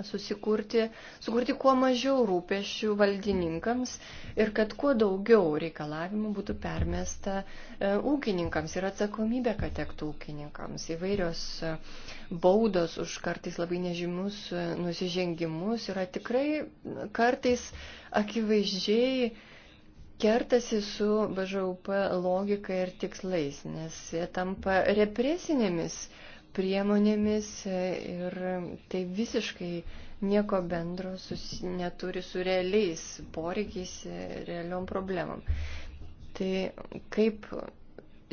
Speaker 2: susikurti, sukurti kuo mažiau rūpešių valdininkams ir kad kuo daugiau reikalavimų būtų permesta e, ūkininkams ir atsakomybė, kad tektų ūkininkams. Įvairios e, baudos už kartais labai nežymus e, nusižengimus yra tikrai kartais akivaizdžiai kertasi su BŽUP logika ir tikslais, nes jie tampa represinėmis priemonėmis e, ir tai visiškai nieko bendro susi, neturi su realiais poreikiais, e, realiom problemom. Tai kaip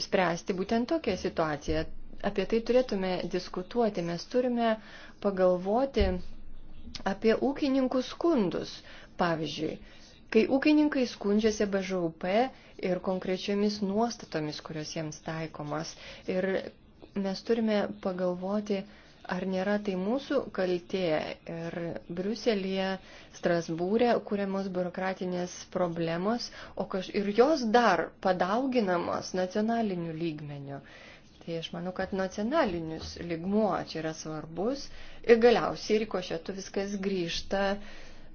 Speaker 2: spręsti būtent tokią situaciją? Apie tai turėtume diskutuoti. Mes turime pagalvoti apie ūkininkų skundus. Pavyzdžiui, kai ūkininkai skundžiasi BŽUP ir konkrečiomis nuostatomis, kurios jiems taikomas. Ir mes turime pagalvoti, ar nėra tai mūsų kaltė. Ir Briuselėje, Strasbūrė kuriamos biurokratinės problemos, o kaž... ir jos dar padauginamos nacionaliniu lygmeniu. Tai aš manau, kad nacionalinius lygmuo čia yra svarbus ir galiausiai rikošėtų viskas grįžta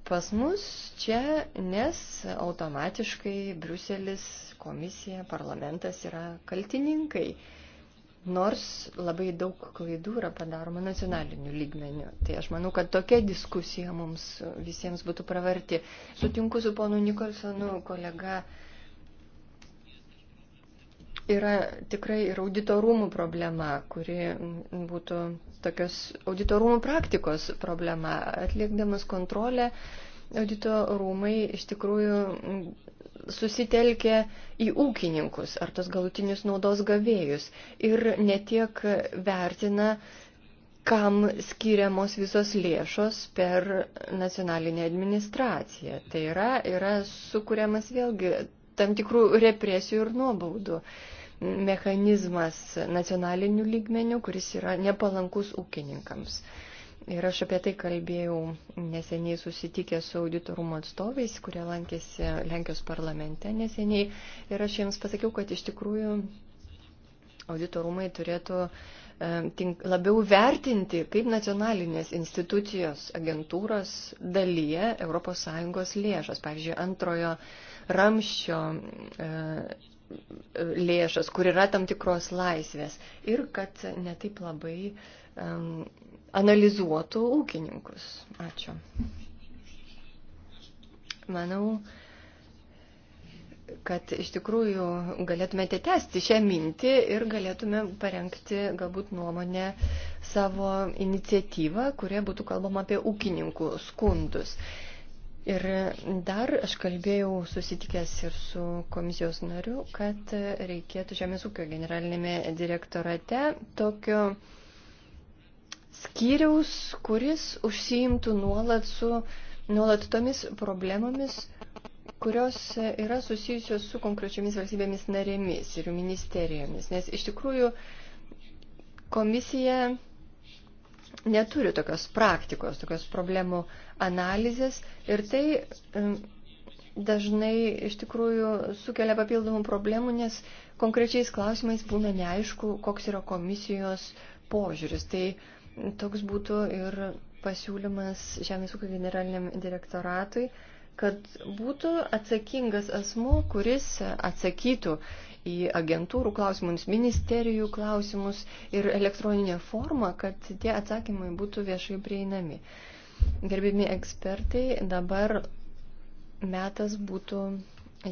Speaker 2: pas mus čia, nes automatiškai Briuselis, komisija, parlamentas yra kaltininkai nors labai daug klaidų yra padaroma nacionaliniu lygmeniu. Tai aš manau, kad tokia diskusija mums visiems būtų pravarti. Sutinku su ponu Nikolsonu, kolega. Yra tikrai ir auditorumų problema, kuri būtų tokios auditorumų praktikos problema. Atliekdamas kontrolę, auditorumai iš tikrųjų susitelkė į ūkininkus ar tos galutinius naudos gavėjus ir netiek vertina, kam skiriamos visos lėšos per nacionalinę administraciją. Tai yra, yra sukūriamas vėlgi tam tikrų represijų ir nuobaudų mechanizmas nacionaliniu lygmeniu, kuris yra nepalankus ūkininkams. Uh, Ir aš apie tai kalbėjau neseniai susitikę su auditorumo atstovais, kurie lankėsi Lenkijos parlamente neseniai. Ir aš jiems pasakiau, kad iš tikrųjų auditorumai turėtų e, tink, labiau vertinti, kaip nacionalinės institucijos agentūros dalyje ES lėšas, pavyzdžiui, antrojo ramščio e, e, lėšas, kur yra tam tikros laisvės ir kad netaip labai analizuotų ūkininkus. Ačiū. Manau, kad iš tikrųjų galėtumėte tęsti šią mintį ir galėtume parengti galbūt nuomonę savo iniciatyvą, kurie būtų kalbama apie ūkininkų skundus. Ir dar aš kalbėjau susitikęs ir su komisijos nariu, kad reikėtų Žemės ūkio generalinėme direktorate tokio skyriaus, kuris užsiimtų nuolat su nuolat tomis problemomis, kurios yra susijusios su konkrečiomis valstybėmis narėmis ir ministerijomis. Nes iš tikrųjų komisija neturi tokios praktikos, tokios problemų analizės ir tai dažnai iš tikrųjų sukelia papildomų problemų, nes konkrečiais klausimais būna neaišku, koks yra komisijos požiūris. Tai Toks būtų ir pasiūlymas Žemės ūkio generaliniam direktoratui, kad būtų atsakingas asmo, kuris atsakytų į agentūrų klausimus, ministerijų klausimus ir elektroninę formą, kad tie atsakymai būtų viešai prieinami. Gerbimi ekspertai, dabar metas būtų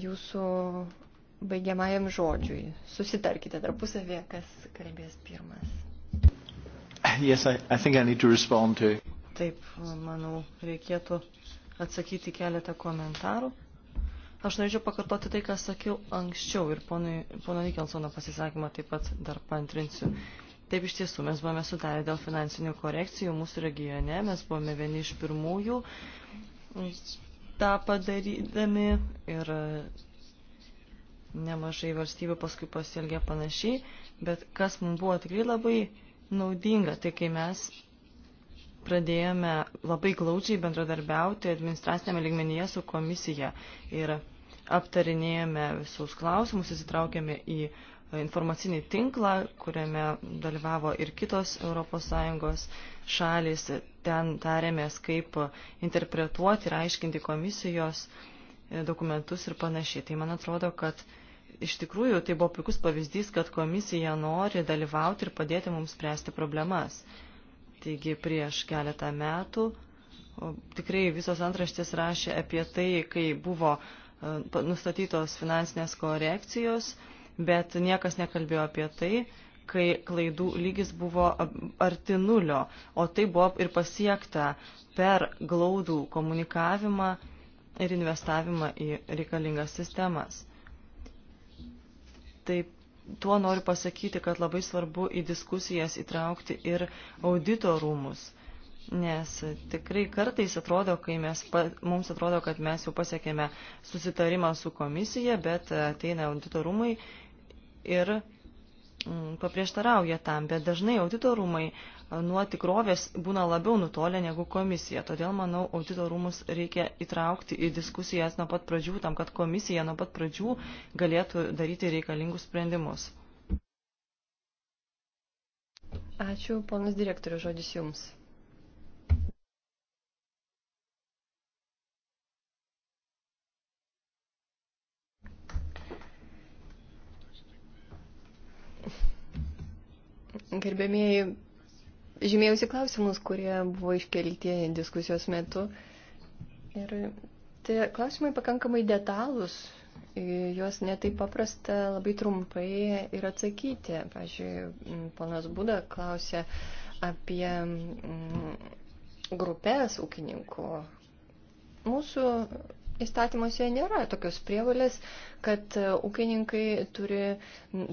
Speaker 2: jūsų baigiamajam žodžiui. Susitarkite tarpusavėje, kas kalbės pirmas.
Speaker 4: Yes, I, I think I need to respond to.
Speaker 3: Taip, manau, reikėtų atsakyti keletą komentarų. Aš norėčiau pakartoti tai, ką sakiau anksčiau ir pono Nikelsono pasisakymą taip pat dar pantrinsiu. Taip iš tiesų, mes buvome sutarę dėl finansinių korekcijų mūsų regione, mes buvome vieni iš pirmųjų tą padarydami ir nemažai valstybių paskui pasielgė panašiai, bet kas mums buvo tikrai labai naudinga. Tai kai mes pradėjome labai glaudžiai bendradarbiauti administracinėme lygmenyje su komisija ir aptarinėjome visus klausimus, įsitraukėme į informacinį tinklą, kuriame dalyvavo ir kitos ES šalis. Ten tarėmės, kaip interpretuoti ir aiškinti komisijos dokumentus ir panašiai. Tai man atrodo, kad iš tikrųjų tai buvo puikus pavyzdys, kad komisija nori dalyvauti ir padėti mums spręsti problemas. Taigi prieš keletą metų tikrai visos antraštės rašė apie tai, kai buvo e, nustatytos finansinės korekcijos, bet niekas nekalbėjo apie tai, kai klaidų lygis buvo arti nulio, o tai buvo ir pasiekta per glaudų komunikavimą ir investavimą į reikalingas sistemas. Taip, tuo noriu pasakyti, kad labai svarbu į diskusijas įtraukti ir audito rūmus. Nes tikrai kartais atrodo, kai mes, mums atrodo, kad mes jau pasiekėme susitarimą su komisija, bet ateina auditorumai ir mm, paprieštarauja tam, bet dažnai auditorumai nuo tikrovės būna labiau nutolę negu komisija. Todėl, manau, audito rūmus reikia įtraukti į diskusijas nuo pat pradžių, tam, kad komisija nuo pat pradžių galėtų daryti reikalingus sprendimus.
Speaker 2: Ačiū, ponas direktorius, žodis jums. Gerbėmėjai Žymėjausi klausimus, kurie buvo iškelti diskusijos metu. Ir tie klausimai pakankamai detalūs, juos netai paprasta labai trumpai ir atsakyti. Pavyzdžiui, ponas Buda klausė apie grupės ūkininkų. Mūsų įstatymuose nėra tokios prievalės, kad e, ūkininkai turi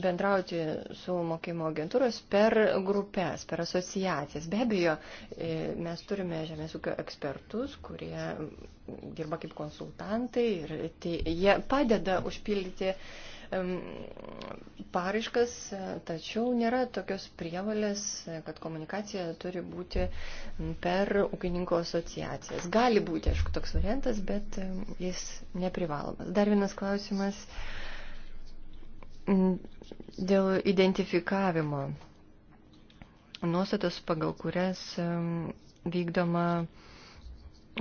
Speaker 2: bendrauti su mokymo agentūros per grupės, per asociacijas. Be abejo, e, mes turime žemės ūkio ekspertus, kurie dirba kaip konsultantai ir tai, jie padeda užpildyti paraiškas, tačiau nėra tokios prievalės, kad komunikacija turi būti per ūkininko asociacijas. Gali būti, aišku, toks variantas, bet jis neprivalomas. Dar vienas klausimas dėl identifikavimo. Nuostatos, pagal kurias vykdoma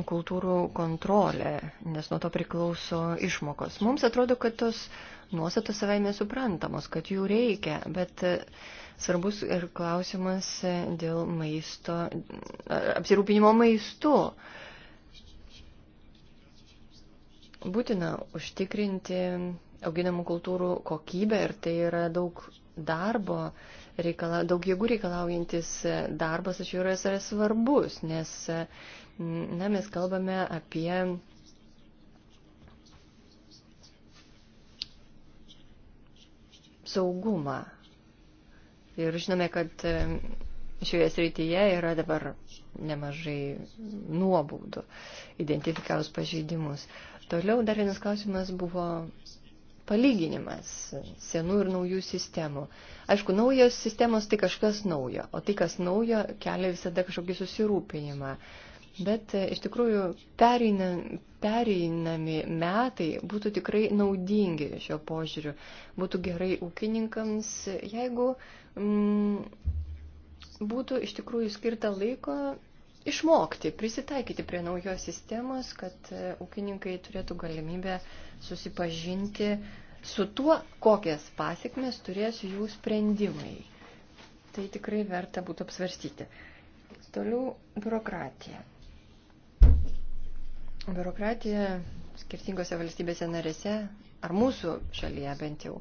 Speaker 2: kultūrų kontrolė, nes nuo to priklauso išmokos. Mums atrodo, kad tos nuostatos savai mes suprantamos, kad jų reikia, bet e, svarbus ir klausimas e, dėl maisto, e, apsirūpinimo maistu. Būtina užtikrinti auginamų kultūrų kokybę ir tai yra daug darbo, reikala, daug jėgų reikalaujantis darbas, aš jau yra svarbus, nes Na, mes kalbame apie saugumą. Ir žinome, kad e, šioje srityje yra dabar nemažai nuobaudų identifikavus pažeidimus. Toliau dar vienas klausimas buvo palyginimas senų ir naujų sistemų. Aišku, naujos sistemos tai kažkas naujo, o tai, kas naujo, kelia visada kažkokį susirūpinimą. Uh, Bet e, iš tikrųjų pereina, pereinami metai būtų tikrai naudingi šio požiūriu. Būtų gerai ūkininkams, jeigu mm, būtų iš tikrųjų skirta laiko išmokti, prisitaikyti prie naujos sistemos, kad e, ūkininkai turėtų galimybę susipažinti su tuo, kokias pasiekmes turės jų sprendimai. Tai tikrai verta būtų apsvarstyti. Toliau biurokratija. Biurokratija skirtingose valstybėse narėse, ar mūsų šalyje bent jau,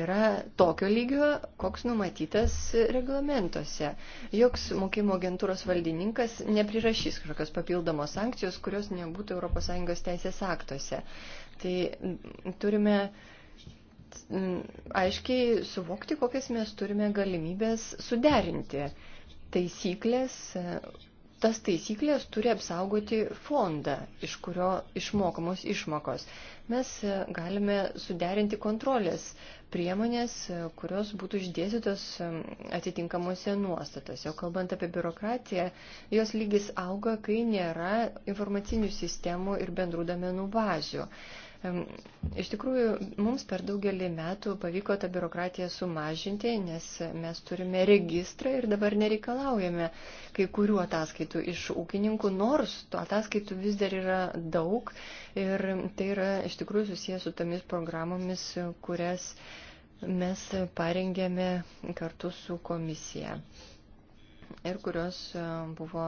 Speaker 2: yra tokio lygio, koks numatytas reglamentuose. Joks mokymo agentūros valdininkas neprirašys kažkokios papildomos sankcijos, kurios nebūtų ES teisės aktuose. Tai turime aiškiai suvokti, kokias mes turime galimybės suderinti taisyklės, tas taisyklės turi apsaugoti fondą, iš kurio išmokamos išmokos. Mes e, galime suderinti kontrolės priemonės, e, kurios būtų išdėstytos e, atitinkamuose nuostatose. O kalbant apie biurokratiją, jos lygis auga, kai nėra informacinių sistemų ir bendrų domenų bazių. Iš tikrųjų, mums per daugelį metų pavyko tą biurokratiją sumažinti, nes mes turime registrą ir dabar nereikalaujame kai kurių ataskaitų iš ūkininkų, nors tų ataskaitų vis dar yra daug ir tai yra iš tikrųjų susijęs su tomis programomis, kurias mes parengėme kartu su komisija ir kurios e, buvo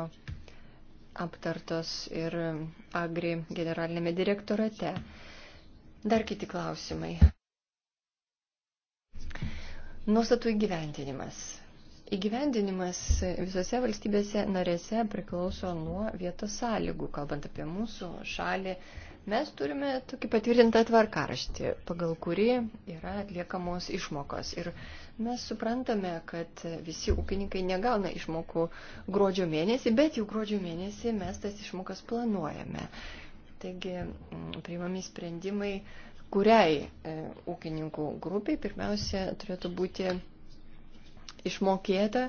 Speaker 2: aptartos ir Agri generalinėme direktorate. Dar kiti klausimai. Nuostatų įgyvendinimas. Įgyvendinimas visose valstybėse narėse priklauso nuo vietos sąlygų. Kalbant apie mūsų šalį, mes turime tokį patvirtintą tvarkaraštį, pagal kurį yra atliekamos išmokos. Ir mes suprantame, kad visi ūkininkai negauna išmokų gruodžio mėnesį, bet jau gruodžio mėnesį mes tas išmokas planuojame. Taigi mm, priimami sprendimai, kuriai e, ūkininkų grupiai pirmiausia turėtų būti išmokėta.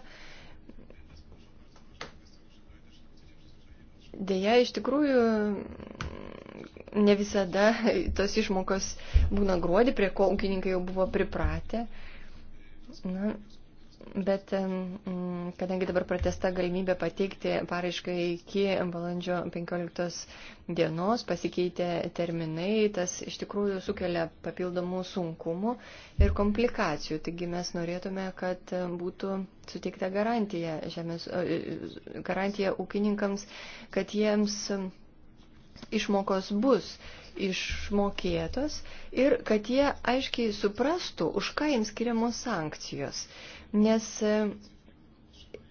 Speaker 2: Deja, iš tikrųjų, ne visada tos išmokos būna gruodį, prie ko ūkininkai jau buvo pripratę. Na, Bet kadangi dabar pratesta galimybė pateikti paraišką iki balandžio 15 dienos, pasikeitė terminai, tas iš tikrųjų sukelia papildomų sunkumų ir komplikacijų. Taigi mes norėtume, kad būtų suteikta garantija, žemės, garantija ūkininkams, kad jiems išmokos bus išmokėtos ir kad jie aiškiai suprastų, už ką jiems skiriamos sankcijos nes e,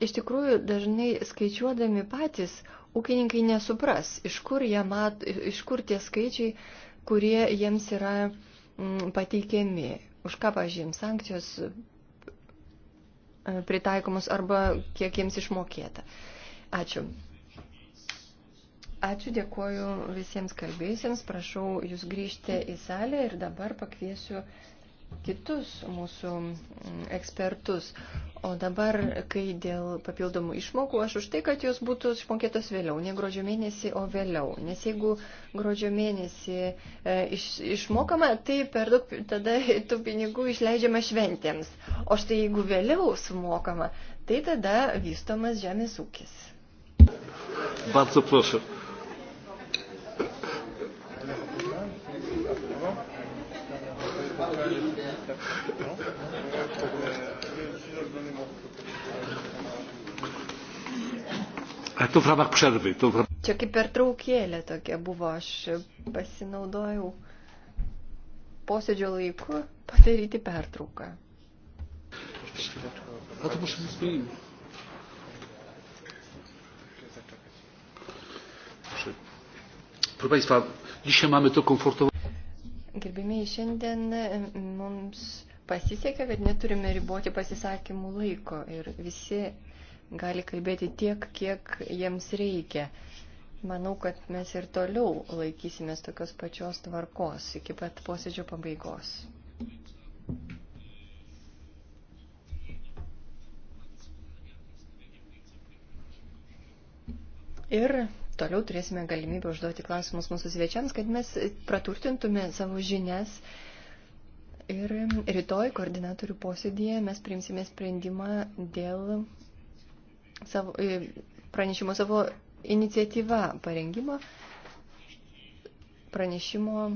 Speaker 2: iš tikrųjų dažnai skaičiuodami patys ūkininkai nesupras, iš kur, mat, iš kur tie skaičiai, kurie jiems yra mm, pateikiami, už ką pažym sankcijos e, pritaikomus arba kiek jiems išmokėta. Ačiū. Ačiū, dėkuoju visiems kalbėjusiems, prašau jūs grįžti į salę ir dabar pakviesiu kitus mūsų mm, ekspertus. O dabar, kai dėl papildomų išmokų, aš už tai, kad jos būtų išmokėtos vėliau, ne gruodžio mėnesį, o vėliau. Nes jeigu gruodžio mėnesį e, iš, išmokama, tai per daug tada tų pinigų išleidžiama šventėms. O štai jeigu vėliau sumokama, tai tada vystomas žemės ūkis.
Speaker 1: Bardzo proszę. Čia kaip per traukėlė
Speaker 2: tokia buvo, aš pasinaudojau posėdžio laiku padaryti pertrauką.
Speaker 1: Proszę Państwa, dzisiaj mamy to komfortowe.
Speaker 2: Gerbimiai, šiandien mums pasisekė, kad neturime riboti pasisakymų laiko ir visi gali kalbėti tiek, kiek jiems reikia. Manau, kad mes ir toliau laikysimės tokios pačios tvarkos iki pat posėdžio pabaigos. Ir toliau turėsime galimybę užduoti klausimus mūsų svečiams, kad mes praturtintume savo žinias. Ir rytoj koordinatorių posėdėje mes priimsime sprendimą dėl savo, e, pranešimo savo iniciatyva parengimo pranešimo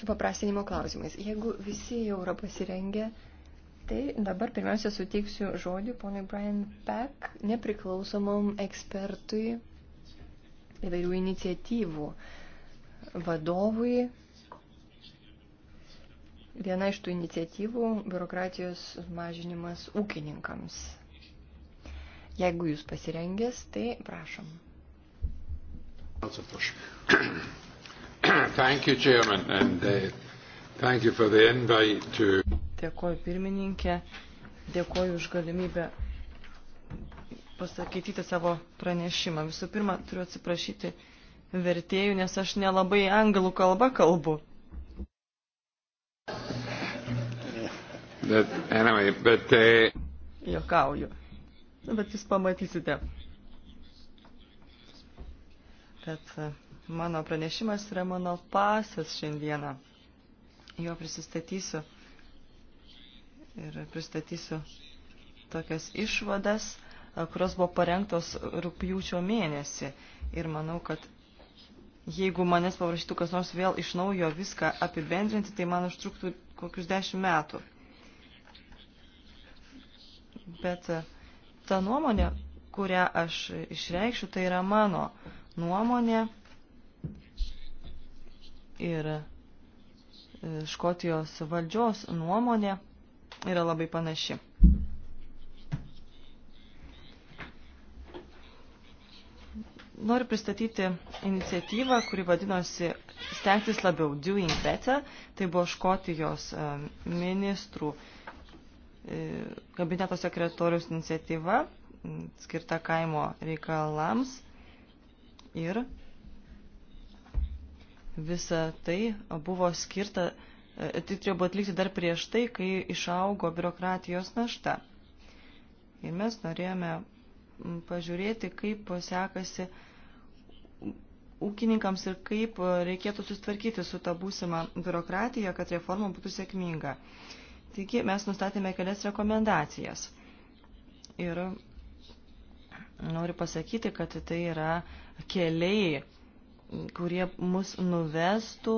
Speaker 2: supaprastinimo klausimais. Jeigu visi jau yra pasirengę, tai dabar pirmiausia suteiksiu žodį ponui Brian Peck, nepriklausomam ekspertui įvairių iniciatyvų vadovui. Viena iš tų iniciatyvų - biurokratijos mažinimas ūkininkams. Jeigu jūs pasirengęs, tai prašom.
Speaker 1: Thank you, Chairman, and uh, thank you for the invite to.
Speaker 3: Dėkoju pirmininkė, dėkoju už galimybę pasakyti savo pranešimą. Visų pirma, turiu atsiprašyti vertėjų, nes aš nelabai anglų kalbą kalbu.
Speaker 2: Bet, anyway, bet... Uh,
Speaker 3: Jokauju. Nu, bet jūs pamatysite. Bet mano pranešimas yra mano pasas šiandieną. Jo prisistatysiu ir pristatysiu tokias išvadas E, kurios buvo parengtos rūpjūčio mėnesį. Ir manau, kad jeigu manęs paprašytų kas nors vėl iš naujo viską apibendrinti, tai man užtruktų kokius dešimt metų. Bet e, ta nuomonė, kurią aš išreikšiu, tai yra mano nuomonė. Ir e, Škotijos valdžios nuomonė yra labai panaši. Noriu pristatyti iniciatyvą, kuri vadinosi Stengtis labiau Doing Better. Tai buvo Škotijos e, ministrų e, kabineto sekretorius iniciatyva, skirta kaimo reikalams. Ir visa tai buvo skirta, e, tai turėjo buvo atlikti dar prieš tai, kai išaugo biurokratijos našta. Ir mes norėjome pažiūrėti, kaip sekasi uh, ūkininkams ir kaip e, reikėtų sustvarkyti su tą būsimą biurokratiją, kad reforma būtų sėkminga. Taigi mes nustatėme kelias rekomendacijas. Ir noriu pasakyti, kad tai yra keliai, kurie mus nuvestų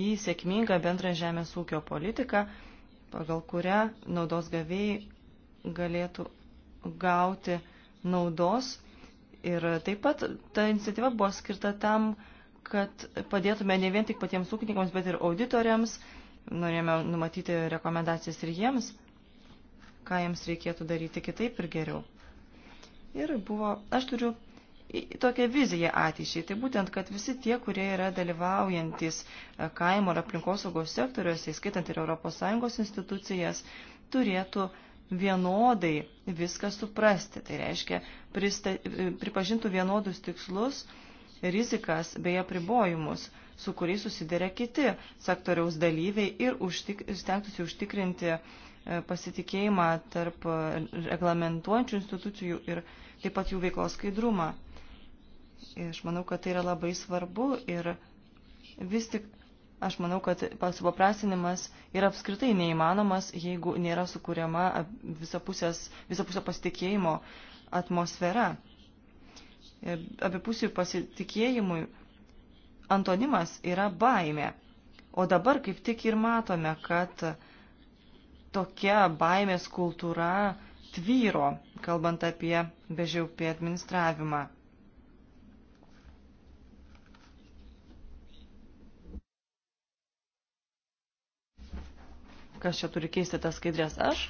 Speaker 3: į sėkmingą bendrą žemės ūkio politiką, pagal kurią naudos gavėjai galėtų gauti naudos Ir taip pat ta iniciatyva buvo skirta tam, kad padėtume ne vien tik patiems ūkininkams, bet ir auditoriams. Norėjome numatyti rekomendacijas ir jiems, ką jiems reikėtų daryti kitaip ir geriau. Ir buvo, aš turiu tokią viziją ateičiai. Tai būtent, kad visi tie, kurie yra dalyvaujantis e, kaimo ir aplinkosaugos sektoriuose, įskaitant ir ES institucijas, turėtų uh, vienodai viską suprasti. Tai reiškia, prista, pripažintų vienodus tikslus, rizikas bei apribojimus, su kuriais susidarė kiti sektoriaus dalyviai ir užtik, stengtųsi užtikrinti e, pasitikėjimą tarp e, reglamentuojančių institucijų ir taip pat jų veiklos skaidrumą. Aš manau, kad tai yra labai svarbu ir vis tik Aš manau, kad supaprastinimas yra apskritai neįmanomas, jeigu nėra sukūriama visapusės, visapusio pasitikėjimo atmosfera. Ir e, abipusių pasitikėjimui antonimas yra baimė. O dabar kaip tik ir matome, kad tokia baimės kultūra tvyro, kalbant apie bežiaupį administravimą. Kas čia turi keisti tas skaidrės? Aš.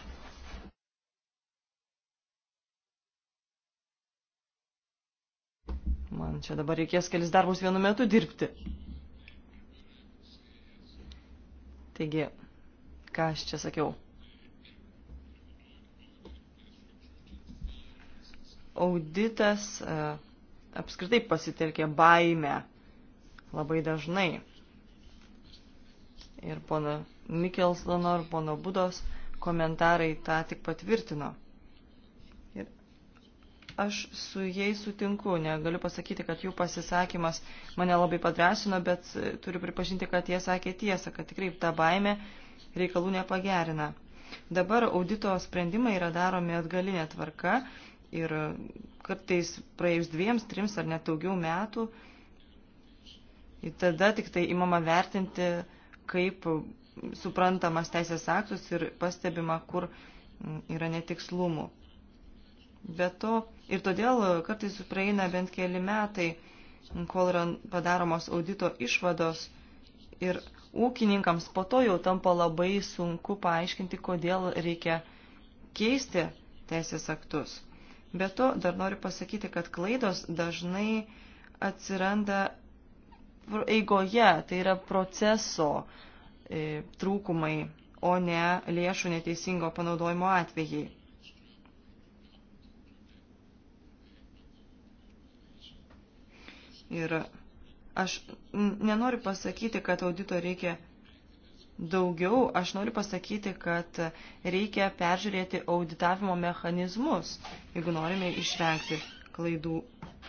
Speaker 3: Man čia dabar reikės kelis darbus vienu metu dirbti. Taigi, ką aš čia sakiau? Auditas e, apskritai pasitelkė baimę labai dažnai. Ir pana Mikelsono ir pono Budos komentarai tą tik patvirtino. Ir aš su jais sutinku, negaliu pasakyti, kad jų pasisakymas mane labai padrasino, bet turiu pripažinti, kad jie sakė tiesą, kad tikrai ta baime reikalų nepagerina. Dabar audito sprendimai yra daromi atgalinė tvarka ir kartais praėjus dviems, trims ar net daugiau metų, tada tik tai imama vertinti, kaip suprantamas teisės aktus ir pastebima, kur yra netikslumų. Be to, ir todėl kartais praeina bent keli metai, kol yra padaromos audito išvados ir ūkininkams po to jau tampa labai sunku paaiškinti, kodėl reikia keisti teisės aktus. Be to, dar noriu pasakyti, kad klaidos dažnai atsiranda eigoje, tai yra proceso uh, E, trūkumai, o ne lėšų neteisingo panaudojimo atvejai. Ir aš nenoriu pasakyti, kad audito reikia daugiau, aš noriu pasakyti, kad reikia peržiūrėti auditavimo mechanizmus, jeigu norime išvengti klaidų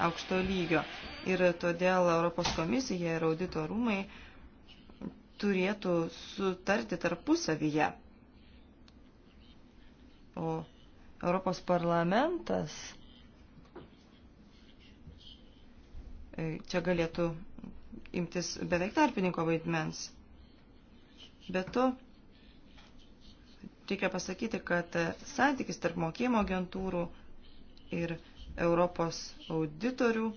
Speaker 3: aukšto lygio. Ir todėl Europos komisija ir audito rūmai turėtų sutarti tarpusavyje. O Europos parlamentas e, čia galėtų imtis beveik tarpininko vaidmens. Bet to reikia pasakyti, kad santykis tarp mokėjimo agentūrų ir Europos auditorių,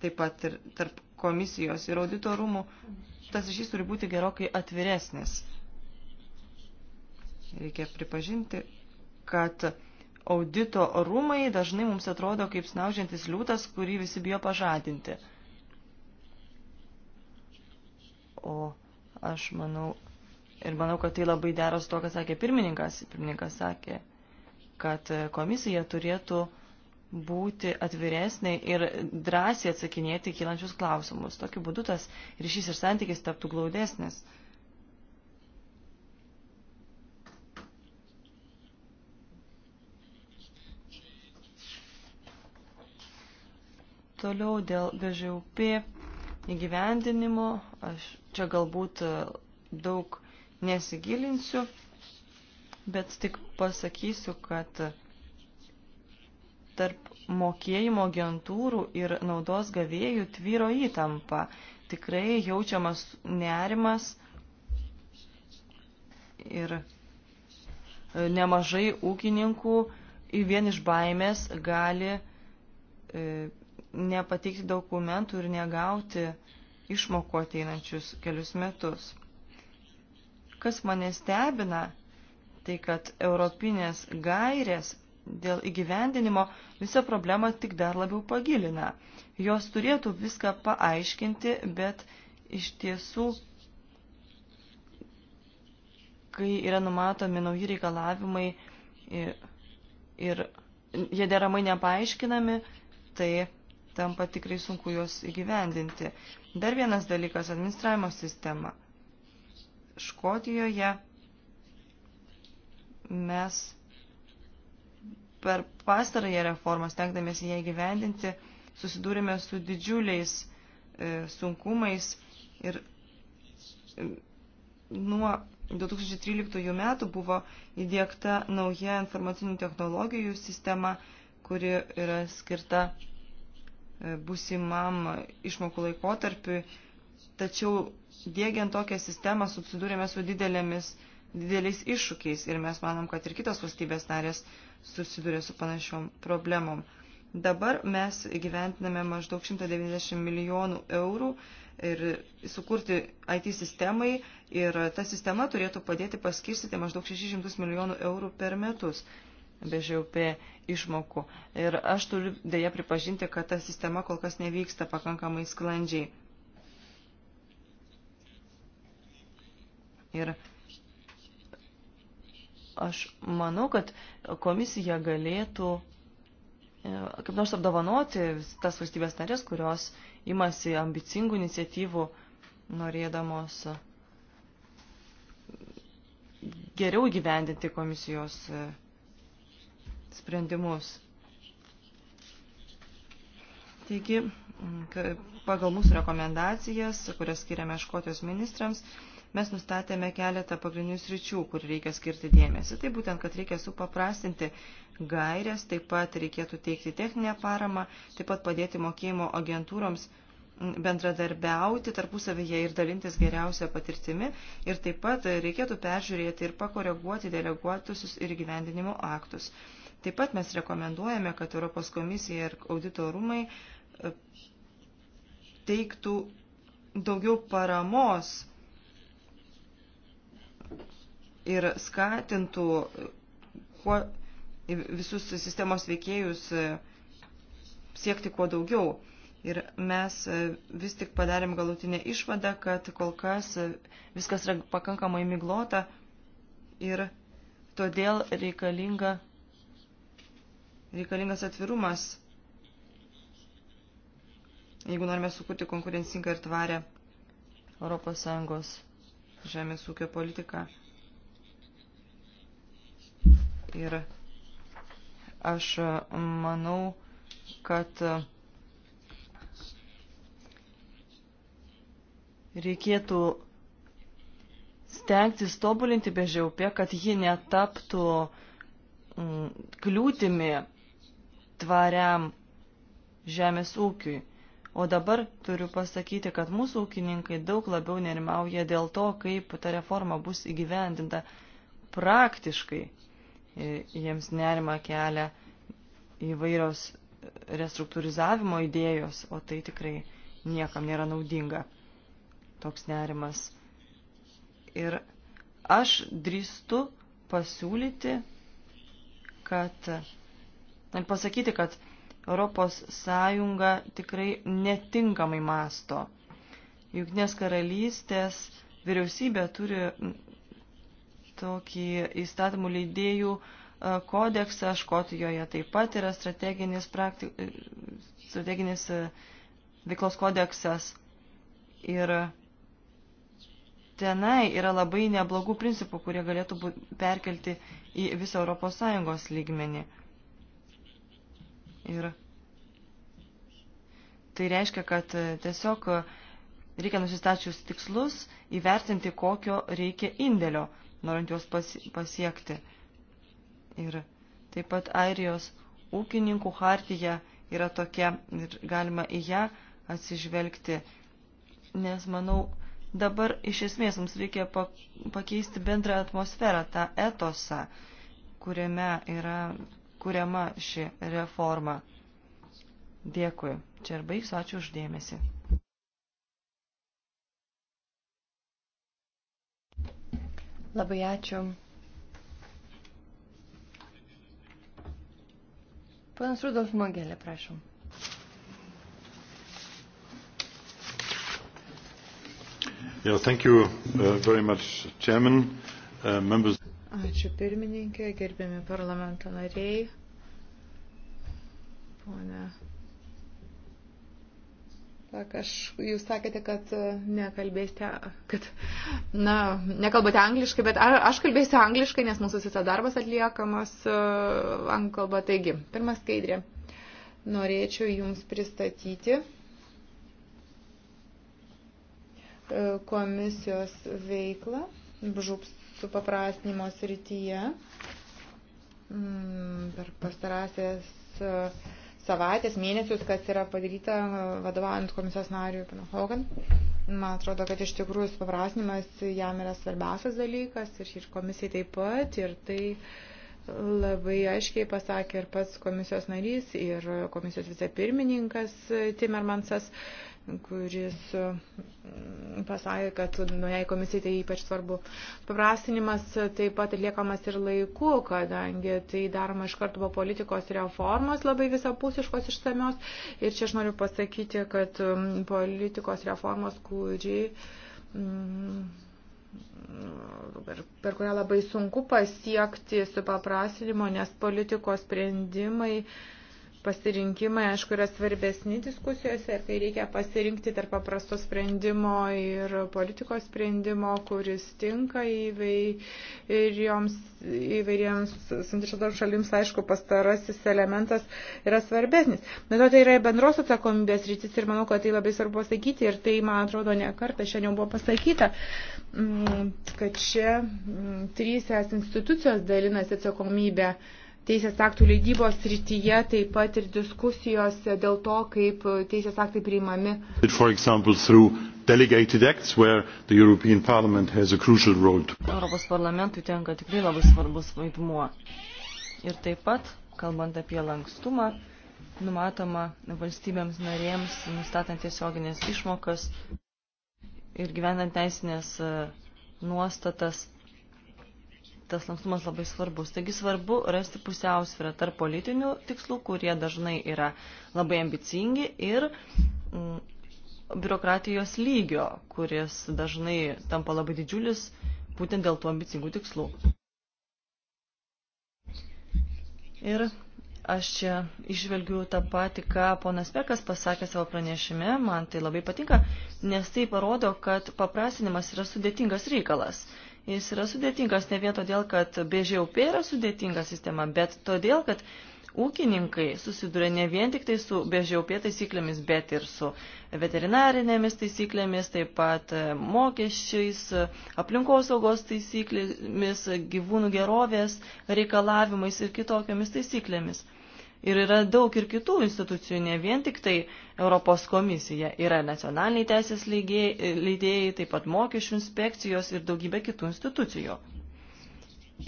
Speaker 3: taip pat ir tarp komisijos ir auditorumų tas ryšys turi būti gerokai atviresnis. Reikia pripažinti, kad audito rūmai dažnai mums atrodo kaip snaužiantis liūtas, kurį visi bijo pažadinti. O aš manau, ir manau, kad tai labai dera su to, ką sakė pirmininkas. Pirmininkas sakė, kad komisija turėtų uh, būti atviresnė ir drąsiai atsakinėti kylančius klausimus. Tokiu būdu tas ryšys ir santykis taptų glaudesnis. Toliau dėl BŽUP įgyvendinimo, aš čia galbūt e, daug nesigilinsiu, bet tik pasakysiu, kad tarp mokėjimo agentūrų ir naudos gavėjų tvyro įtampa. Tikrai jaučiamas nerimas ir e, nemažai ūkininkų vien iš baimės gali e, nepateikti dokumentų ir negauti išmokų ateinančius kelius metus. Kas mane stebina, tai kad europinės gairės dėl įgyvendinimo visą problemą tik dar labiau pagilina. Jos turėtų viską paaiškinti, bet iš tiesų, kai yra numatomi nauji reikalavimai ir, ir jie deramai nepaaiškinami, tai tampa tikrai sunku juos įgyvendinti. Dar vienas dalykas - administravimo sistema. Škotijoje mes per pastarąją reformą, stengdamėsi ją gyvendinti, susidūrėme su didžiuliais e, sunkumais ir e, nuo 2013 metų buvo įdėkta nauja informacinių technologijų sistema, kuri yra skirta e, būsimam išmokų laikotarpiui. Tačiau dėgiant tokią sistemą susidūrėme su didelėmis, dideliais iššūkiais ir mes manom, kad ir kitos valstybės narės susiduria su panašiom problemom. Dabar mes gyventiname maždaug 190 milijonų eurų ir sukurti IT sistemai ir ta sistema turėtų padėti paskirstyti maždaug 600 milijonų eurų per metus be ŽUP išmokų. Ir aš turiu dėja pripažinti, kad ta sistema kol kas nevyksta pakankamai sklandžiai. Ir Aš manau, kad komisija galėtų e, kaip nors apdovanoti tas valstybės narės, kurios imasi ambicingų iniciatyvų, norėdamos geriau gyvendinti komisijos e, sprendimus. Taigi, pagal mūsų rekomendacijas, kurias skiriame Škotijos ministrams, mes nustatėme keletą pagrindinių sričių, kur reikia skirti dėmesį. Tai būtent, kad reikia supaprastinti gairias, taip pat reikėtų teikti techninę paramą, taip pat padėti mokėjimo agentūroms bendradarbiauti tarpusavyje ir dalintis geriausią patirtimi ir taip pat reikėtų peržiūrėti ir pakoreguoti deleguotusius ir gyvendinimo aktus. Taip pat mes rekomenduojame, kad Europos komisija ir audito rūmai e, teiktų daugiau paramos ir skatintų e, kuo, visus sistemos veikėjus e, siekti kuo daugiau. Ir mes e, vis tik padarėm galutinę išvadą, kad kol kas viskas yra pakankamai miglota ir todėl reikalinga, reikalingas atvirumas, jeigu norime sukurti konkurencingą ir tvarę Europos Sąjungos žemės ūkio politiką. Ir aš manau, kad reikėtų stengtis tobulinti bežiaupę, kad ji netaptų mm, kliūtimi tvariam žemės ūkiui. O dabar turiu pasakyti, kad mūsų ūkininkai daug labiau nerimauja dėl to, kaip ta reforma bus įgyvendinta praktiškai. E, jiems nerima kelia įvairios restruktūrizavimo idėjos, o tai tikrai niekam nėra naudinga toks nerimas. Ir aš drįstu pasiūlyti, kad pasakyti, kad Europos Sąjunga tikrai netinkamai masto. Jungtinės karalystės vyriausybė turi tokį įstatymų leidėjų e, kodeksą, Škotijoje taip pat yra strateginis, prakti... E, strateginis e, veiklos kodeksas. Ir tenai yra labai neblogų principų, kurie galėtų būti perkelti į visą ES lygmenį. Ir tai reiškia, kad e, tiesiog e, reikia nusistačius tikslus įvertinti, kokio reikia indėlio, norint juos pasiekti. Ir taip pat Airijos ūkininkų hartija yra tokia ir galima į ją atsižvelgti, nes manau, dabar iš esmės mums reikia pakeisti bendrą atmosferą, tą etosą, kuriame yra kuriama ši reforma. Dėkui. Čia ir baigsiu. Ačiū uždėmesi.
Speaker 2: Labai ačiū. Panas Rudolf Mogelė, prašom.
Speaker 1: Yeah, thank you uh, very much, Chairman. Uh,
Speaker 5: members. Ačiū pirmininkė, gerbiami parlamento nariai. Pone. Tak, aš, jūs sakėte, kad e, nekalbėsite, kad, na, nekalbate angliškai, bet ar, aš kalbėsiu angliškai, nes mūsų visą darbas atliekamas uh, anglų kalba. Taigi, pirmas skaidrė. Norėčiau jums pristatyti e, komisijos veiklą, BŽUPS supaprastinimo srityje mm, per pastarąsias e, savaitės, mėnesius, kas yra padaryta e, vadovaujant komisijos nariui Pana Hogan. Man atrodo, kad iš tikrųjų supaprastinimas jam yra svarbiausias dalykas ir, ir komisijai taip pat. Ir tai labai aiškiai pasakė ir pats komisijos narys, ir komisijos vicepirmininkas Timermansas. Uh, kuris mm, pasakė, kad nu, jei komisijai tai ypač svarbu. Paprastinimas taip pat atliekamas ir laiku, kadangi tai daroma iš karto po politikos reformos labai visapusiškos išsamios. Ir čia aš noriu pasakyti, kad mm, politikos reformos, kuri. Mm, per, per kurią labai sunku pasiekti supaprasinimo, nes politikos sprendimai uh, pasirinkimai, aišku, yra svarbesni diskusijose ir kai reikia pasirinkti tarp paprasto sprendimo ir politikos sprendimo, kuris tinka įvairioms, įvairiems suinteresuotoms šalims, aišku, pastarasis elementas yra svarbesnis. Bet to tai yra bendros atsakomybės rytis ir manau, kad tai labai svarbu pasakyti ir tai, man atrodo, ne kartą šiandien buvo pasakyta, mm, kad čia mm, trys es institucijos dalinasi atsakomybę teisės aktų leidybos srityje, taip pat ir diskusijos dėl to, kaip teisės aktai priimami.
Speaker 1: Europos
Speaker 3: parlamentui tenka tikrai labai svarbus vaidmuo. Ir taip pat, kalbant apie lankstumą, numatoma valstybėms narėms, nustatant tiesioginės išmokas ir gyvenant teisinės e, nuostatas tas lankstumas labai svarbus. Taigi svarbu rasti pusiausvyrą tarp politinių tikslų, kurie dažnai yra labai ambicingi, ir m, mm, biurokratijos lygio, kuris dažnai tampa labai didžiulis būtent dėl tų ambicingų tikslų. Ir aš čia išvelgiu tą patį, ką ponas Pekas pasakė savo pranešime, man tai labai patinka, nes tai parodo, kad paprasinimas yra sudėtingas reikalas. Jis yra sudėtingas ne vien todėl, kad BŽUP yra sudėtinga sistema, bet todėl, kad ūkininkai susiduria ne vien tik tai su BŽUP taisyklėmis, bet ir su veterinarinėmis taisyklėmis, taip pat e, mokesčiais, aplinkosaugos taisyklėmis, gyvūnų gerovės reikalavimais ir kitokiamis taisyklėmis. Ir yra daug ir kitų institucijų, ne vien tik tai Europos komisija. Yra nacionaliniai teisės leidėjai, taip pat mokesčių inspekcijos ir daugybė kitų institucijų.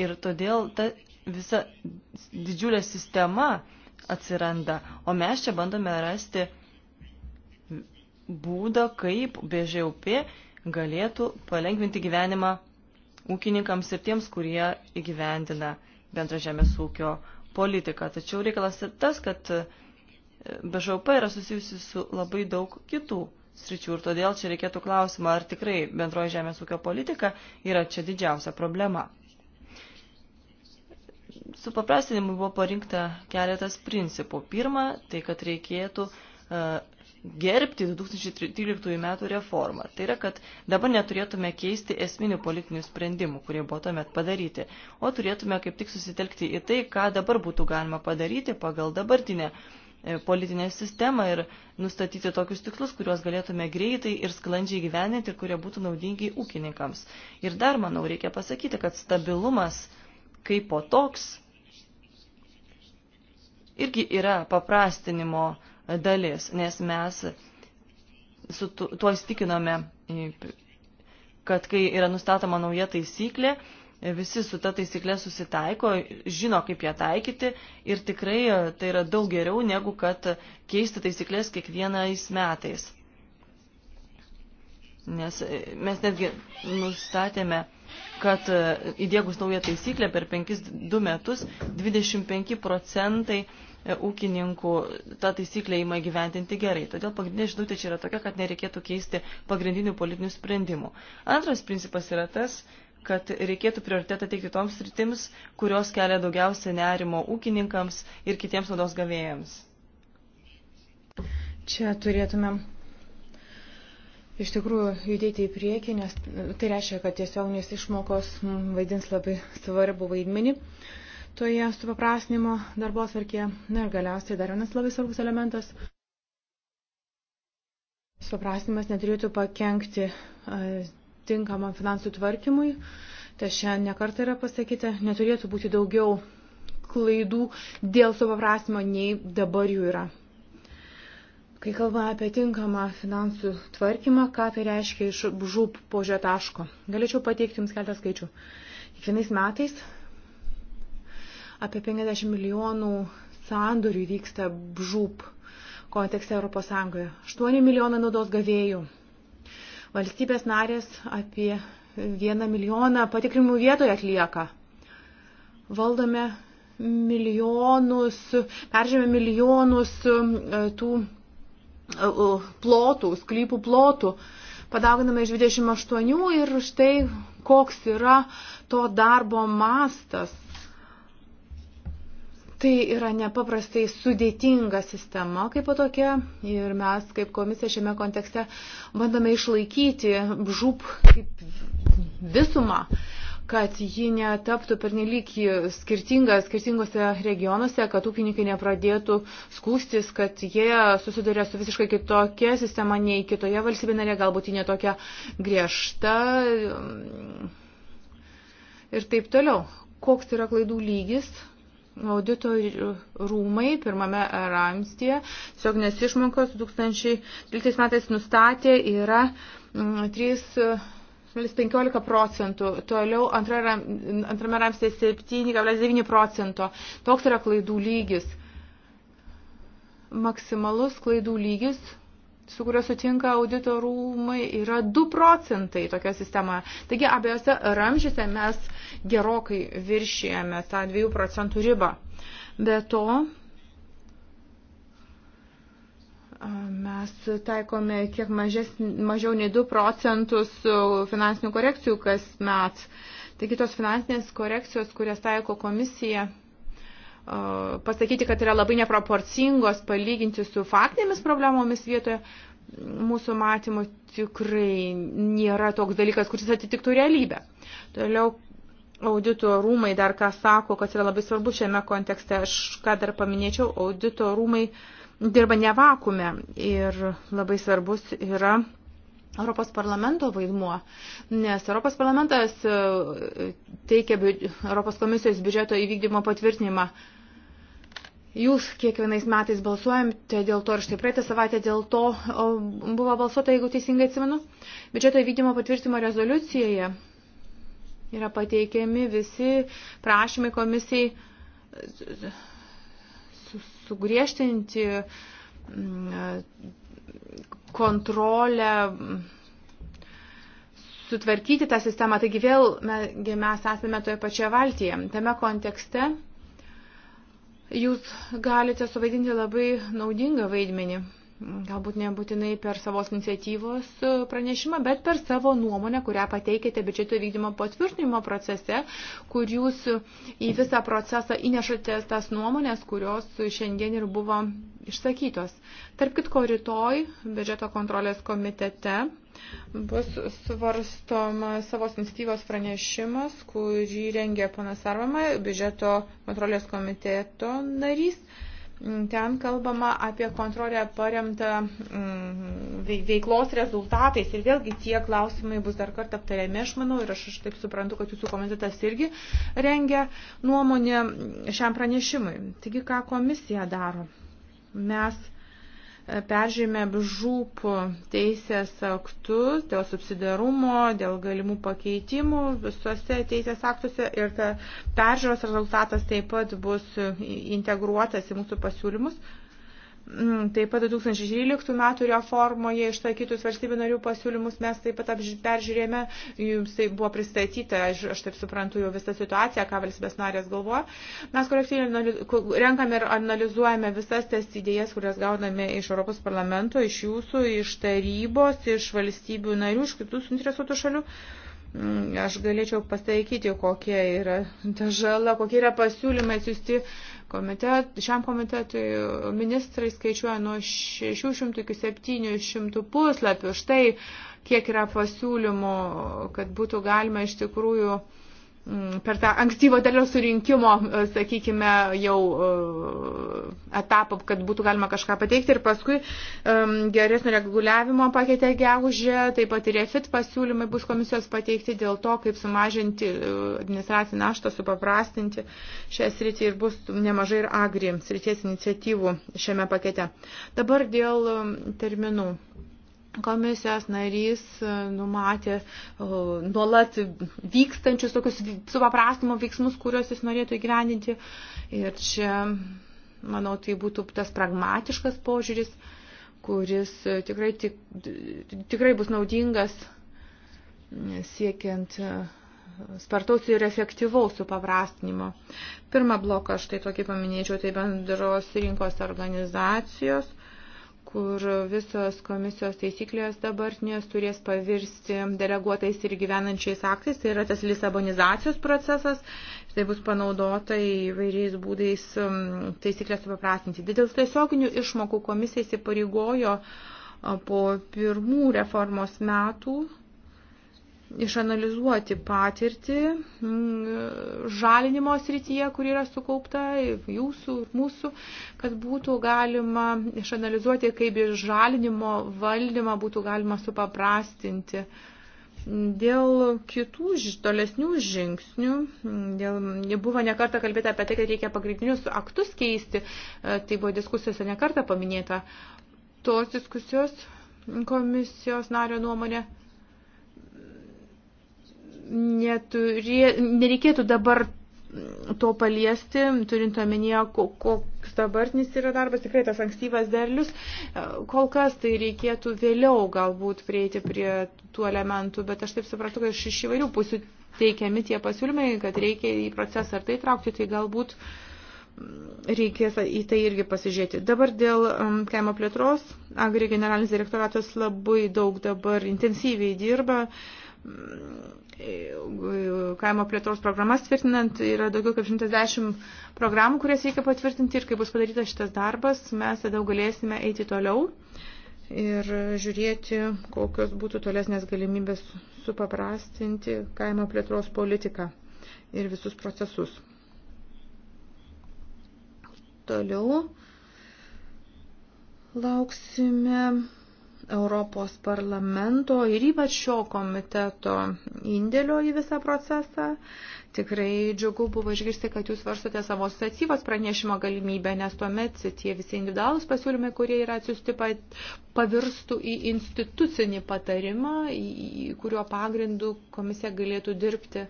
Speaker 3: Ir todėl ta visa didžiulė sistema atsiranda, o mes čia bandome rasti būdą, kaip BŽUP galėtų palengvinti gyvenimą ūkininkams ir tiems, kurie įgyvendina bendrą žemės ūkio uh, politiką. Tačiau reikalas ir tas, kad e, BŽP yra susijusi su labai daug kitų sričių ir todėl čia reikėtų klausimą, ar tikrai bendroji žemės ūkio politika yra čia didžiausia problema. Su paprastinimu buvo parinkta keletas principų. Pirma, tai kad reikėtų e, gerbti 2013 metų reformą. Tai yra, kad dabar neturėtume keisti esminių politinių sprendimų, kurie buvo tuomet padaryti, o turėtume kaip tik susitelkti į tai, ką dabar būtų galima padaryti pagal dabartinę e, politinę sistemą ir nustatyti tokius tikslus, kuriuos galėtume greitai ir sklandžiai gyveninti ir kurie būtų naudingi ūkininkams. Ir dar, manau, reikia pasakyti, kad stabilumas kaip po toks irgi yra paprastinimo uh, dalis, nes mes su tuo įstikinome, kad kai yra nustatoma nauja taisyklė, visi su ta taisyklė susitaiko, žino, kaip ją taikyti ir tikrai e, tai yra daug geriau, negu kad keisti taisyklės kiekvienais metais. Nes e, mes netgi nustatėme, kad e, įdėgus naują taisyklę per 5-2 metus 25 procentai E, ūkininkų tą taisyklę įma gyventinti gerai. Todėl pagrindinė žinutė čia yra tokia, kad nereikėtų keisti pagrindinių politinių sprendimų. Antras principas yra tas, kad reikėtų prioritetą teikti toms sritims, kurios kelia daugiausia nerimo ūkininkams ir kitiems naudos
Speaker 5: gavėjams. Čia turėtumėm Iš tikrųjų, judėti į priekį, nes tai reiškia, kad tiesioginės išmokos vaidins labai svarbu vaidmenį. Uh, toje supaprasnimo darbo atvarkėje. Na ir galiausiai dar vienas labai svarbus elementas. Supaprasnimas neturėtų pakenkti tinkamam finansų tvarkymui. Tai šiandien nekartą yra pasakyta, neturėtų būti daugiau klaidų dėl supaprasnimo, nei dabar jų yra. Kai kalbame apie tinkamą finansų tvarkymą, ką tai reiškia iš žūp požio taško, galėčiau pateikti Jums keletą skaičių. Kiekvienais metais Apie 50 milijonų sandorių vyksta žūp kontekste ES. 8 milijonai naudos gavėjų. Valstybės narės apie 1 milijoną patikrimų vietoje atlieka. Valdome milijonus, peržėmė milijonus e, tų e, e, plotų, sklypų plotų. Padauginame iš 28 ir štai koks yra to darbo mastas. Tai yra nepaprastai sudėtinga sistema kaip tokia ir mes kaip komisija šiame kontekste bandome išlaikyti žūp kaip visumą kad ji netaptų pernelyg skirtinga skirtingose regionuose, kad ūkininkai nepradėtų skūstis, kad jie susiduria su visiškai kitokia sistema nei kitoje valstybėje narėje, galbūt ji netokia griežta mm, ir taip toliau. Koks yra klaidų lygis, audito rūmai pirmame ramstyje, tiesiog nes išmokos 2013 metais nustatė yra 3,15 mm, procentų, toliau antrame ramstėje 7,9 procento. Toks yra klaidų lygis. Maksimalus klaidų lygis su kuriuo sutinka audito rūmai, yra 2 procentai tokio sistemoje. Taigi abiejose ramžiuose mes gerokai viršijame tą 2 procentų ribą. Be to, mes taikome kiek mažes, mažiau nei 2 procentus finansinių korekcijų kas met. Taigi tos finansinės korekcijos, kurias taiko komisija, pasakyti, kad yra labai neproporcingos palyginti su faktinėmis problemomis vietoje, mūsų matymų tikrai nėra toks dalykas, kuris atitiktų realybę. Toliau audito rūmai dar ką sako, kas yra labai svarbu šiame kontekste. Aš ką dar paminėčiau, audito rūmai dirba ne vakume ir labai svarbus yra Europos parlamento vaidmuo, nes Europos parlamentas teikia Europos komisijos biudžeto įvykdymo patvirtinimą Jūs kiekvienais metais balsuojate dėl to ir štai praeitą savaitę dėl to buvo balsuota, jeigu teisingai atsimenu. Biudžeto įvykdymo patvirtimo rezoliucijoje yra pateikiami visi prašymai komisijai sugriežtinti mm, kontrolę, sutvarkyti tą sistemą. Taigi vėl mes esame toje pačioje valtyje. Tame kontekste jūs galite suvaidinti labai naudingą vaidmenį. Galbūt nebūtinai per savo iniciatyvos e, pranešimą, bet per savo nuomonę, kurią pateikėte biudžeto vykdymo patvirtinimo procese, kur jūs į visą procesą įnešate tas nuomonės, kurios šiandien ir buvo išsakytos. Tarp kitko, rytoj biudžeto kontrolės komitete bus svarstoma savos iniciatyvos pranešimas, kurį rengė panas Arvama, biudžeto kontrolės komiteto narys. Ten kalbama apie kontrolę paremtą mm, veiklos rezultatais ir vėlgi tie klausimai bus dar kartą aptariami, aš manau, ir aš, aš taip suprantu, kad jūsų komitetas irgi rengia nuomonę šiam pranešimui. Taigi, ką komisija daro? Mes peržymė BŽUP teisės aktus dėl subsidiarumo, dėl galimų pakeitimų visuose teisės aktuose ir ta peržiūros rezultatas taip pat bus integruotas į mūsų pasiūlymus. Mm, taip pat 2013 metų reformoje išsakytus valstybių narių pasiūlymus mes taip pat peržiūrėjome, jums tai buvo pristatyta, aš, aš taip suprantu jau visą situaciją, ką valstybės narės galvoja. Mes kolektyviai renkame ir analizuojame visas tas idėjas, kurias gauname iš Europos parlamento, iš jūsų, iš tarybos, iš valstybių narių, iš kitų suinteresuotų šalių mm, aš galėčiau pasakyti, kokia yra ta žala, kokie yra pasiūlymai siūsti Komitet, šiam komitetui ministrai skaičiuoja nuo 600 iki 700 puslapių. Štai kiek yra pasiūlymų, kad būtų galima iš tikrųjų uh, Mm, per tą ankstyvo derliaus surinkimo, e, sakykime, jau e, etapą, kad būtų galima kažką pateikti ir paskui um, geresnio reguliavimo pakete gegužė, taip pat ir EFIT pasiūlymai bus komisijos pateikti dėl to, kaip sumažinti administracinį naštą, supaprastinti šią sritį ir bus nemažai ir agri srities iniciatyvų šiame pakete. Dabar dėl terminų komisijos narys e, numatė nuolat vykstančius tokius supaprastimo veiksmus, kuriuos jis norėtų įgyvendinti. Ir čia, manau, tai būtų tas pragmatiškas požiūris, kuris e, tikrai, tik, tikrai bus naudingas e, siekiant spartaus ir efektyvaus supaprastinimo. Pirmą bloką aš tai tokį paminėčiau, tai bendros rinkos organizacijos kur visos komisijos taisyklės dabartinės turės pavirsti deleguotais ir gyvenančiais aktais. Tai yra tas lisabonizacijos procesas. Tai bus panaudota įvairiais būdais um, taisyklės supaprastinti. Dėl tiesioginių išmokų komisija įsipareigojo uh, po pirmų reformos metų išanalizuoti patirtį mm, žalinimo srityje, kur yra sukaupta jūsų ir mūsų, kad būtų galima išanalizuoti, kaip ir žalinimo valdymą būtų galima supaprastinti. Dėl kitų tolesnių žingsnių, dėl, buvo nekarta kalbėta apie tai, kad reikia pagrindinius aktus keisti, e, tai buvo diskusijose nekarta paminėta. Tos diskusijos komisijos nario nuomonė neturė, nereikėtų dabar to paliesti, turint omenyje, koks dabartinis yra darbas, tikrai tas ankstyvas derlius, kol kas tai reikėtų vėliau galbūt prieiti prie tų elementų, bet aš taip supratau, kad iš įvairių pusių teikiami tie pasiūlymai, kad reikia į procesą ar tai traukti, tai galbūt reikės į tai irgi pasižiūrėti. Dabar dėl um, kaimo plėtros, Agri generalinis direktoratas labai daug dabar intensyviai dirba kaimo plėtros programas tvirtinant yra daugiau kaip 110 programų, kurias reikia patvirtinti ir kai bus padarytas šitas darbas, mes tada galėsime eiti toliau ir žiūrėti, kokios būtų tolesnės galimybės supaprastinti kaimo plėtros politiką ir visus procesus. Toliau lauksime Europos parlamento ir ypač šio komiteto indėlio į visą procesą. Tikrai džiugu buvo išgirsti, kad jūs varstote savo asociatyvos pranešimo galimybę, nes tuomet tie visi individualūs pasiūlymai, kurie yra atsiusti, pavirstų į institucinį patarimą, į kurio pagrindų komisija galėtų dirbti.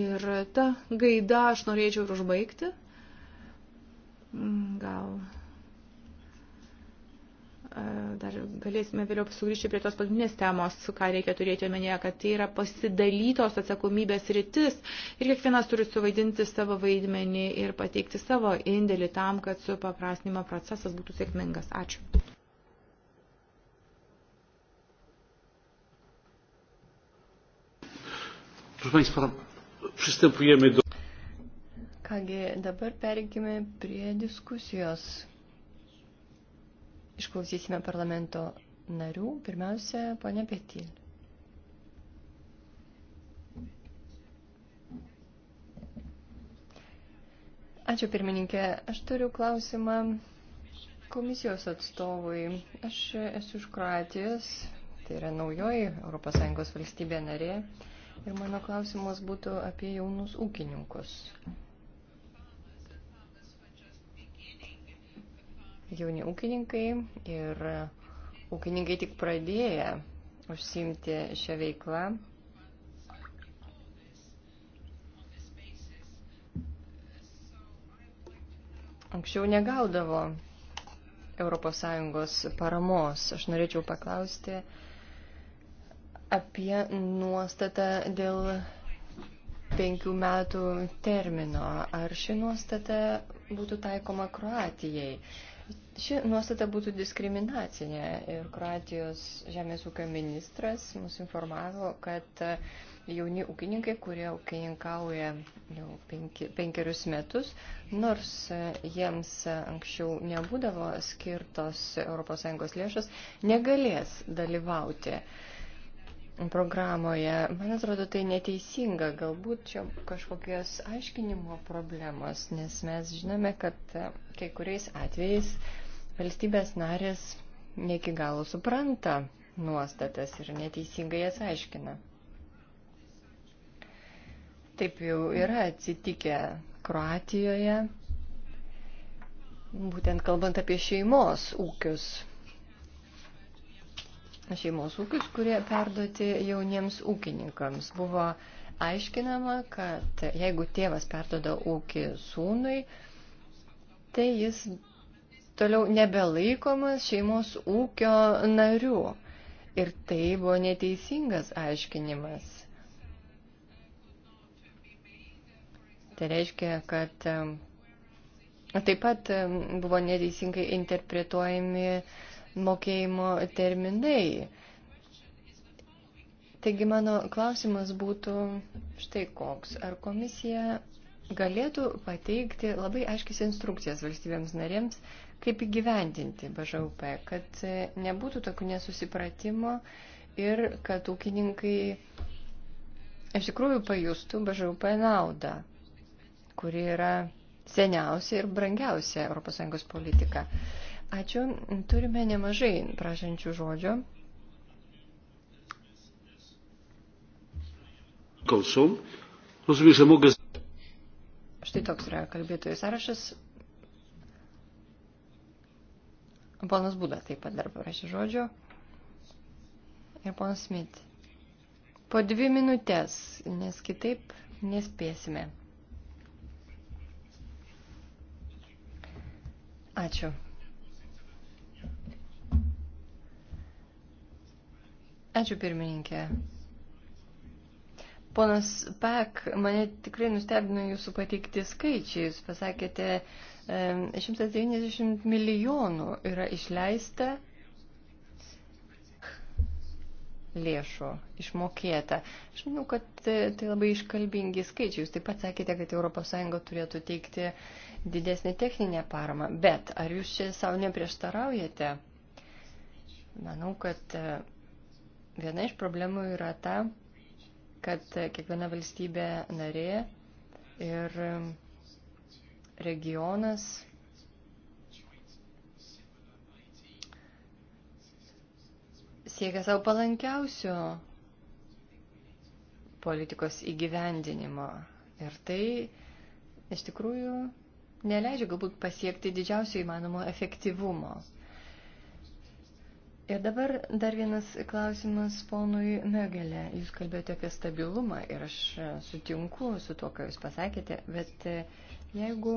Speaker 5: Ir tą gaidą aš norėčiau ir užbaigti. Gal dar galėsime vėliau sugrįžti prie tos pagrindinės temos, ką reikia turėti omenyje, kad tai yra pasidalytos atsakomybės rytis ir kiekvienas turi suvaidinti savo vaidmenį ir pateikti savo indėlį tam, kad su paprasnimo procesas būtų sėkmingas. Ačiū.
Speaker 2: Kągi, dabar pereikime prie diskusijos. Išklausysime parlamento narių. Pirmiausia, ponia Petil. Ačiū pirmininkė. Aš turiu klausimą komisijos atstovui. Aš esu iš Kroatijos, tai yra naujoji ES valstybė narė. Ir mano klausimas būtų apie jaunus ūkininkus. jauni ūkininkai ir ūkininkai tik pradėję užsimti šią veiklą. Anksčiau negaudavo ES paramos. Aš norėčiau paklausti apie nuostatą dėl penkių metų termino. Ar ši nuostata būtų taikoma Kroatijai? Ši nuostata būtų diskriminacinė ir Kroatijos žemės ūkio ministras mus informavo, kad e, jauni ūkininkai, kurie ūkininkauja jau penki, penkerius metus, nors e, jiems anksčiau nebūdavo skirtos ES lėšas, negalės dalyvauti uh, programoje. Man atrodo, tai neteisinga. Galbūt čia kažkokios aiškinimo problemos, nes mes žinome, kad e, kai kuriais atvejais valstybės narės ne iki galo supranta nuostatas ir neteisingai jas aiškina. Taip jau yra atsitikę Kroatijoje, būtent kalbant apie šeimos ūkius šeimos ūkius, kurie perduoti jauniems ūkininkams. Buvo aiškinama, kad jeigu tėvas perdoda ūkį sūnui, tai jis toliau nebelaikomas šeimos ūkio narių. Ir tai buvo neteisingas aiškinimas. Tai reiškia, kad e, taip pat e, buvo neteisingai interpretuojami uh, mokėjimo terminai. Taigi mano klausimas būtų štai koks. Ar komisija galėtų pateikti labai aiškis instrukcijas valstybėms narėms, kaip įgyvendinti BŽUP, kad nebūtų tokių nesusipratimo ir kad ūkininkai iš tikrųjų pajustų BŽUP naudą, kuri yra seniausia ir brangiausia ES politika. Ačiū. Turime nemažai prašančių žodžio. Štai toks yra kalbėtojų sąrašas. Ponas Būda taip pat dar parašė žodžio. Ir ponas Smith. Po dvi minutės, nes kitaip nespėsime. Ačiū. Ačiū pirmininkė. Ponas Pak, mane tikrai nustebino jūsų pateikti skaičiai. Jūs pasakėte, 190 milijonų yra išleista lėšų išmokėta. Aš manau, kad e, tai labai iškalbingi skaičiai. Jūs taip pat sakėte, kad ES turėtų teikti didesnį techninę paramą. Bet ar jūs čia savo neprieštaraujate? Manau, kad e, Viena iš problemų yra ta, kad kiekviena valstybė narė ir regionas siekia savo palankiausio politikos įgyvendinimo. Ir tai iš tikrųjų neleidžia galbūt pasiekti didžiausio įmanomo efektyvumo. Ir dabar dar vienas klausimas ponui Megelė. Jūs kalbėjote apie stabilumą ir aš sutinku su tuo, ką jūs pasakėte, bet e, jeigu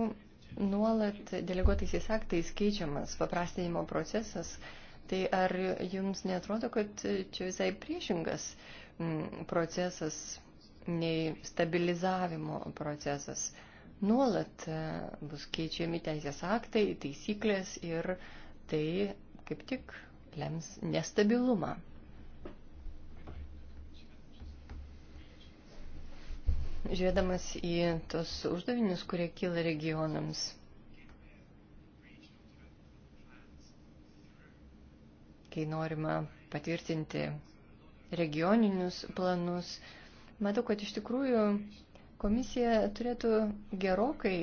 Speaker 2: nuolat deleguotaisiais aktais keičiamas paprastinimo procesas, tai ar jums netrodo, kad čia visai priešingas mm, procesas nei stabilizavimo procesas? Nuolat e, bus keičiami teisės aktai, taisyklės ir tai kaip tik lems nestabilumą. Žiūrėdamas į tos uždavinius, kurie kyla regionams, kai norima patvirtinti regioninius planus, matau, kad iš tikrųjų komisija turėtų gerokai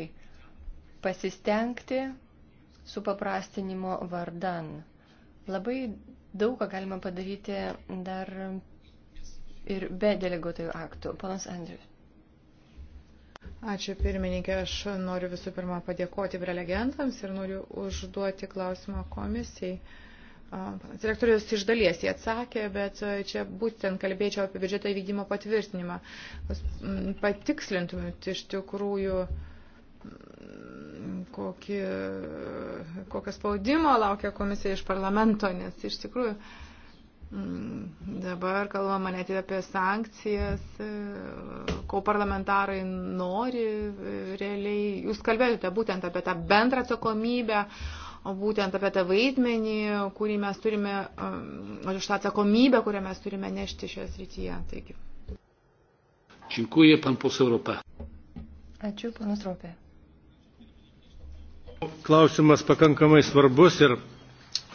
Speaker 2: pasistengti su paprastinimo vardan Labai daug ką galima padaryti dar
Speaker 5: ir be deleguotojų aktų. Ponas Andrius. Ačiū pirmininkė, aš noriu visų pirma padėkoti prelegentams ir noriu užduoti klausimą komisijai. Direktorius iš dalies jie atsakė, bet čia būtent kalbėčiau apie biudžeto įvykdymo patvirtinimą. Patikslintumėt iš tikrųjų. Uh, kokį, kokią spaudimo laukia komisija iš parlamento, nes iš tikrųjų mm, dabar kalbama net ir apie sankcijas, ko parlamentarai nori realiai. Jūs kalbėjote būtent apie tą bendrą atsakomybę, o būtent apie tą vaidmenį, kurį mes turime, mm, už tą atsakomybę, kurią mes turime nešti šioje srityje. Taigi.
Speaker 1: Dziękuję, pan poseł Rope.
Speaker 2: Ačiū, panas Ropė.
Speaker 1: Klausimas pakankamai svarbus ir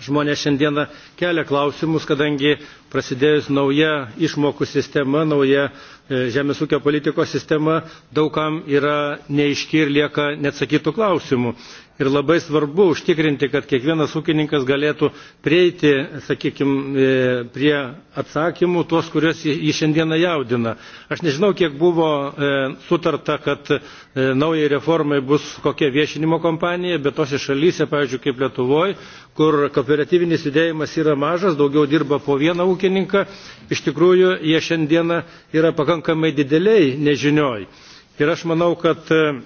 Speaker 1: žmonės šiandieną kelia klausimus, kadangi prasidėjus nauja išmokų sistema, nauja e, žemės ūkio politikos sistema, daugam yra neiški ir lieka neatsakytų klausimų ir labai svarbu užtikrinti kad kiekvienas ūkininkas galėtų prieiti sakykime prie atsakymų tuos kuriuos jį šiandieną jaudina. aš nežinau kiek buvo e, sutarta kad e, naujai reformai bus kokia viešinimo kompanija bet tose šalyse pavyzdžiui kaip lietuvoje kur kooperatyvinis judėjimas yra mažas daugiau dirba po vieną ūkininką iš tikrųjų jie šiandieną yra pakankamai didelėje nežinioje. ir aš manau kad e,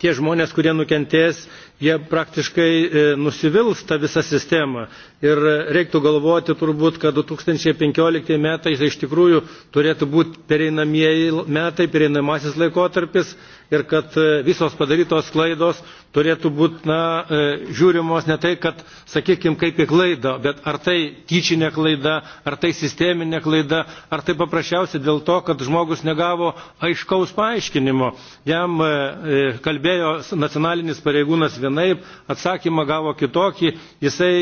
Speaker 1: tie žmonės, kurie nukentės, jie praktiškai e, nusivils tą visą sistemą. Ir reiktų galvoti turbūt, kad 2015 metais iš tikrųjų turėtų būti pereinamieji metai, pereinamasis laikotarpis, ir kad e, visos padarytos klaidos turėtų būti e, žiūrimos ne tai kad sakykime kaip į klaidą bet ar tai tyčinė klaida ar tai sisteminė klaida ar tai paprasčiausiai dėl to kad žmogus negavo aiškaus paaiškinimo jam e, kalbėjo nacionalinis pareigūnas vienaip atsakymą gavo kitokį jisai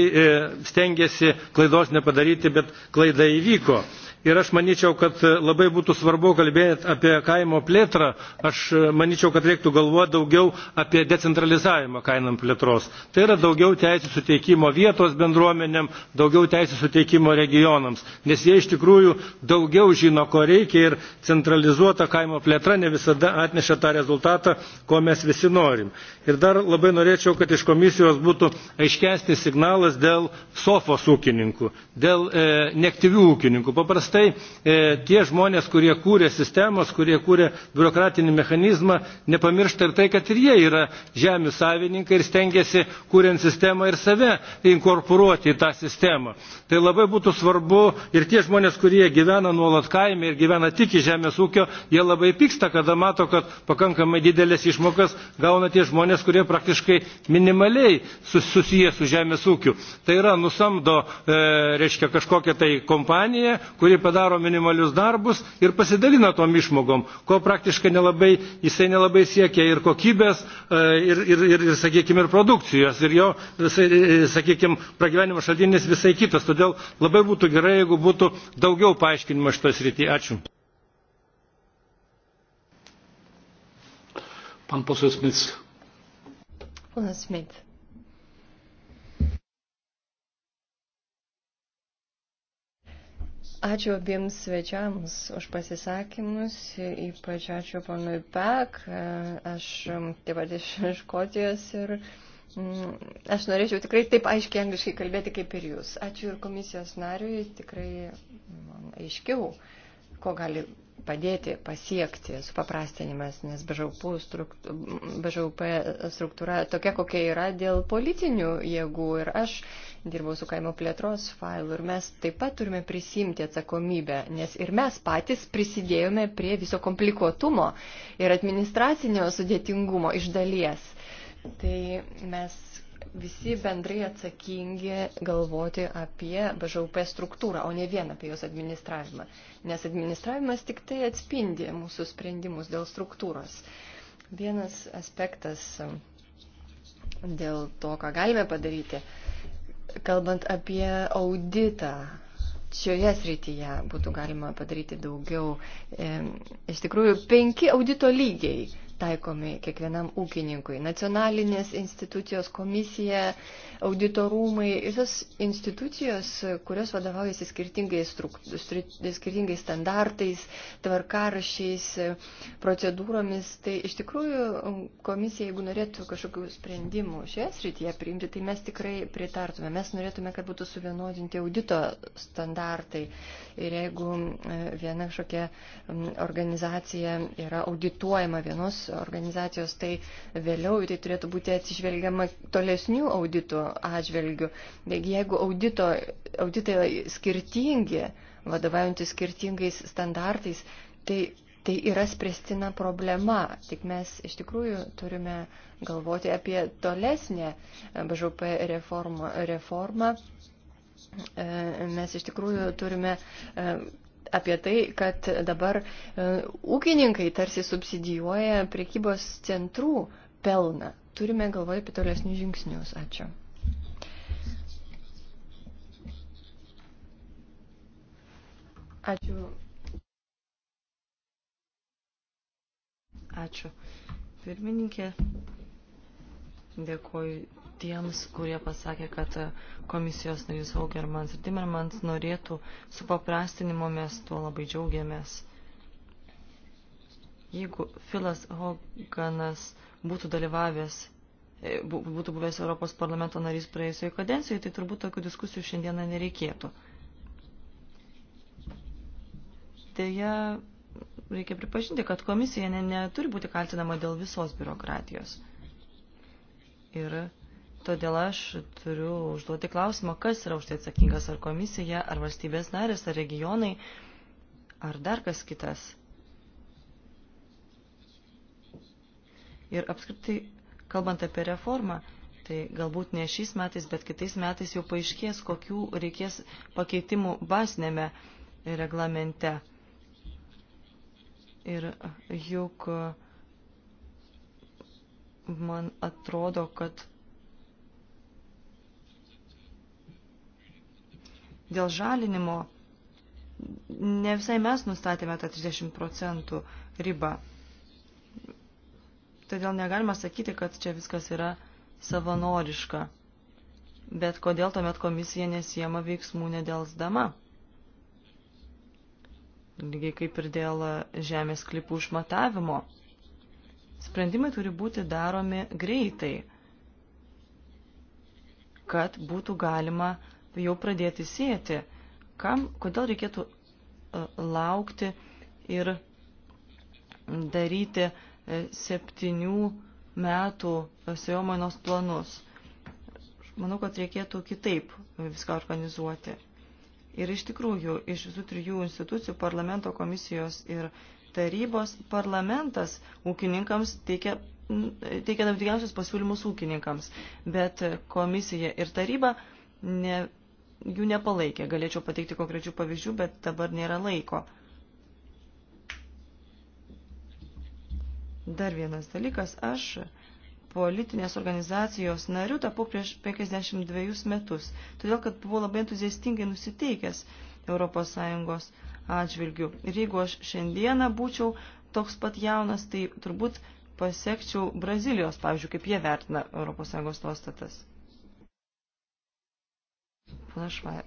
Speaker 1: stengėsi klaidos nepadaryti bet klaida įvyko ir aš manyčiau kad e, labai būtų svarbu kalbėti apie kaimo plėtrą aš e, manyčiau kad reiktų galvoti daugiau apie decentralizavimą kaimo plėtros tai yra daugiau teisių suteikimo vietos bendruomenėms daugiau teisių suteikimo regionams nes jie iš tikrųjų daugiau žino ko reikia ir centralizuota kaimo plėtra ne visada atneša tą rezultatą ko mes visi norime. ir dar labai norėčiau kad iš komisijos būtų aiškesnis signalas dėl sofos ūkininkų dėl e, neaktyvių ūkininkų. paprastai tai e, tie žmonės, kurie kūrė sistemos, kurie kūrė biurokratinį mechanizmą, nepamiršta ir tai, kad ir jie yra žemių savininkai ir stengiasi, kuriant sistemą ir save inkorporuoti į tą sistemą. Tai labai būtų svarbu ir tie žmonės, kurie gyvena nuolat kaime ir gyvena tik iš žemės ūkio, jie labai pyksta, kada mato, kad pakankamai didelės išmokas gauna tie žmonės, kurie praktiškai minimaliai susiję su žemės ūkiu. Tai yra nusamdo, e, reiškia, kažkokią tai kompaniją, kuri direktoriai padaro minimalius darbus ir pasidalina tom išmokom ko praktiškai nelabai jisai nelabai siekia ir kokybės e, ir, ir, ir, ir sakykime ir produkcijos ir jo e, e, sakykime pragyvenimo šaltinis visai kitas todėl labai būtų gerai jeigu būtų daugiau paaiškinimo šitoje srityje. ačiū. Pan poseł Smith.
Speaker 2: Pan Smith. Ačiū abiems svečiams už pasisakymus, ypač ačiū ponui Pek, aš taip pat iš Škotijos ir aš norėčiau tikrai taip aiškiai angliškai kalbėti kaip ir jūs. Ačiū ir komisijos nariui, tikrai man aiškiau, ko gali padėti pasiekti supaprastinimas, nes BŽP struktūra, struktūra tokia, kokia yra dėl politinių jėgų. Ir aš dirbau su kaimo plėtros failu ir mes taip pat turime prisimti atsakomybę, nes ir mes patys prisidėjome prie viso komplikuotumo ir administracinio sudėtingumo iš dalies. Tai mes visi bendrai atsakingi galvoti apie BŽUP struktūrą, o ne vien apie jos administravimą. Nes administravimas tik tai atspindi mūsų sprendimus dėl struktūros. Vienas aspektas um, dėl to, ką galime padaryti, kalbant apie auditą, šioje srityje būtų galima padaryti daugiau. Iš tikrųjų, penki audito lygiai taikomi kiekvienam ūkininkui. Nacionalinės institucijos, komisija, auditorumai, visos institucijos, kurios vadovaujasi skirtingais, skirtingais standartais, tvarkarašiais, procedūromis, tai iš tikrųjų um, komisija, jeigu norėtų kažkokių sprendimų šioje srityje priimti, tai mes tikrai pritartume. Mes norėtume, kad būtų suvienodinti audito standartai. Ir jeigu e, viena kažkokia organizacija yra audituojama vienos organizacijos, tai vėliau tai turėtų būti atsižvelgiama tolesnių auditų atžvelgių. Taigi, jeigu audito, auditai skirtingi, vadovaujantis skirtingais standartais, tai tai yra spręstina problema. Tik mes iš tikrųjų turime galvoti apie tolesnę BŽP reformą. reformą. E, mes iš tikrųjų turime e, apie tai, kad dabar e, ūkininkai tarsi subsidijuoja priekybos centrų pelną. Turime galvoje apie tolesnius žingsnius. Ačiū.
Speaker 3: Ačiū. Ačiū. Pirmininkė, dėkoju tiems, kurie pasakė, kad komisijos narys Haugermans ir Timmermans norėtų supaprastinimo, mes tuo labai džiaugiamės. Jeigu Filas Hoganas būtų dalyvavęs, e, būtų buvęs Europos parlamento narys praėjusioje kadencijoje, tai turbūt tokių diskusijų šiandieną nereikėtų. Deja, reikia pripažinti, kad komisija neturi būti kaltinama dėl visos biurokratijos. Ir Todėl aš turiu užduoti klausimą, kas yra už tai atsakingas, ar komisija, ar valstybės narės, ar regionai, ar dar kas kitas. Ir apskritai, kalbant apie reformą, tai galbūt ne šiais metais, bet kitais metais jau paaiškės, kokių reikės pakeitimų bazinėme reglamente. Ir juk man atrodo, kad dėl žalinimo ne visai mes nustatėme tą 30 procentų ribą. Todėl negalima sakyti, kad čia viskas yra savanoriška. Bet kodėl tuomet komisija nesijama veiksmų nedelsdama? Lygiai kaip ir dėl žemės klipų išmatavimo. Sprendimai turi būti daromi greitai, kad būtų galima uh, jau pradėti sėti. Kam, kodėl reikėtų e, laukti ir daryti e, septynių metų e, sėjomainos planus. Manau, kad reikėtų kitaip viską organizuoti. Ir iš tikrųjų, iš visų trijų institucijų, parlamento komisijos ir tarybos, parlamentas ūkininkams teikia, teikia naudingiausius pasiūlymus ūkininkams, bet komisija ir taryba ne jų nepalaikė. Galėčiau pateikti konkrečių pavyzdžių, bet dabar nėra laiko. Dar vienas dalykas. Aš politinės organizacijos nariu tapau prieš 52 metus, todėl kad buvau labai entuziastingai nusiteikęs ES atžvilgių. Ir jeigu aš šiandieną būčiau toks pat jaunas, tai turbūt pasiekčiau Brazilijos, pavyzdžiui, kaip jie vertina ES nuostatas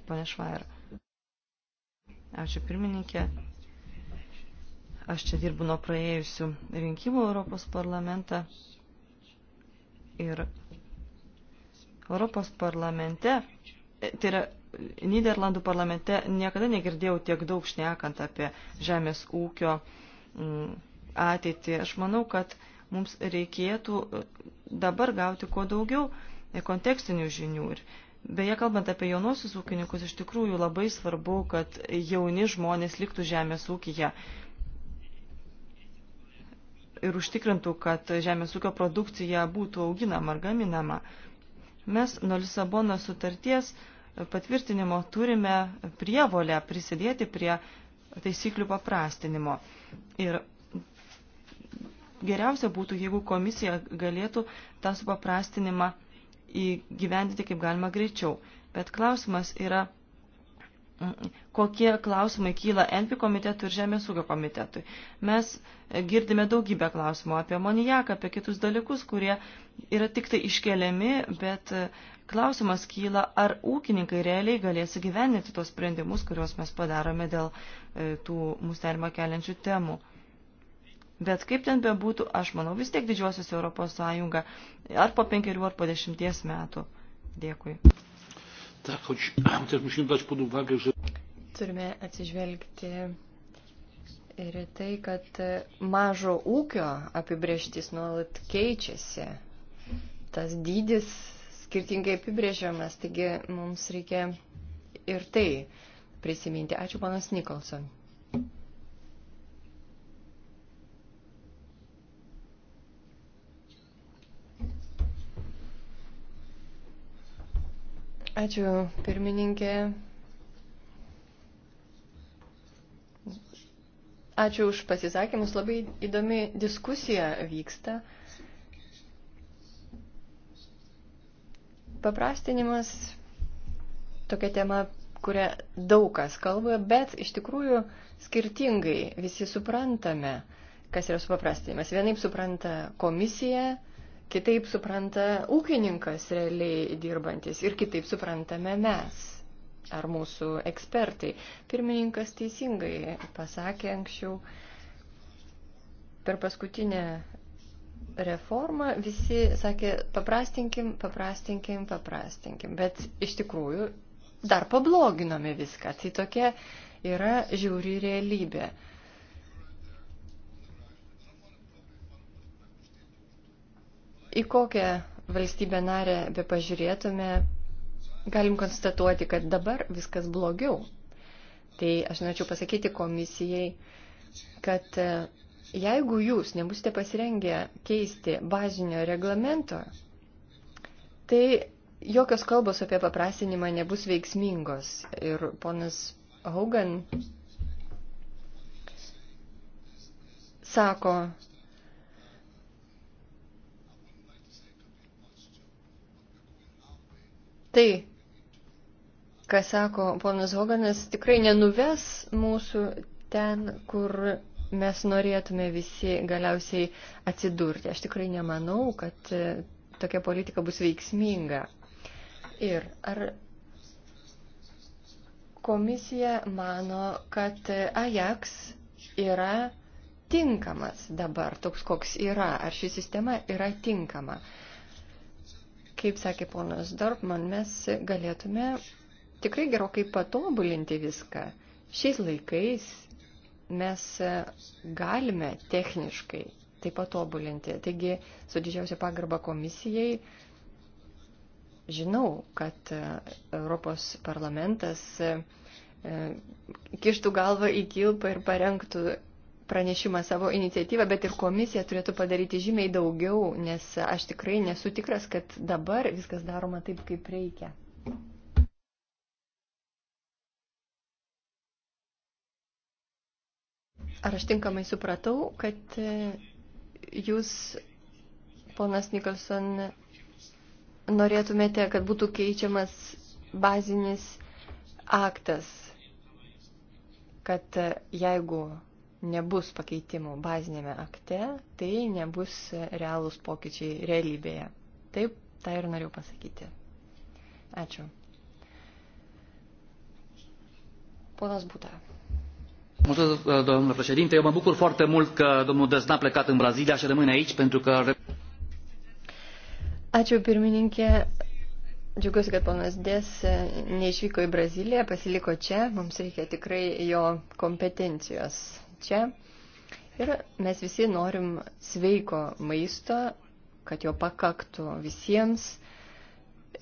Speaker 3: pane Švair. Ačiū pirmininkė. Aš čia dirbu nuo praėjusių rinkimų Europos parlamentą. Ir Europos parlamente, tai yra Niderlandų parlamente, niekada negirdėjau tiek daug šnekant apie žemės ūkio mm, ateitį. Aš manau, kad mums reikėtų dabar gauti kuo daugiau kontekstinių žinių. Ir Beje, kalbant apie jaunosius ūkininkus, iš tikrųjų labai svarbu, kad jauni žmonės liktų žemės ūkyje ir užtikrintų, kad žemės ūkio produkcija būtų auginama ar gaminama. Mes nuo Lisabono sutarties patvirtinimo turime prievolę prisidėti prie taisyklių paprastinimo. Ir geriausia būtų, jeigu komisija galėtų tą supaprastinimą įgyvendyti kaip galima greičiau. Bet klausimas yra, mm, kokie klausimai kyla Envi komitetui ir Žemės ūkio komitetui. Mes girdime daugybę klausimų apie monijaką, apie kitus dalykus, kurie yra tik tai iškeliami, bet klausimas kyla, ar ūkininkai realiai galės įgyvendinti tos sprendimus, kuriuos mes padarome dėl e, tų mūsų terima keliančių temų. Bet kaip ten bebūtų, aš manau, vis tiek didžiosios Europos Sąjunga ar po penkerių, ar po dešimties metų. Dėkui.
Speaker 2: Turime atsižvelgti ir tai, kad mažo ūkio apibrieštis nuolat keičiasi. Tas dydis skirtingai apibrėžiamas, taigi mums reikia ir tai prisiminti. Ačiū, panas Nikolson. Ačiū, pirmininkė. Ačiū už pasisakymus. Labai įdomi diskusija vyksta. Paprastinimas tokia tema, kurią daug kas kalba, bet iš tikrųjų skirtingai visi suprantame, kas yra supaprastinimas. Vienaip supranta komisija, Kitaip supranta ūkininkas realiai dirbantis ir kitaip suprantame mes ar mūsų ekspertai. Pirmininkas teisingai pasakė anksčiau, per paskutinę reformą visi sakė, paprastinkim, paprastinkim, paprastinkim. Bet iš tikrųjų dar pabloginome viską. Tai tokia yra žiauri realybė. Į kokią valstybę narę be pažiūrėtume, galim konstatuoti, kad dabar viskas blogiau. Tai aš norėčiau pasakyti komisijai, kad e, jeigu jūs nebusite pasirengę keisti bazinio reglamento, tai jokios kalbos apie paprastinimą nebus veiksmingos. Ir ponas Haugan sako, Tai, ką sako ponas Hoganas, tikrai nenuves mūsų ten, kur mes norėtume visi galiausiai atsidurti. Aš tikrai nemanau, kad e, tokia politika bus veiksminga. Ir ar komisija mano, kad Ajax yra tinkamas dabar, toks koks yra, ar ši sistema yra tinkama. Kaip sakė ponas Dorpman, mes galėtume tikrai gerokai patobulinti viską. Šiais laikais mes galime techniškai tai patobulinti. Taigi, su didžiausia pagarba komisijai, žinau, kad e, Europos parlamentas e, kištų galvą į kilpą ir parengtų pranešimą savo iniciatyvą, bet ir komisija turėtų padaryti žymiai daugiau, nes aš tikrai nesu tikras, kad dabar viskas daroma taip, kaip reikia. Ar aš tinkamai supratau, kad e, jūs, ponas Nikolson, norėtumėte, kad būtų keičiamas bazinis aktas, kad e, jeigu nebus pakeitimų bazinėme akte, tai nebus realūs pokyčiai realybėje. Taip, tą tai ir norėjau pasakyti. Ačiū. Ponas Būta.
Speaker 4: Mulțumesc, uh, domnule președinte. Eu mă bucur foarte mult că domnul Desna a plecat în Brazilia și rămâne aici pentru că...
Speaker 2: Ačiū pirmininkė. Džiugiuosi, kad ponas Dės uh, neišvyko į Braziliją, pasiliko čia. Mums reikia tikrai jo kompetencijos čia. Ir mes visi norim sveiko maisto, kad jo pakaktų visiems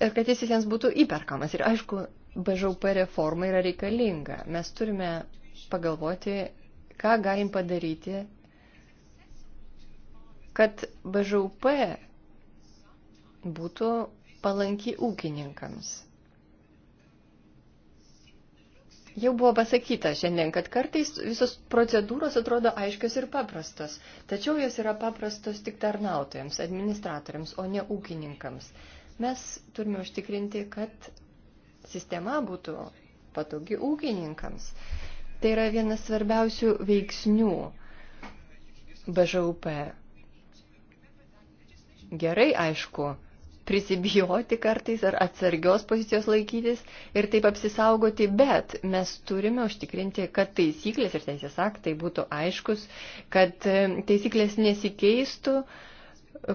Speaker 2: ir kad jis visiems būtų įperkamas. Ir aišku, BŽP reforma yra reikalinga. Mes turime pagalvoti, ką galim padaryti, kad BŽP būtų palanki ūkininkams. Jau buvo pasakyta šiandien, kad kartais visos procedūros atrodo aiškios ir paprastos, tačiau jos yra paprastos tik tarnautojams, administratoriams, o ne ūkininkams. Mes turime užtikrinti, kad sistema būtų patogi ūkininkams. Tai yra vienas svarbiausių veiksnių BŽUP. Gerai, aišku, prisibijoti kartais ar atsargios pozicijos laikytis ir taip apsisaugoti, bet mes turime užtikrinti, kad taisyklės ir teisės aktai būtų aiškus, kad e, taisyklės nesikeistų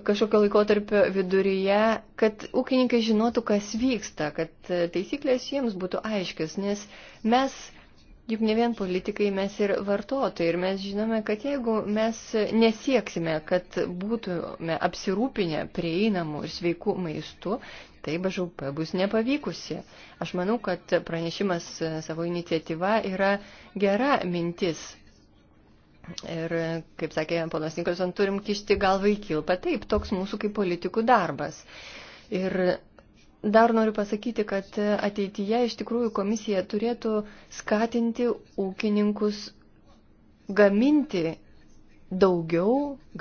Speaker 2: kažkokio laikotarpio viduryje, kad ūkininkai žinotų, kas vyksta, kad e, taisyklės jiems būtų aiškios, nes mes Juk ne vien politikai, mes ir vartotojai. Ir mes žinome, kad jeigu mes nesieksime, kad būtume apsirūpinę prieinamų ir sveikų maistų, tai BŽUP bus nepavykusi. Aš manau, kad pranešimas e, savo iniciatyva yra gera mintis. Ir, kaip sakė ponas Nikolson, turim kišti galvą į kilpą. Taip, toks mūsų kaip politikų darbas. Ir Dar noriu pasakyti, kad ateityje iš tikrųjų komisija turėtų skatinti ūkininkus gaminti daugiau,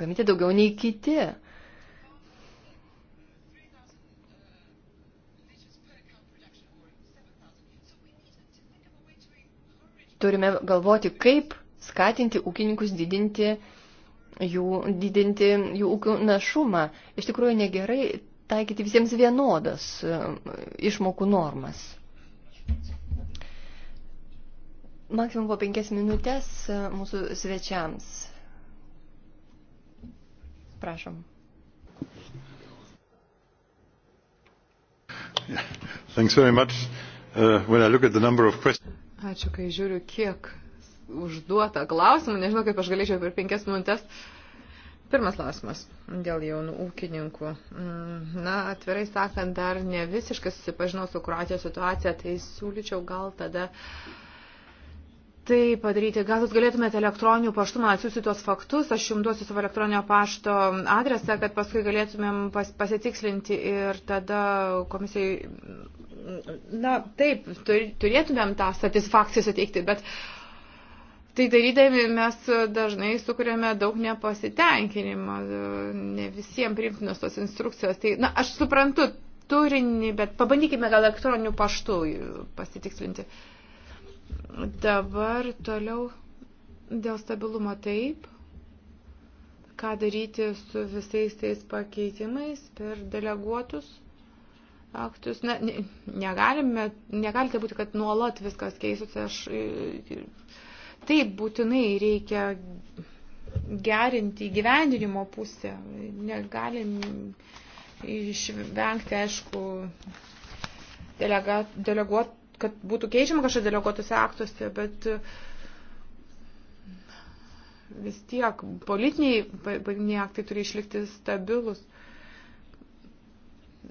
Speaker 2: gaminti daugiau nei kiti. Turime galvoti, kaip skatinti ūkininkus didinti jų, didinti jų ūkių našumą. Iš tikrųjų negerai taikyti visiems vienodas e, išmokų normas. Maksimum po penkias minutės e, mūsų svečiams. Prašom.
Speaker 1: Uh,
Speaker 5: Ačiū, kai žiūriu, kiek užduota klausimų, nežinau, kaip aš galėčiau per penkias minutės uh, Pirmas klausimas dėl jaunų ūkininkų. Mm, na, atvirai sakant, dar ne visiškai susipažinau su Kroatijos situacija, tai siūlyčiau gal tada tai padaryti. Gal jūs galėtumėte elektroniniu paštu man atsiųsti tuos faktus, aš jums duosiu savo elektroninio pašto adresą, kad paskui galėtumėm pas, pasitikslinti ir tada komisijai. Na, taip, turėtumėm tą satisfakciją suteikti, bet uh, Tai darydami mes dažnai sukuriame daug nepasitenkinimo, ne visiems priimtinos tos instrukcijos. Tai, na, aš suprantu turinį, bet pabandykime gal elektroniniu paštu pasitikslinti. Dabar toliau dėl stabilumo taip, ką daryti su visais tais pakeitimais per deleguotus aktus. Na, ne, negalime, negalite būti, kad nuolat viskas keisutsi. Aš Taip, būtinai reikia gerinti įgyvendinimo pusę. Negalim išvengti, aišku, delega, deleguot, kad būtų keičiama kažkokia deleguotose aktuose, bet uh, vis tiek politiniai pagrindiniai aktai turi išlikti stabilus.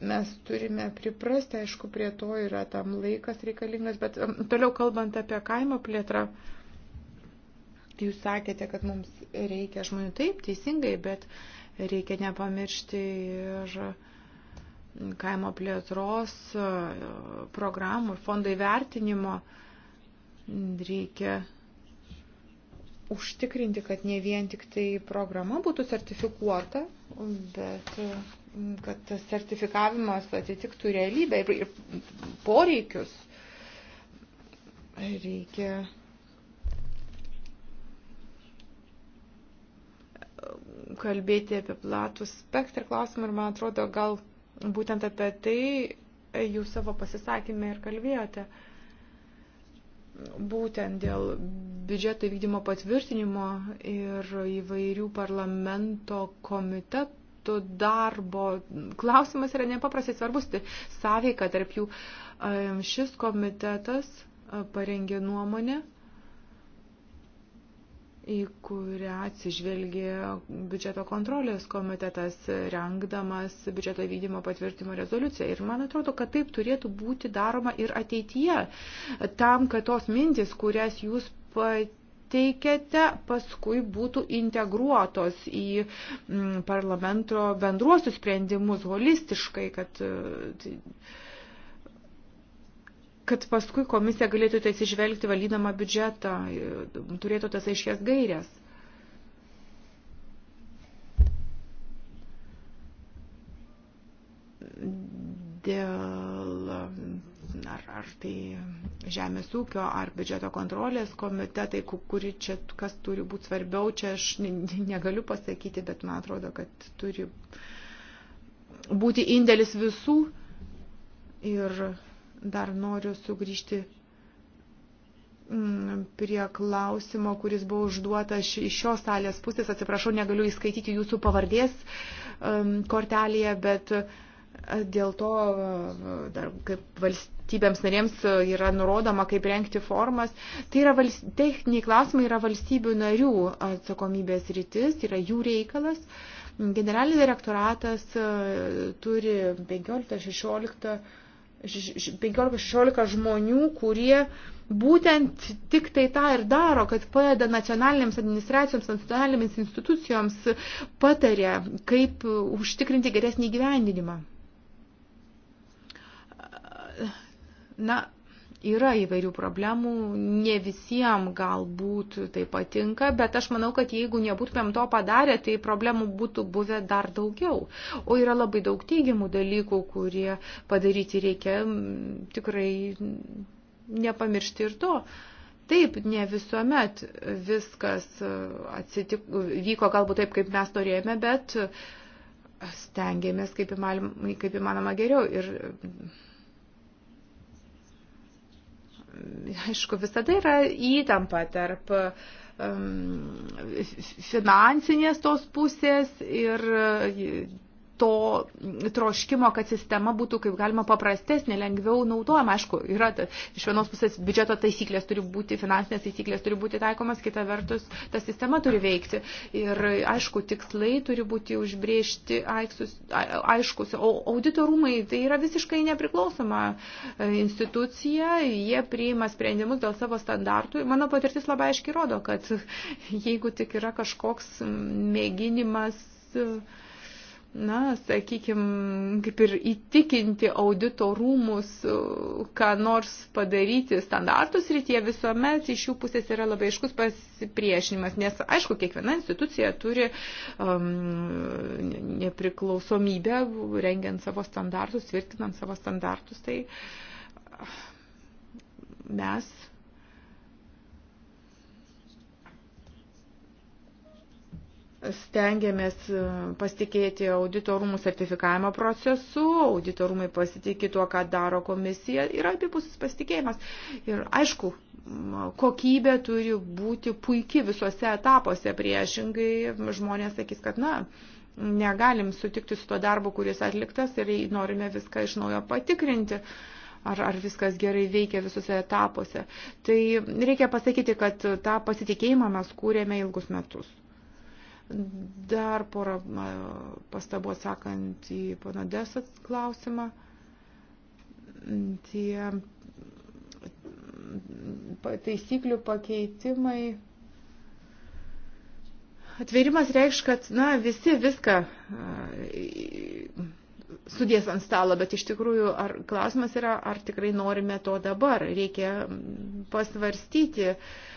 Speaker 5: Mes turime priprasti, aišku, prie to yra tam laikas reikalingas, bet um, toliau kalbant apie kaimo plėtrą, uh, Jūs sakėte, kad mums reikia žmonių taip, teisingai, bet reikia nepamiršti ir kaimo plėtros e, programų ir fondai vertinimo. Reikia užtikrinti, kad ne vien tik tai programa būtų sertifikuota, bet e, kad tas sertifikavimas atitiktų realybę ir poreikius. Reikia kalbėti apie platų spektrą klausimų ir man atrodo, gal būtent apie tai jūs savo pasisakymę ir kalbėjote. Būtent dėl biudžeto vykdymo patvirtinimo ir įvairių parlamento komitetų metu darbo klausimas yra nepaprastai svarbus, tai sąveika tarp jų. Šis komitetas parengė nuomonę į kurią atsižvelgė biudžeto kontrolės komitetas, rengdamas biudžeto vykdymo patvirtimo rezoliuciją. Ir man atrodo, kad taip turėtų būti daroma ir ateityje, tam, kad tos mintis, kurias jūs pateikėte, paskui būtų integruotos į mm, parlamento bendruosius sprendimus holistiškai, kad e, tai kad paskui komisija galėtų tai atsižvelgti valydama biudžetą, turėtų tas aiškės gairias. Dėl ar, ar tai žemės ūkio, ar biudžeto kontrolės komitetai, kuri čia kas turi būti svarbiau, čia aš negaliu pasakyti, bet man atrodo, kad turi būti indėlis visų ir dar noriu sugrįžti mm, prie klausimo, kuris buvo užduotas iš šios salės pusės. Atsiprašau, negaliu įskaityti jūsų pavardės mm, kortelėje, bet e, dėl to e, dar kaip valstybėms narėms e, yra nurodoma, kaip renkti formas. Tai yra valst... techniniai klausimai yra valstybių narių atsakomybės rytis, yra jų reikalas. Generalinis direktoratas turi 15-16 15-16 žmonių, kurie būtent tik tai tą ir daro, kad padeda nacionalinėms administracijoms, nacionalinėms institucijoms, patarė, kaip užtikrinti geresnį gyvendinimą. Na, Yra įvairių problemų, ne visiems galbūt tai patinka, bet aš manau, kad jeigu nebūtumėm to padarę, tai problemų būtų buvę dar daugiau. O yra labai daug teigiamų dalykų, kurie padaryti reikia tikrai nepamiršti ir to. Taip, ne visuomet viskas e, atsitik, vyko galbūt taip, kaip mes norėjome, bet e, stengiamės kaip įmanoma, kaip įmanoma geriau. Ir aišku, visada yra įtampa tarp um, finansinės tos pusės ir to troškimo, kad sistema būtų kaip galima paprastesnė, lengviau naudojama. Aišku, yra iš vienos pusės biudžeto taisyklės turi būti, finansinės taisyklės turi būti taikomas, kita vertus ta sistema turi veikti. Ir aišku, tikslai turi būti užbriežti aiškus. O auditorumai tai yra visiškai nepriklausoma e, institucija, jie priima sprendimus dėl savo standartų. Mano patirtis labai aiškiai rodo, kad jeigu tik yra kažkoks mėginimas, Thank you na, sakykime, kaip ir įtikinti audito rūmus, e, ką nors padaryti standartus rytie, visuomet iš jų pusės yra labai aiškus pasipriešinimas, nes, aišku, kiekviena institucija turi um, nepriklausomybę, rengiant savo standartus, tvirtinant savo standartus, tai ah, mes stengiamės e, pasitikėti auditorumų sertifikavimo procesu, auditorumai pasitikė tuo, ką daro komisija, yra abipusis pasitikėjimas. Ir aišku, kokybė turi būti puikiai visuose etapuose, priešingai žmonės sakys, kad na, negalim sutikti su tuo darbu, kuris atliktas ir norime viską iš naujo patikrinti ar, ar viskas gerai veikia visose etapuose. Tai reikia pasakyti, kad tą pasitikėjimą mes kūrėme ilgus metus. Dar porą pastabų atsakant į panodės klausimą. Tie taisyklių pakeitimai. Atvėrimas reikš, kad na, visi viską sudės ant stalo, bet iš tikrųjų ar, klausimas yra, ar tikrai norime to dabar. Reikia pasvarstyti. Uh,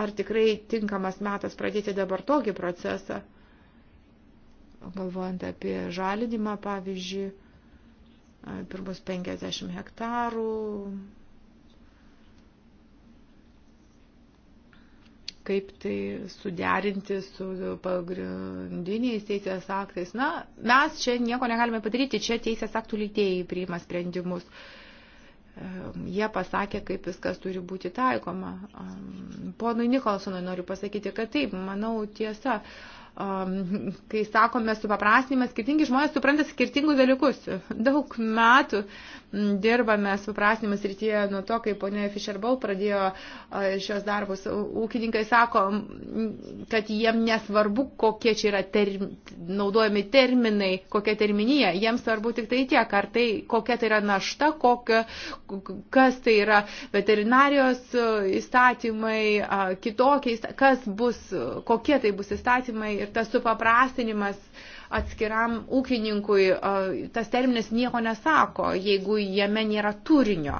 Speaker 5: ar tikrai tinkamas metas pradėti dabar tokį procesą, galvojant apie žalinimą, pavyzdžiui, pirmus 50 hektarų, kaip tai suderinti su pagrindiniais teisės aktais. Na, mes čia nieko negalime padaryti, čia teisės aktų leidėjai priima sprendimus. Uh, jie pasakė, kaip viskas turi būti taikoma. Ponui Nikolsonui noriu pasakyti, kad taip, manau tiesa, kai sakome supaprastinimas, skirtingi žmonės supranta skirtingus dalykus. Daug metų dirbame supaprastinimas rytyje nuo to, kai ponė Fisherbal pradėjo šios darbus. Ūkininkai sako, kad jiem nesvarbu, kokie čia yra term, naudojami terminai, kokia terminija. Jiems svarbu tik tai tiek, ar tai kokia tai yra našta, kokia, kas tai yra veterinarijos e, įstatymai, kitokiais, kas bus, kokie tai bus įstatymai. Ir tas supaprastinimas atskiram ūkininkui tas terminas nieko nesako, jeigu jame nėra turinio.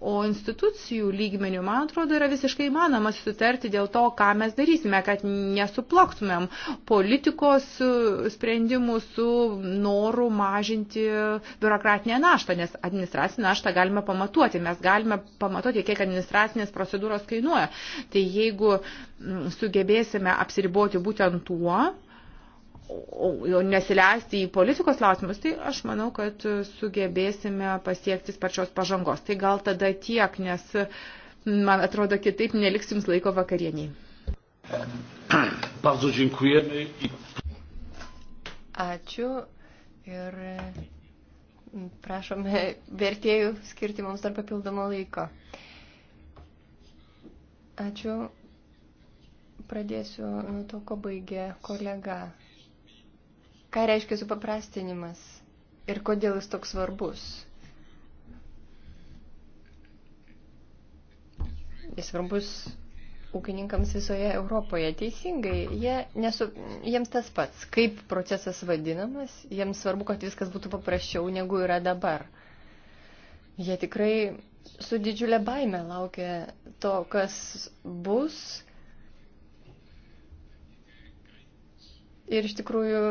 Speaker 5: O institucijų lygmenių, man atrodo, yra visiškai įmanoma sutarti dėl to, ką mes darysime, kad nesuplaktumėm politikos sprendimų su noru mažinti biurokratinę naštą, nes administracinę naštą galime pamatuoti, mes galime pamatuoti, kiek administracinės procedūros kainuoja. Tai jeigu sugebėsime apsiriboti būtent tuo, nesileisti į politikos klausimus, tai aš manau, kad sugebėsime pasiekti sparčios pažangos. Tai gal tada tiek, nes man atrodo kitaip neliks jums laiko vakarieniai. Ačiū
Speaker 2: ir prašome vertėjų skirti mums dar papildomą laiko. Ačiū. Pradėsiu nuo to, ko baigė kolega. Ką reiškia supaprastinimas ir kodėl jis toks svarbus? Jis svarbus ūkininkams visoje Europoje. Teisingai, jie nesu, jiems tas pats, kaip procesas vadinamas, jiems svarbu, kad viskas būtų paprasčiau negu yra dabar. Jie tikrai su didžiulė baime laukia to, kas bus. Ir iš tikrųjų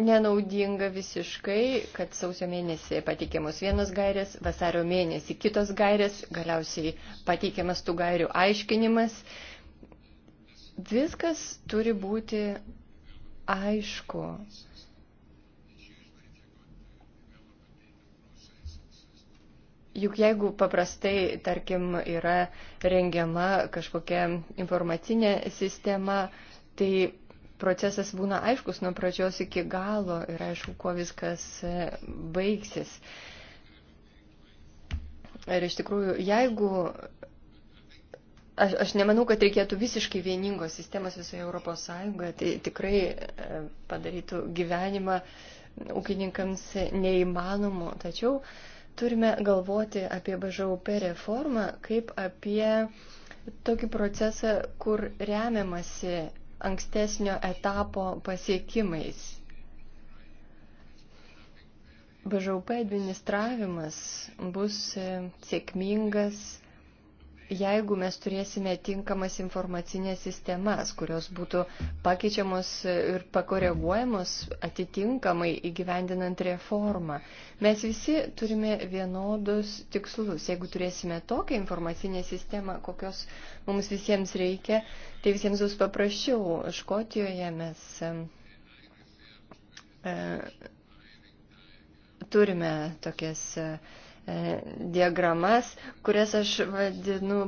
Speaker 2: nenaudinga visiškai, kad sausio mėnesį pateikiamos vienos gairės, vasario mėnesį kitos gairės, galiausiai pateikiamas tų gairių aiškinimas. Viskas turi būti aišku. Juk jeigu paprastai, tarkim, yra rengiama kažkokia informacinė sistema, tai procesas būna aiškus nuo pradžios iki galo ir aišku, kuo viskas e, baigsis. Ir iš tikrųjų, jeigu aš, aš nemanau, kad reikėtų visiškai vieningos sistemos visoje Europos Sąjungoje, tai tikrai e, padarytų gyvenimą ūkininkams neįmanomu. Tačiau turime galvoti apie BŽUP reformą kaip apie tokį procesą, kur remiamasi ankstesnio etapo pasiekimais. BŽP administravimas bus e, sėkmingas jeigu mes turėsime tinkamas informacinės sistemas, kurios būtų pakeičiamos ir pakoreguojamos atitinkamai įgyvendinant reformą, mes visi turime vienodus tikslus. Jeigu turėsime tokią informacinę sistemą, kokios mums visiems reikia, tai visiems bus paprasčiau. Škotijoje mes. E, e turime tokias e, E, diagramas, kurias aš vadinu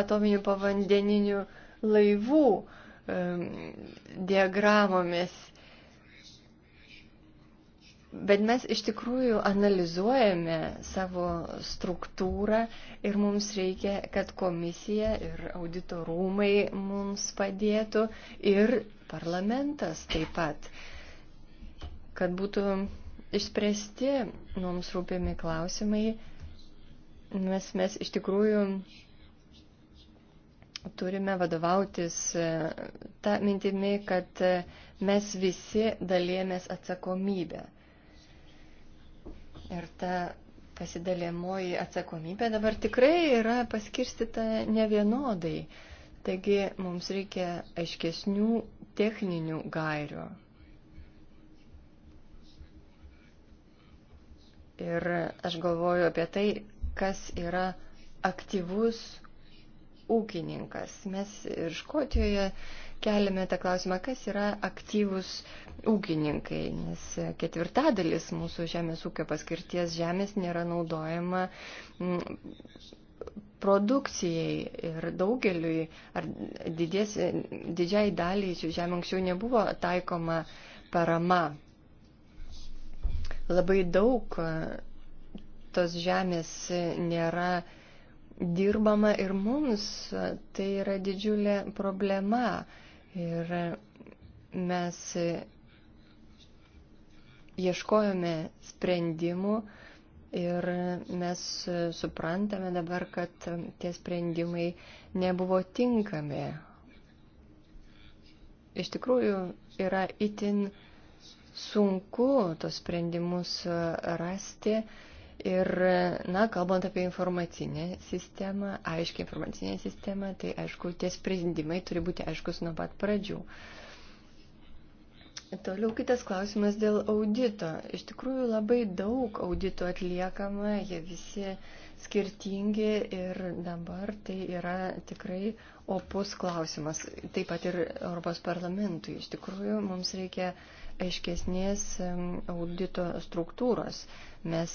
Speaker 2: atominių pavandeninių laivų e, diagramomis. Bet mes iš tikrųjų analizuojame savo struktūrą ir mums reikia, kad komisija ir auditorumai mums padėtų ir parlamentas taip pat, kad būtų išspręsti mums rūpimi klausimai, nes mes iš tikrųjų turime vadovautis e, tą mintimį, kad e, mes visi dalėmės atsakomybę. Ir ta pasidalėmoji atsakomybė dabar tikrai yra paskirstita nevienodai. Taigi mums reikia aiškesnių techninių gairių, Ir aš galvoju apie tai, kas yra aktyvus ūkininkas. Mes ir Škotijoje keliame tą klausimą, kas yra aktyvus ūkininkai, nes ketvirtadalis mūsų žemės ūkio paskirties žemės nėra naudojama mm, produkcijai ir daugeliui, ar didės, didžiai daliai šių žemė anksčiau nebuvo taikoma parama. Labai daug e, tos žemės nėra dirbama ir mums e, tai yra didžiulė problema. Ir e, mes ieškojome sprendimų ir mes suprantame dabar, kad tie sprendimai nebuvo tinkami. Iš tikrųjų yra itin sunku tos sprendimus e, rasti. Ir, na, kalbant apie informacinę sistemą, aiškiai informacinę sistemą, tai aišku, tie sprendimai turi būti aiškus nuo pat pradžių. Toliau kitas klausimas dėl audito. Iš tikrųjų labai daug audito atliekama, jie visi skirtingi ir dabar tai yra tikrai opus klausimas. Taip pat ir Europos parlamentui. Iš tikrųjų mums reikia uh, aiškesnės audito struktūros. Mes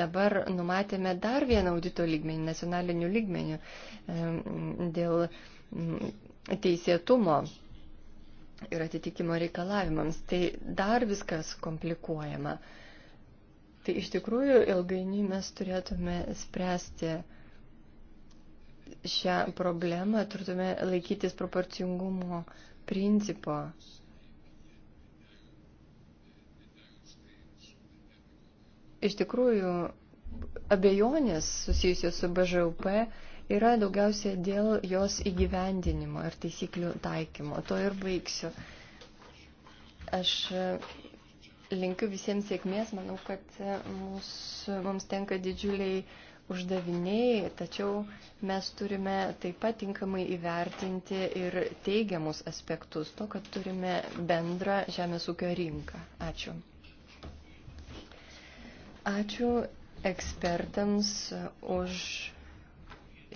Speaker 2: dabar numatėme dar vieną audito lygmenį, nacionalinių lygmenių, dėl mm, teisėtumo ir atitikimo reikalavimams. Tai dar viskas komplikuojama. Tai iš tikrųjų ilgainiui mes turėtume spręsti šią problemą, turėtume laikytis proporcingumo principo Iš tikrųjų, abejonės susijusios su BŽUP yra daugiausia dėl jos įgyvendinimo ir taisyklių taikymo. To ir baigsiu. Aš e, linkiu visiems sėkmės, manau, kad e, mūs, mums tenka didžiuliai uždaviniai, tačiau mes turime taip pat tinkamai įvertinti ir teigiamus aspektus to, kad turime bendrą žemės ūkio rinką. Ačiū. Ačiū ekspertams už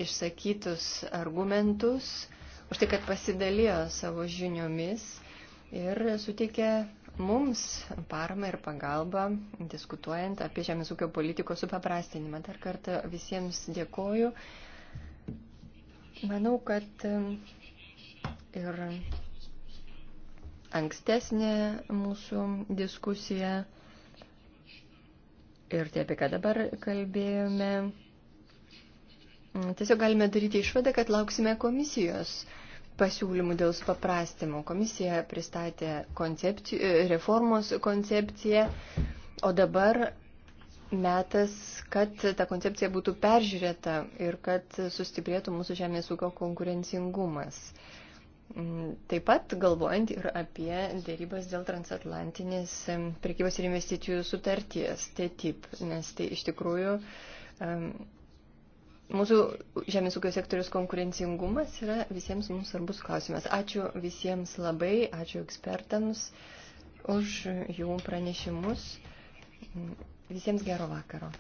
Speaker 2: išsakytus argumentus, už tai, kad pasidalijo savo žiniomis ir suteikė mums paramą ir pagalbą diskutuojant apie žemės ūkio politikos supaprastinimą. Dar kartą visiems dėkoju. Manau, kad ir ankstesnė mūsų diskusija ir tai, apie ką dabar kalbėjome, tiesiog galime daryti išvadą, kad lauksime komisijos pasiūlymų dėl supaprastimo. Komisija pristatė koncepci reformos koncepciją, o dabar metas, kad ta koncepcija būtų peržiūrėta ir kad sustiprėtų mūsų žemės ūkio konkurencingumas. Uh, Mm, taip pat galvojant ir apie dėrybas dėl transatlantinės prekybos ir investicijų sutarties, TTIP, nes tai iš tikrųjų mūsų žemės ūkio sektorius konkurencingumas yra visiems mums svarbus klausimas. Ačiū visiems labai, ačiū ekspertams už jų pranešimus. Mm, visiems gero vakaro.